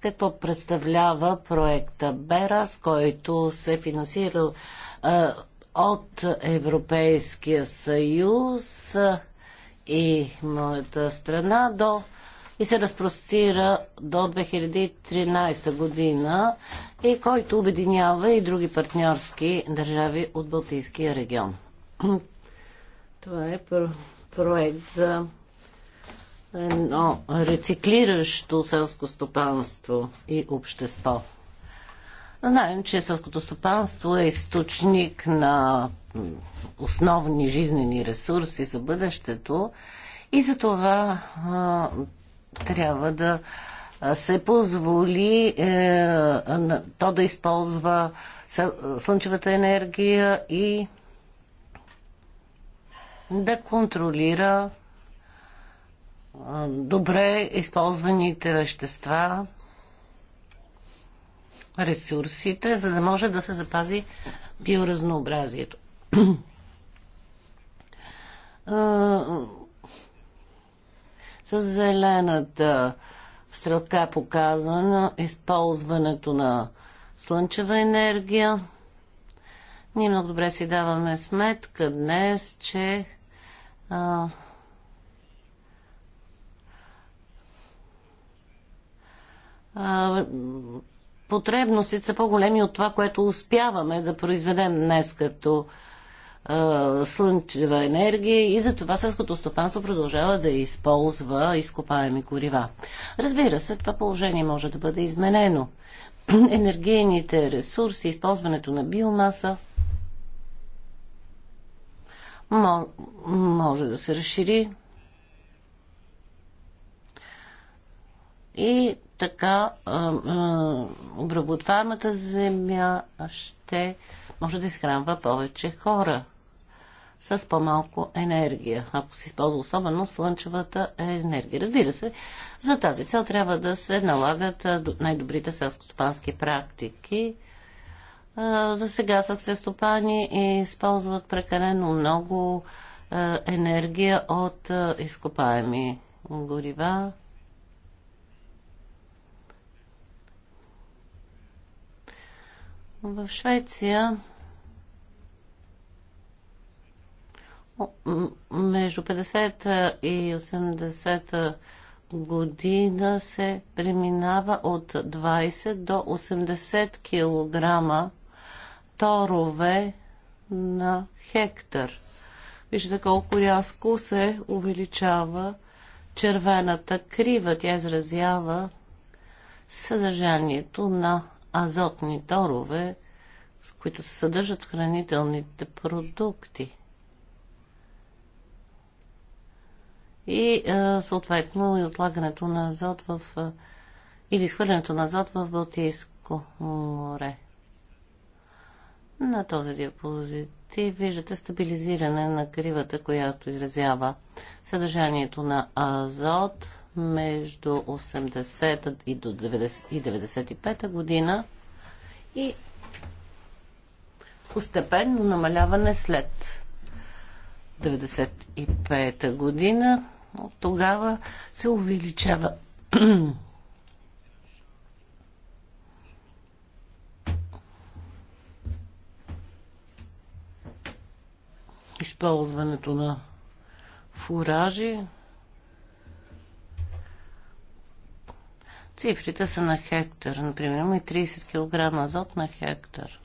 какво представлява проекта Берас, който се финансира е, от Европейския съюз и моята страна до и се разпростира до 2013 година и който обединява и други партньорски държави от Балтийския регион. [clears throat] Това е проект за едно рециклиращо селско стопанство и общество. Знаем, че сълското стопанство е източник на основни жизнени ресурси за бъдещето и за това а, трябва да се позволи е, то да използва слънчевата енергия и да контролира добре използваните вещества ресурсите, за да може да се запази биоразнообразието. С зелената стрелка показана използването на слънчева енергия. Ние много добре си даваме сметка днес, че а, а, потребностите са по-големи от това, което успяваме да произведем днес като е, слънчева енергия и за това стопанство продължава да използва изкопаеми корива. Разбира се, това положение може да бъде изменено. [clears throat] Енергийните ресурси, използването на биомаса може да се разшири и така обработваемата земя ще може да изхранва повече хора с по-малко енергия, ако се използва особено слънчевата енергия. Разбира се, за тази цел трябва да се налагат най-добрите селскостопански практики. За сега и използват прекалено много енергия от изкопаеми горива. В Швеция между 50-та и 80-та година се преминава от 20 до 80 кг торове на хектар. Вижте колко рязко се увеличава червената крива. Тя изразява съдържанието на азотни торове, с които се съдържат хранителните продукти. И е, съответно и отлагането на азот в е, или изхвърлянето на азот в Балтийско море. На този диапозитив виждате стабилизиране на кривата, която изразява съдържанието на азот между 80-та и, 90, 95-та година и постепенно намаляване след 95-та година. От тогава се увеличава [clears throat] използването на фуражи, Цифрите са на хектар. Например, има и 30 кг азот на хектар.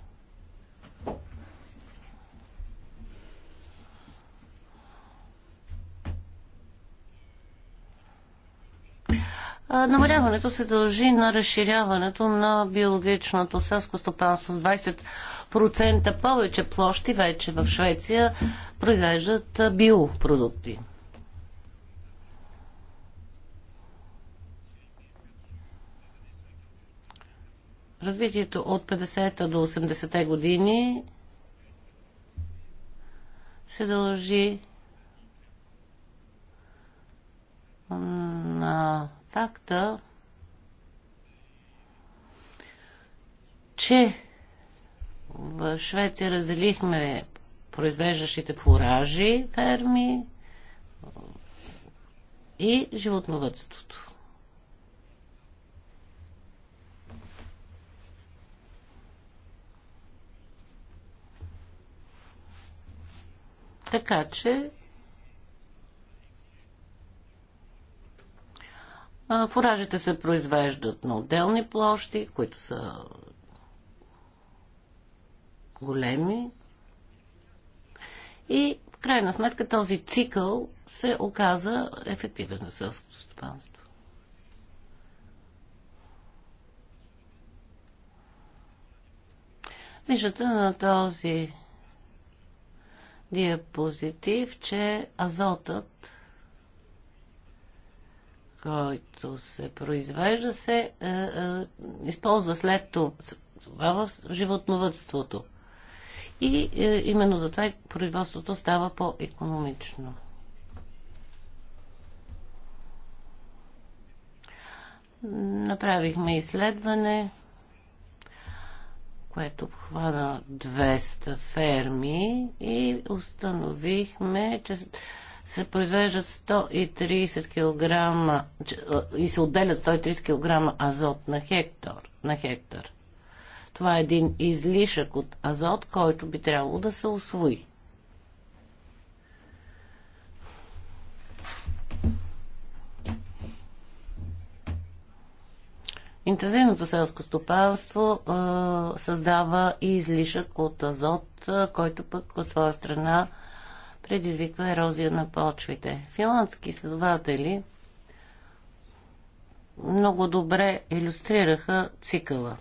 Намаляването се дължи на разширяването на биологичното селско стопанство с 20% повече площи вече в Швеция произвеждат биопродукти. Развитието от 50-та до 80-те години се дължи на факта, че в Швеция разделихме произвеждащите фуражи, ферми и животновътството. Така че фуражите се произвеждат на отделни площи, които са големи. И в крайна сметка този цикъл се оказа ефективен за селското стопанство. Виждате на този диапозитив, че азотът, който се произвежда, се е, е, използва след това в животновътството. И е, именно затова производството става по-економично. Направихме изследване, което обхвана 200 ферми и установихме, че се произвеждат 130 кг и се отделят 130 кг азот на хектар. На хектар. Това е един излишък от азот, който би трябвало да се освои. Интензивното селско стопанство а, създава и излишък от азот, който пък от своя страна предизвиква ерозия на почвите. Финландски изследователи много добре иллюстрираха цикъла.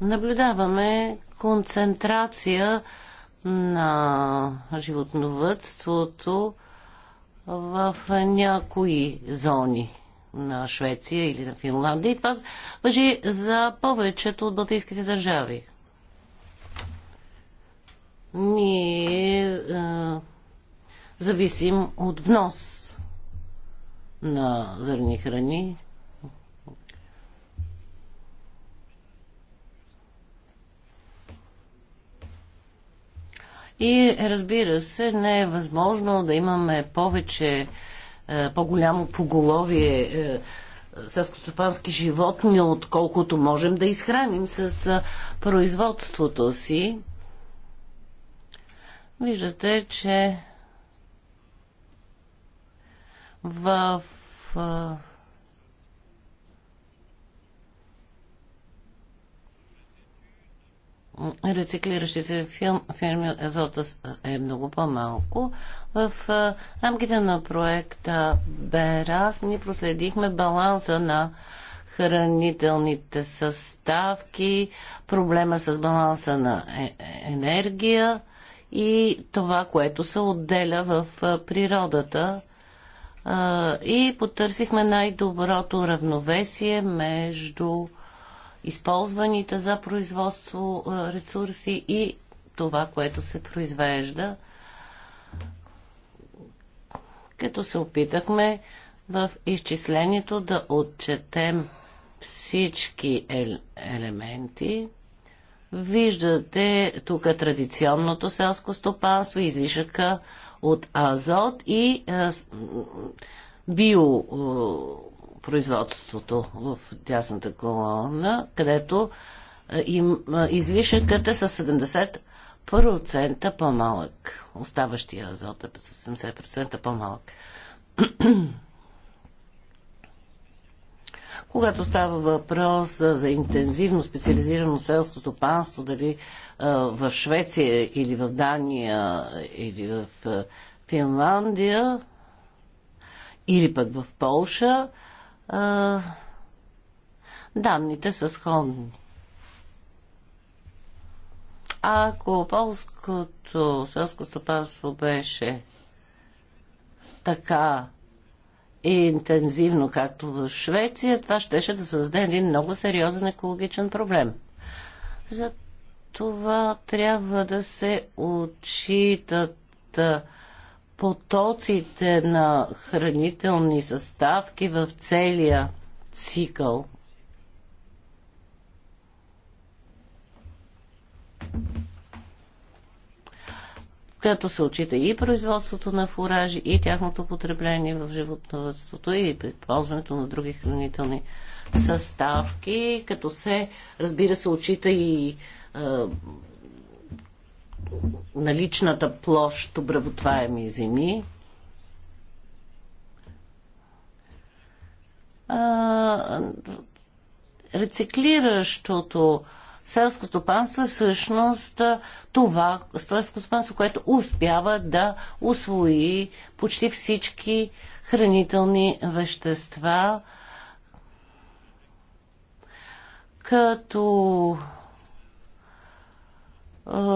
Наблюдаваме концентрация на животновътството в някои зони на Швеция или на Финландия. И това въжи за повечето от балтийските държави. Ние е, зависим от внос на зърни храни. И разбира се, не е възможно да имаме повече, е, по-голямо поголовие е, селскостопански животни, отколкото можем да изхраним с е, производството си. Виждате, че в рециклиращите фирм, фирми Азота е много по-малко. В рамките на проекта БЕРАС ни проследихме баланса на хранителните съставки, проблема с баланса на е, е, енергия и това, което се отделя в природата. И потърсихме най-доброто равновесие между използваните за производство ресурси и това, което се произвежда. Като се опитахме в изчислението да отчетем всички ел- елементи, виждате тук традиционното селско стопанство, излишъка от азот и био производството в тясната колона, където е, им е, излишъкът е с 70% по-малък. Оставащия азот е с 70% по-малък. [clears throat] Когато става въпрос за интензивно специализирано селско стопанство, дали е, в Швеция или в Дания или в Финландия или пък в Полша, а, данните са сходни. Ако полското селско стопанство беше така и интензивно, както в Швеция, това щеше да създаде един много сериозен екологичен проблем. За това трябва да се отчитат потоците на хранителни съставки в целия цикъл. като се отчита и производството на фуражи, и тяхното потребление в животновътството, и ползването на други хранителни съставки, като се, разбира се, отчита и е, наличната площ обработваеми земи. А, рециклиращото селско стопанство е всъщност това селско стопанство, което успява да освои почти всички хранителни вещества, като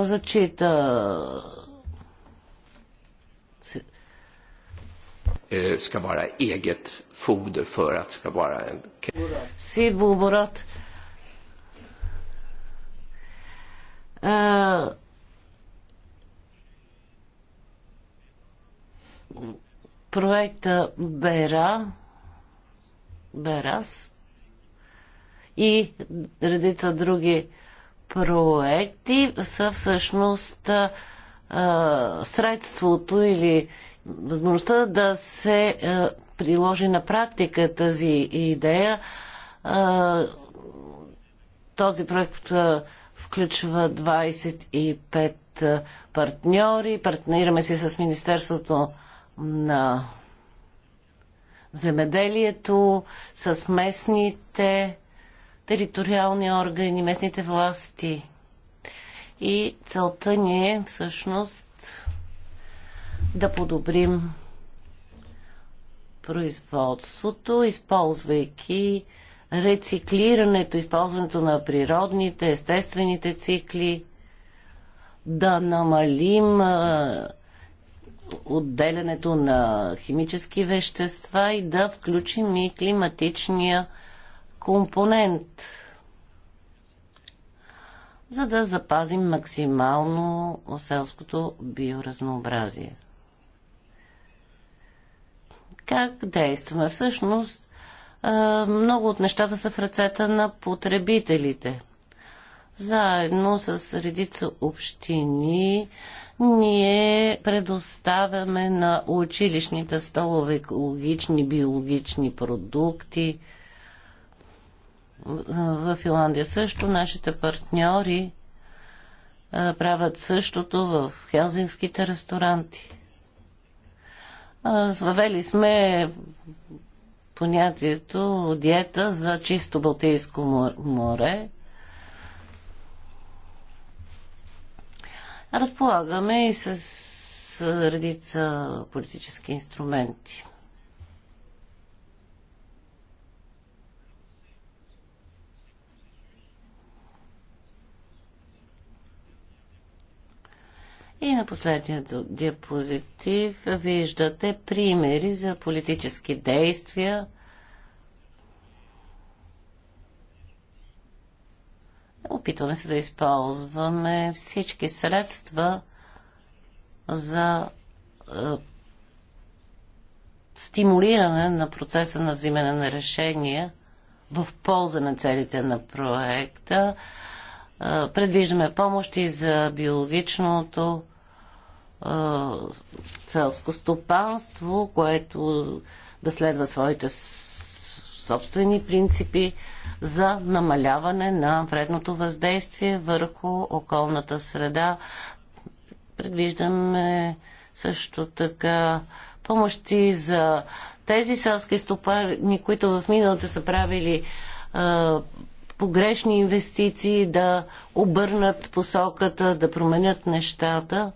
зачита ska vara eget foder för att ska vara en... Sidboborat. Projekt Bera. Beras. Берас и редица други проекти са всъщност средството или възможността да се приложи на практика тази идея. Този проект включва 25 партньори. Партнираме се с Министерството на земеделието, с местните териториални органи, местните власти. И целта ни е всъщност да подобрим производството, използвайки рециклирането, използването на природните, естествените цикли, да намалим отделянето на химически вещества и да включим и климатичния компонент, за да запазим максимално селското биоразнообразие. Как действаме? Всъщност, много от нещата са в ръцете на потребителите. Заедно с редица общини ние предоставяме на училищните столове екологични, биологични продукти – в Финландия също. Нашите партньори правят същото в хелзинските ресторанти. Въвели сме понятието диета за чисто Балтийско море. Разполагаме и с редица политически инструменти. И на последния диапозитив виждате примери за политически действия, Опитваме се да използваме всички средства за е, стимулиране на процеса на взимане на решения в полза на целите на проекта. Е, предвиждаме помощи за биологичното селско стопанство, което да следва своите собствени принципи за намаляване на вредното въздействие върху околната среда. Предвиждаме също така помощи за тези селски стопани, които в миналото са правили а, погрешни инвестиции, да обърнат посоката, да променят нещата.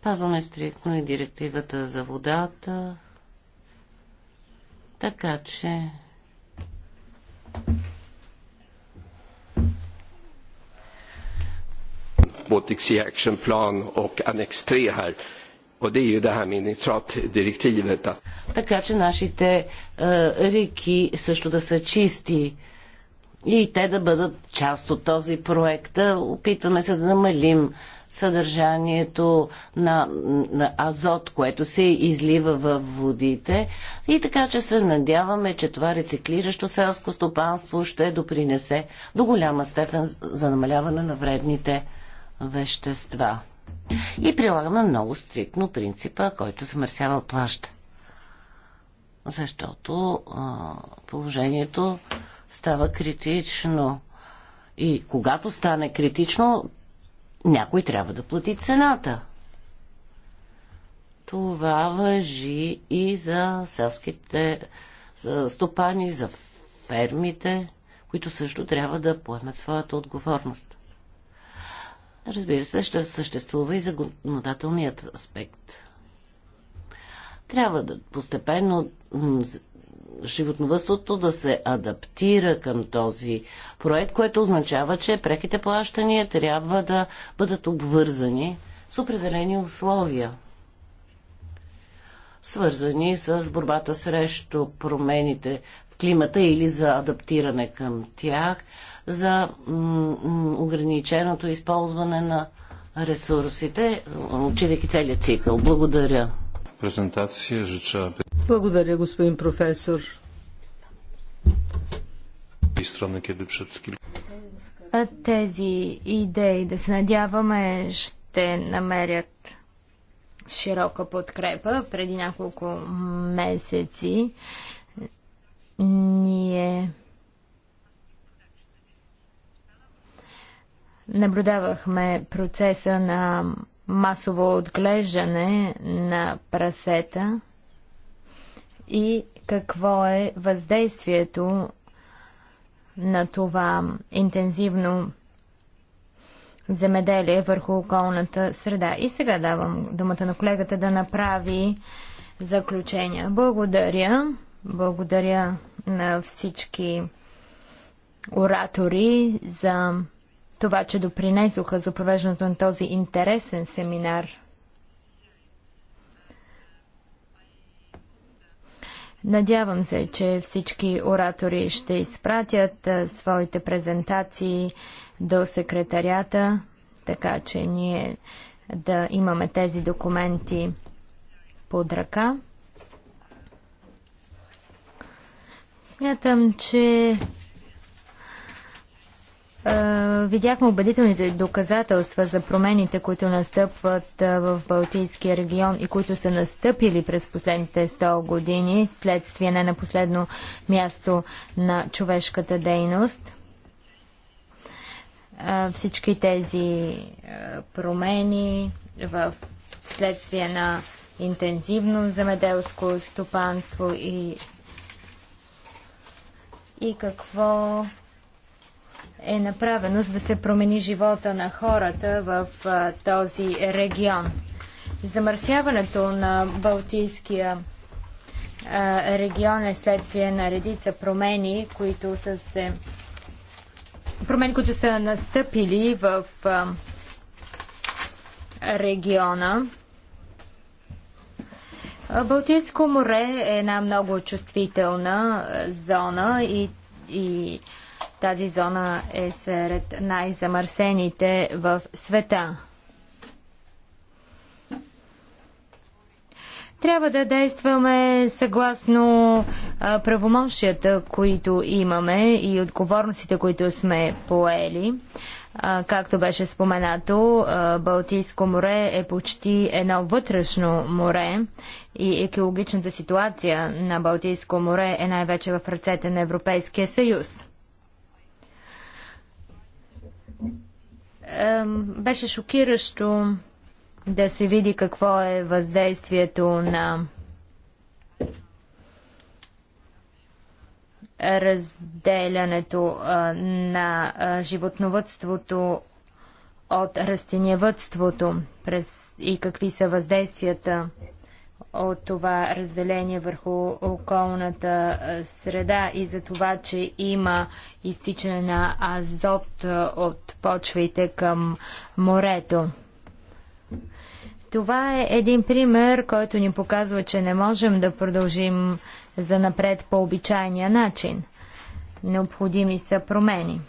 Спазваме стриктно и директивата за водата, така че Botixi Action Plan och Annex 3 här. Och det är ju det här med nitratdirektivet. Att... Така че нашите е, реки също да са чисти и те да бъдат част от този проект. Да опитваме се да намалим съдържанието на, на азот, което се излива в водите. И така, че се надяваме, че това рециклиращо селско стопанство ще допринесе до голяма степен за намаляване на вредните вещества. И прилагаме много стриктно принципа, който замърсява плаща. Защото а, положението става критично. И когато стане критично, някой трябва да плати цената. Това въжи и за селските за стопани, за фермите, които също трябва да поемат своята отговорност. Разбира се, ще съществува и законодателният аспект. Трябва да постепенно животновътството да се адаптира към този проект, което означава, че преките плащания трябва да бъдат обвързани с определени условия, свързани с борбата срещу промените в климата или за адаптиране към тях, за ограниченото използване на ресурсите, отчитайки целият цикъл. Благодаря презентация. Жича... Благодаря, господин професор. Е тези идеи, да се надяваме, ще намерят широка подкрепа. Преди няколко месеци ние наблюдавахме процеса на масово отглеждане на прасета и какво е въздействието на това интензивно земеделие върху околната среда. И сега давам думата на колегата да направи заключения. Благодаря. Благодаря на всички оратори за това, че допринесоха за провеждането на този интересен семинар. Надявам се, че всички оратори ще изпратят своите презентации до секретарията, така че ние да имаме тези документи под ръка. Смятам, че е, видяхме убедителните доказателства за промените, които настъпват е, в Балтийския регион и които са настъпили през последните 100 години, следствие не на последно място на човешката дейност. Е, всички тези промени в следствие на интензивно земеделско стопанство и, и какво е направено, за да се промени живота на хората в този регион. Замърсяването на Балтийския регион е следствие на редица промени, които са се промени, които са настъпили в региона. Балтийско море е една много чувствителна зона и, и тази зона е сред най-замърсените в света. Трябва да действаме съгласно правомощията, които имаме и отговорностите, които сме поели. Както беше споменато, Балтийско море е почти едно вътрешно море и екологичната ситуация на Балтийско море е най-вече в ръцете на Европейския съюз. беше шокиращо да се види какво е въздействието на разделянето на животновътството от растениевътството през и какви са въздействията от това разделение върху околната среда и за това, че има изтичане на азот от почвите към морето. Това е един пример, който ни показва, че не можем да продължим за напред по обичайния начин. Необходими са промени.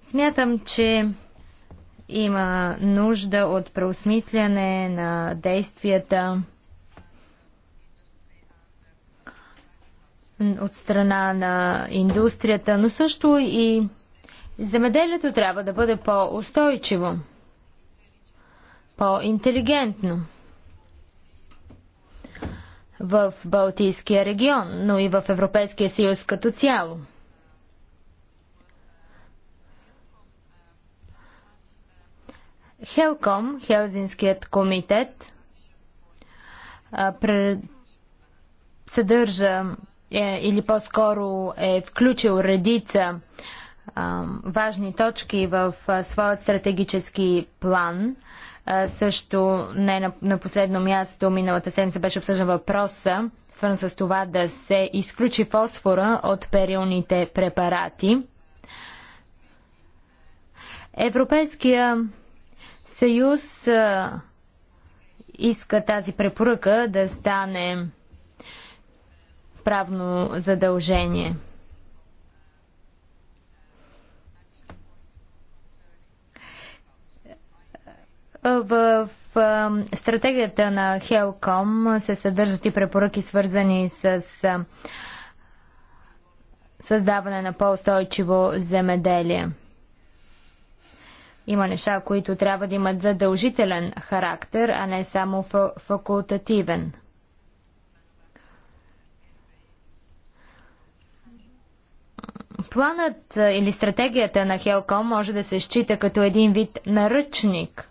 Смятам, че има нужда от преосмисляне на действията от страна на индустрията, но също и земеделието трябва да бъде по-устойчиво, по-интелигентно в Балтийския регион, но и в Европейския съюз като цяло. Хелком, Хелзинският комитет, съдържа е, или по-скоро е включил редица важни точки в своят стратегически план. Също не на, на последно място миналата седмица беше обсъждан въпроса, свързан с това да се изключи фосфора от перилните препарати. Европейския съюз иска тази препоръка да стане правно задължение. В стратегията на Хелком се съдържат и препоръки, свързани с създаване на по-устойчиво земеделие. Има неща, които трябва да имат задължителен характер, а не само факултативен. Планът или стратегията на Хелком може да се счита като един вид наръчник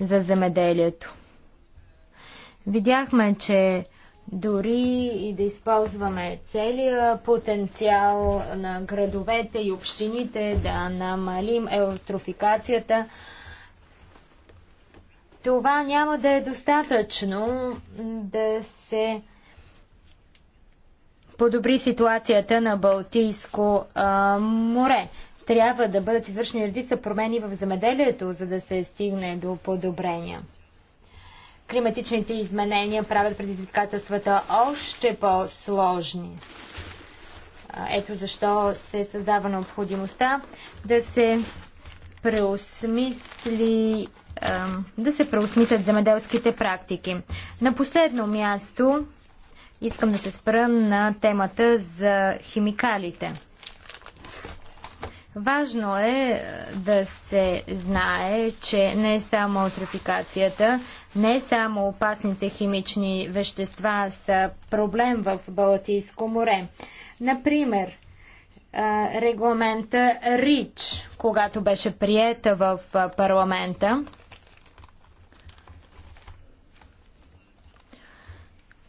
за земеделието. Видяхме, че дори и да използваме целия потенциал на градовете и общините, да намалим еутрофикацията, това няма да е достатъчно да се подобри ситуацията на Балтийско а, море. Трябва да бъдат извършени редица промени в земеделието, за да се стигне до подобрения климатичните изменения правят предизвикателствата още по-сложни. Ето защо се създава необходимостта да се преосмисли да се преосмислят земеделските практики. На последно място искам да се спра на темата за химикалите. Важно е, е да се знае, че не само еутрофикацията, не само опасните химични вещества са проблем в Балтийско море. Например, е, регламента РИЧ, когато беше приета в е, парламента,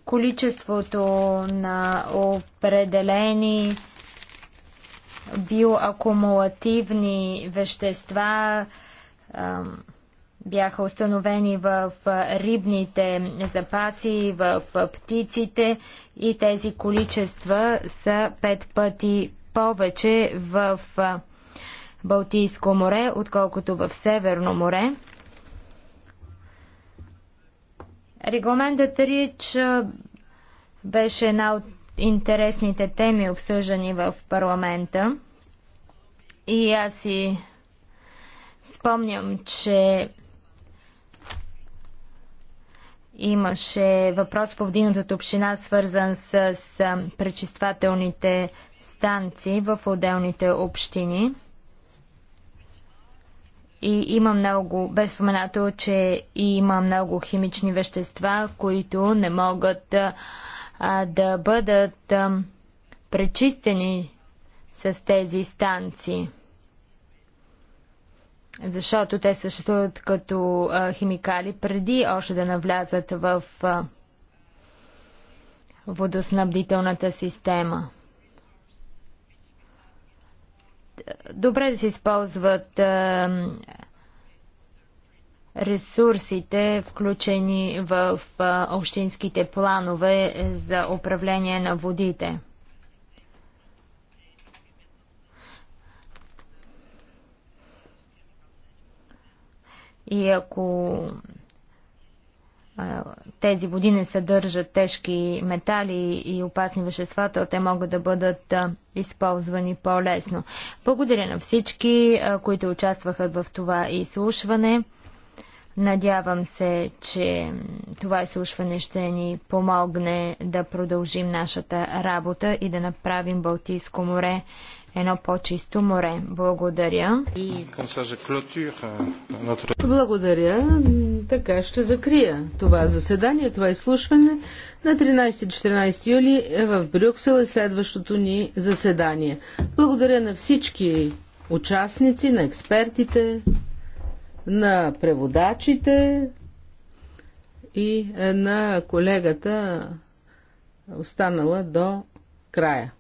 количеството на определени биоакумулативни вещества бяха установени в рибните запаси, в птиците и тези количества са пет пъти повече в Балтийско море, отколкото в Северно море. Регламентът РИЧ беше една от интересните теми, обсъждани в парламента. И аз си спомням, че имаше въпрос повдигнат от община, свързан с, пречиствателните станции в отделните общини. И има много, без споменато, че има много химични вещества, които не могат да а, да бъдат а, пречистени с тези станции. Защото те съществуват като а, химикали преди още да навлязат в а, водоснабдителната система. Добре да се използват а, ресурсите, включени в общинските планове за управление на водите. И ако тези води не съдържат тежки метали и опасни вещества, то те могат да бъдат използвани по-лесно. Благодаря на всички, които участваха в това изслушване. Надявам се, че това изслушване ще ни помогне да продължим нашата работа и да направим Балтийско море едно по-чисто море. Благодаря. Благодаря. Така ще закрия това заседание, това изслушване на 13-14 юли е в Брюксел и е следващото ни заседание. Благодаря на всички участници, на експертите на преводачите и е, на колегата останала до края.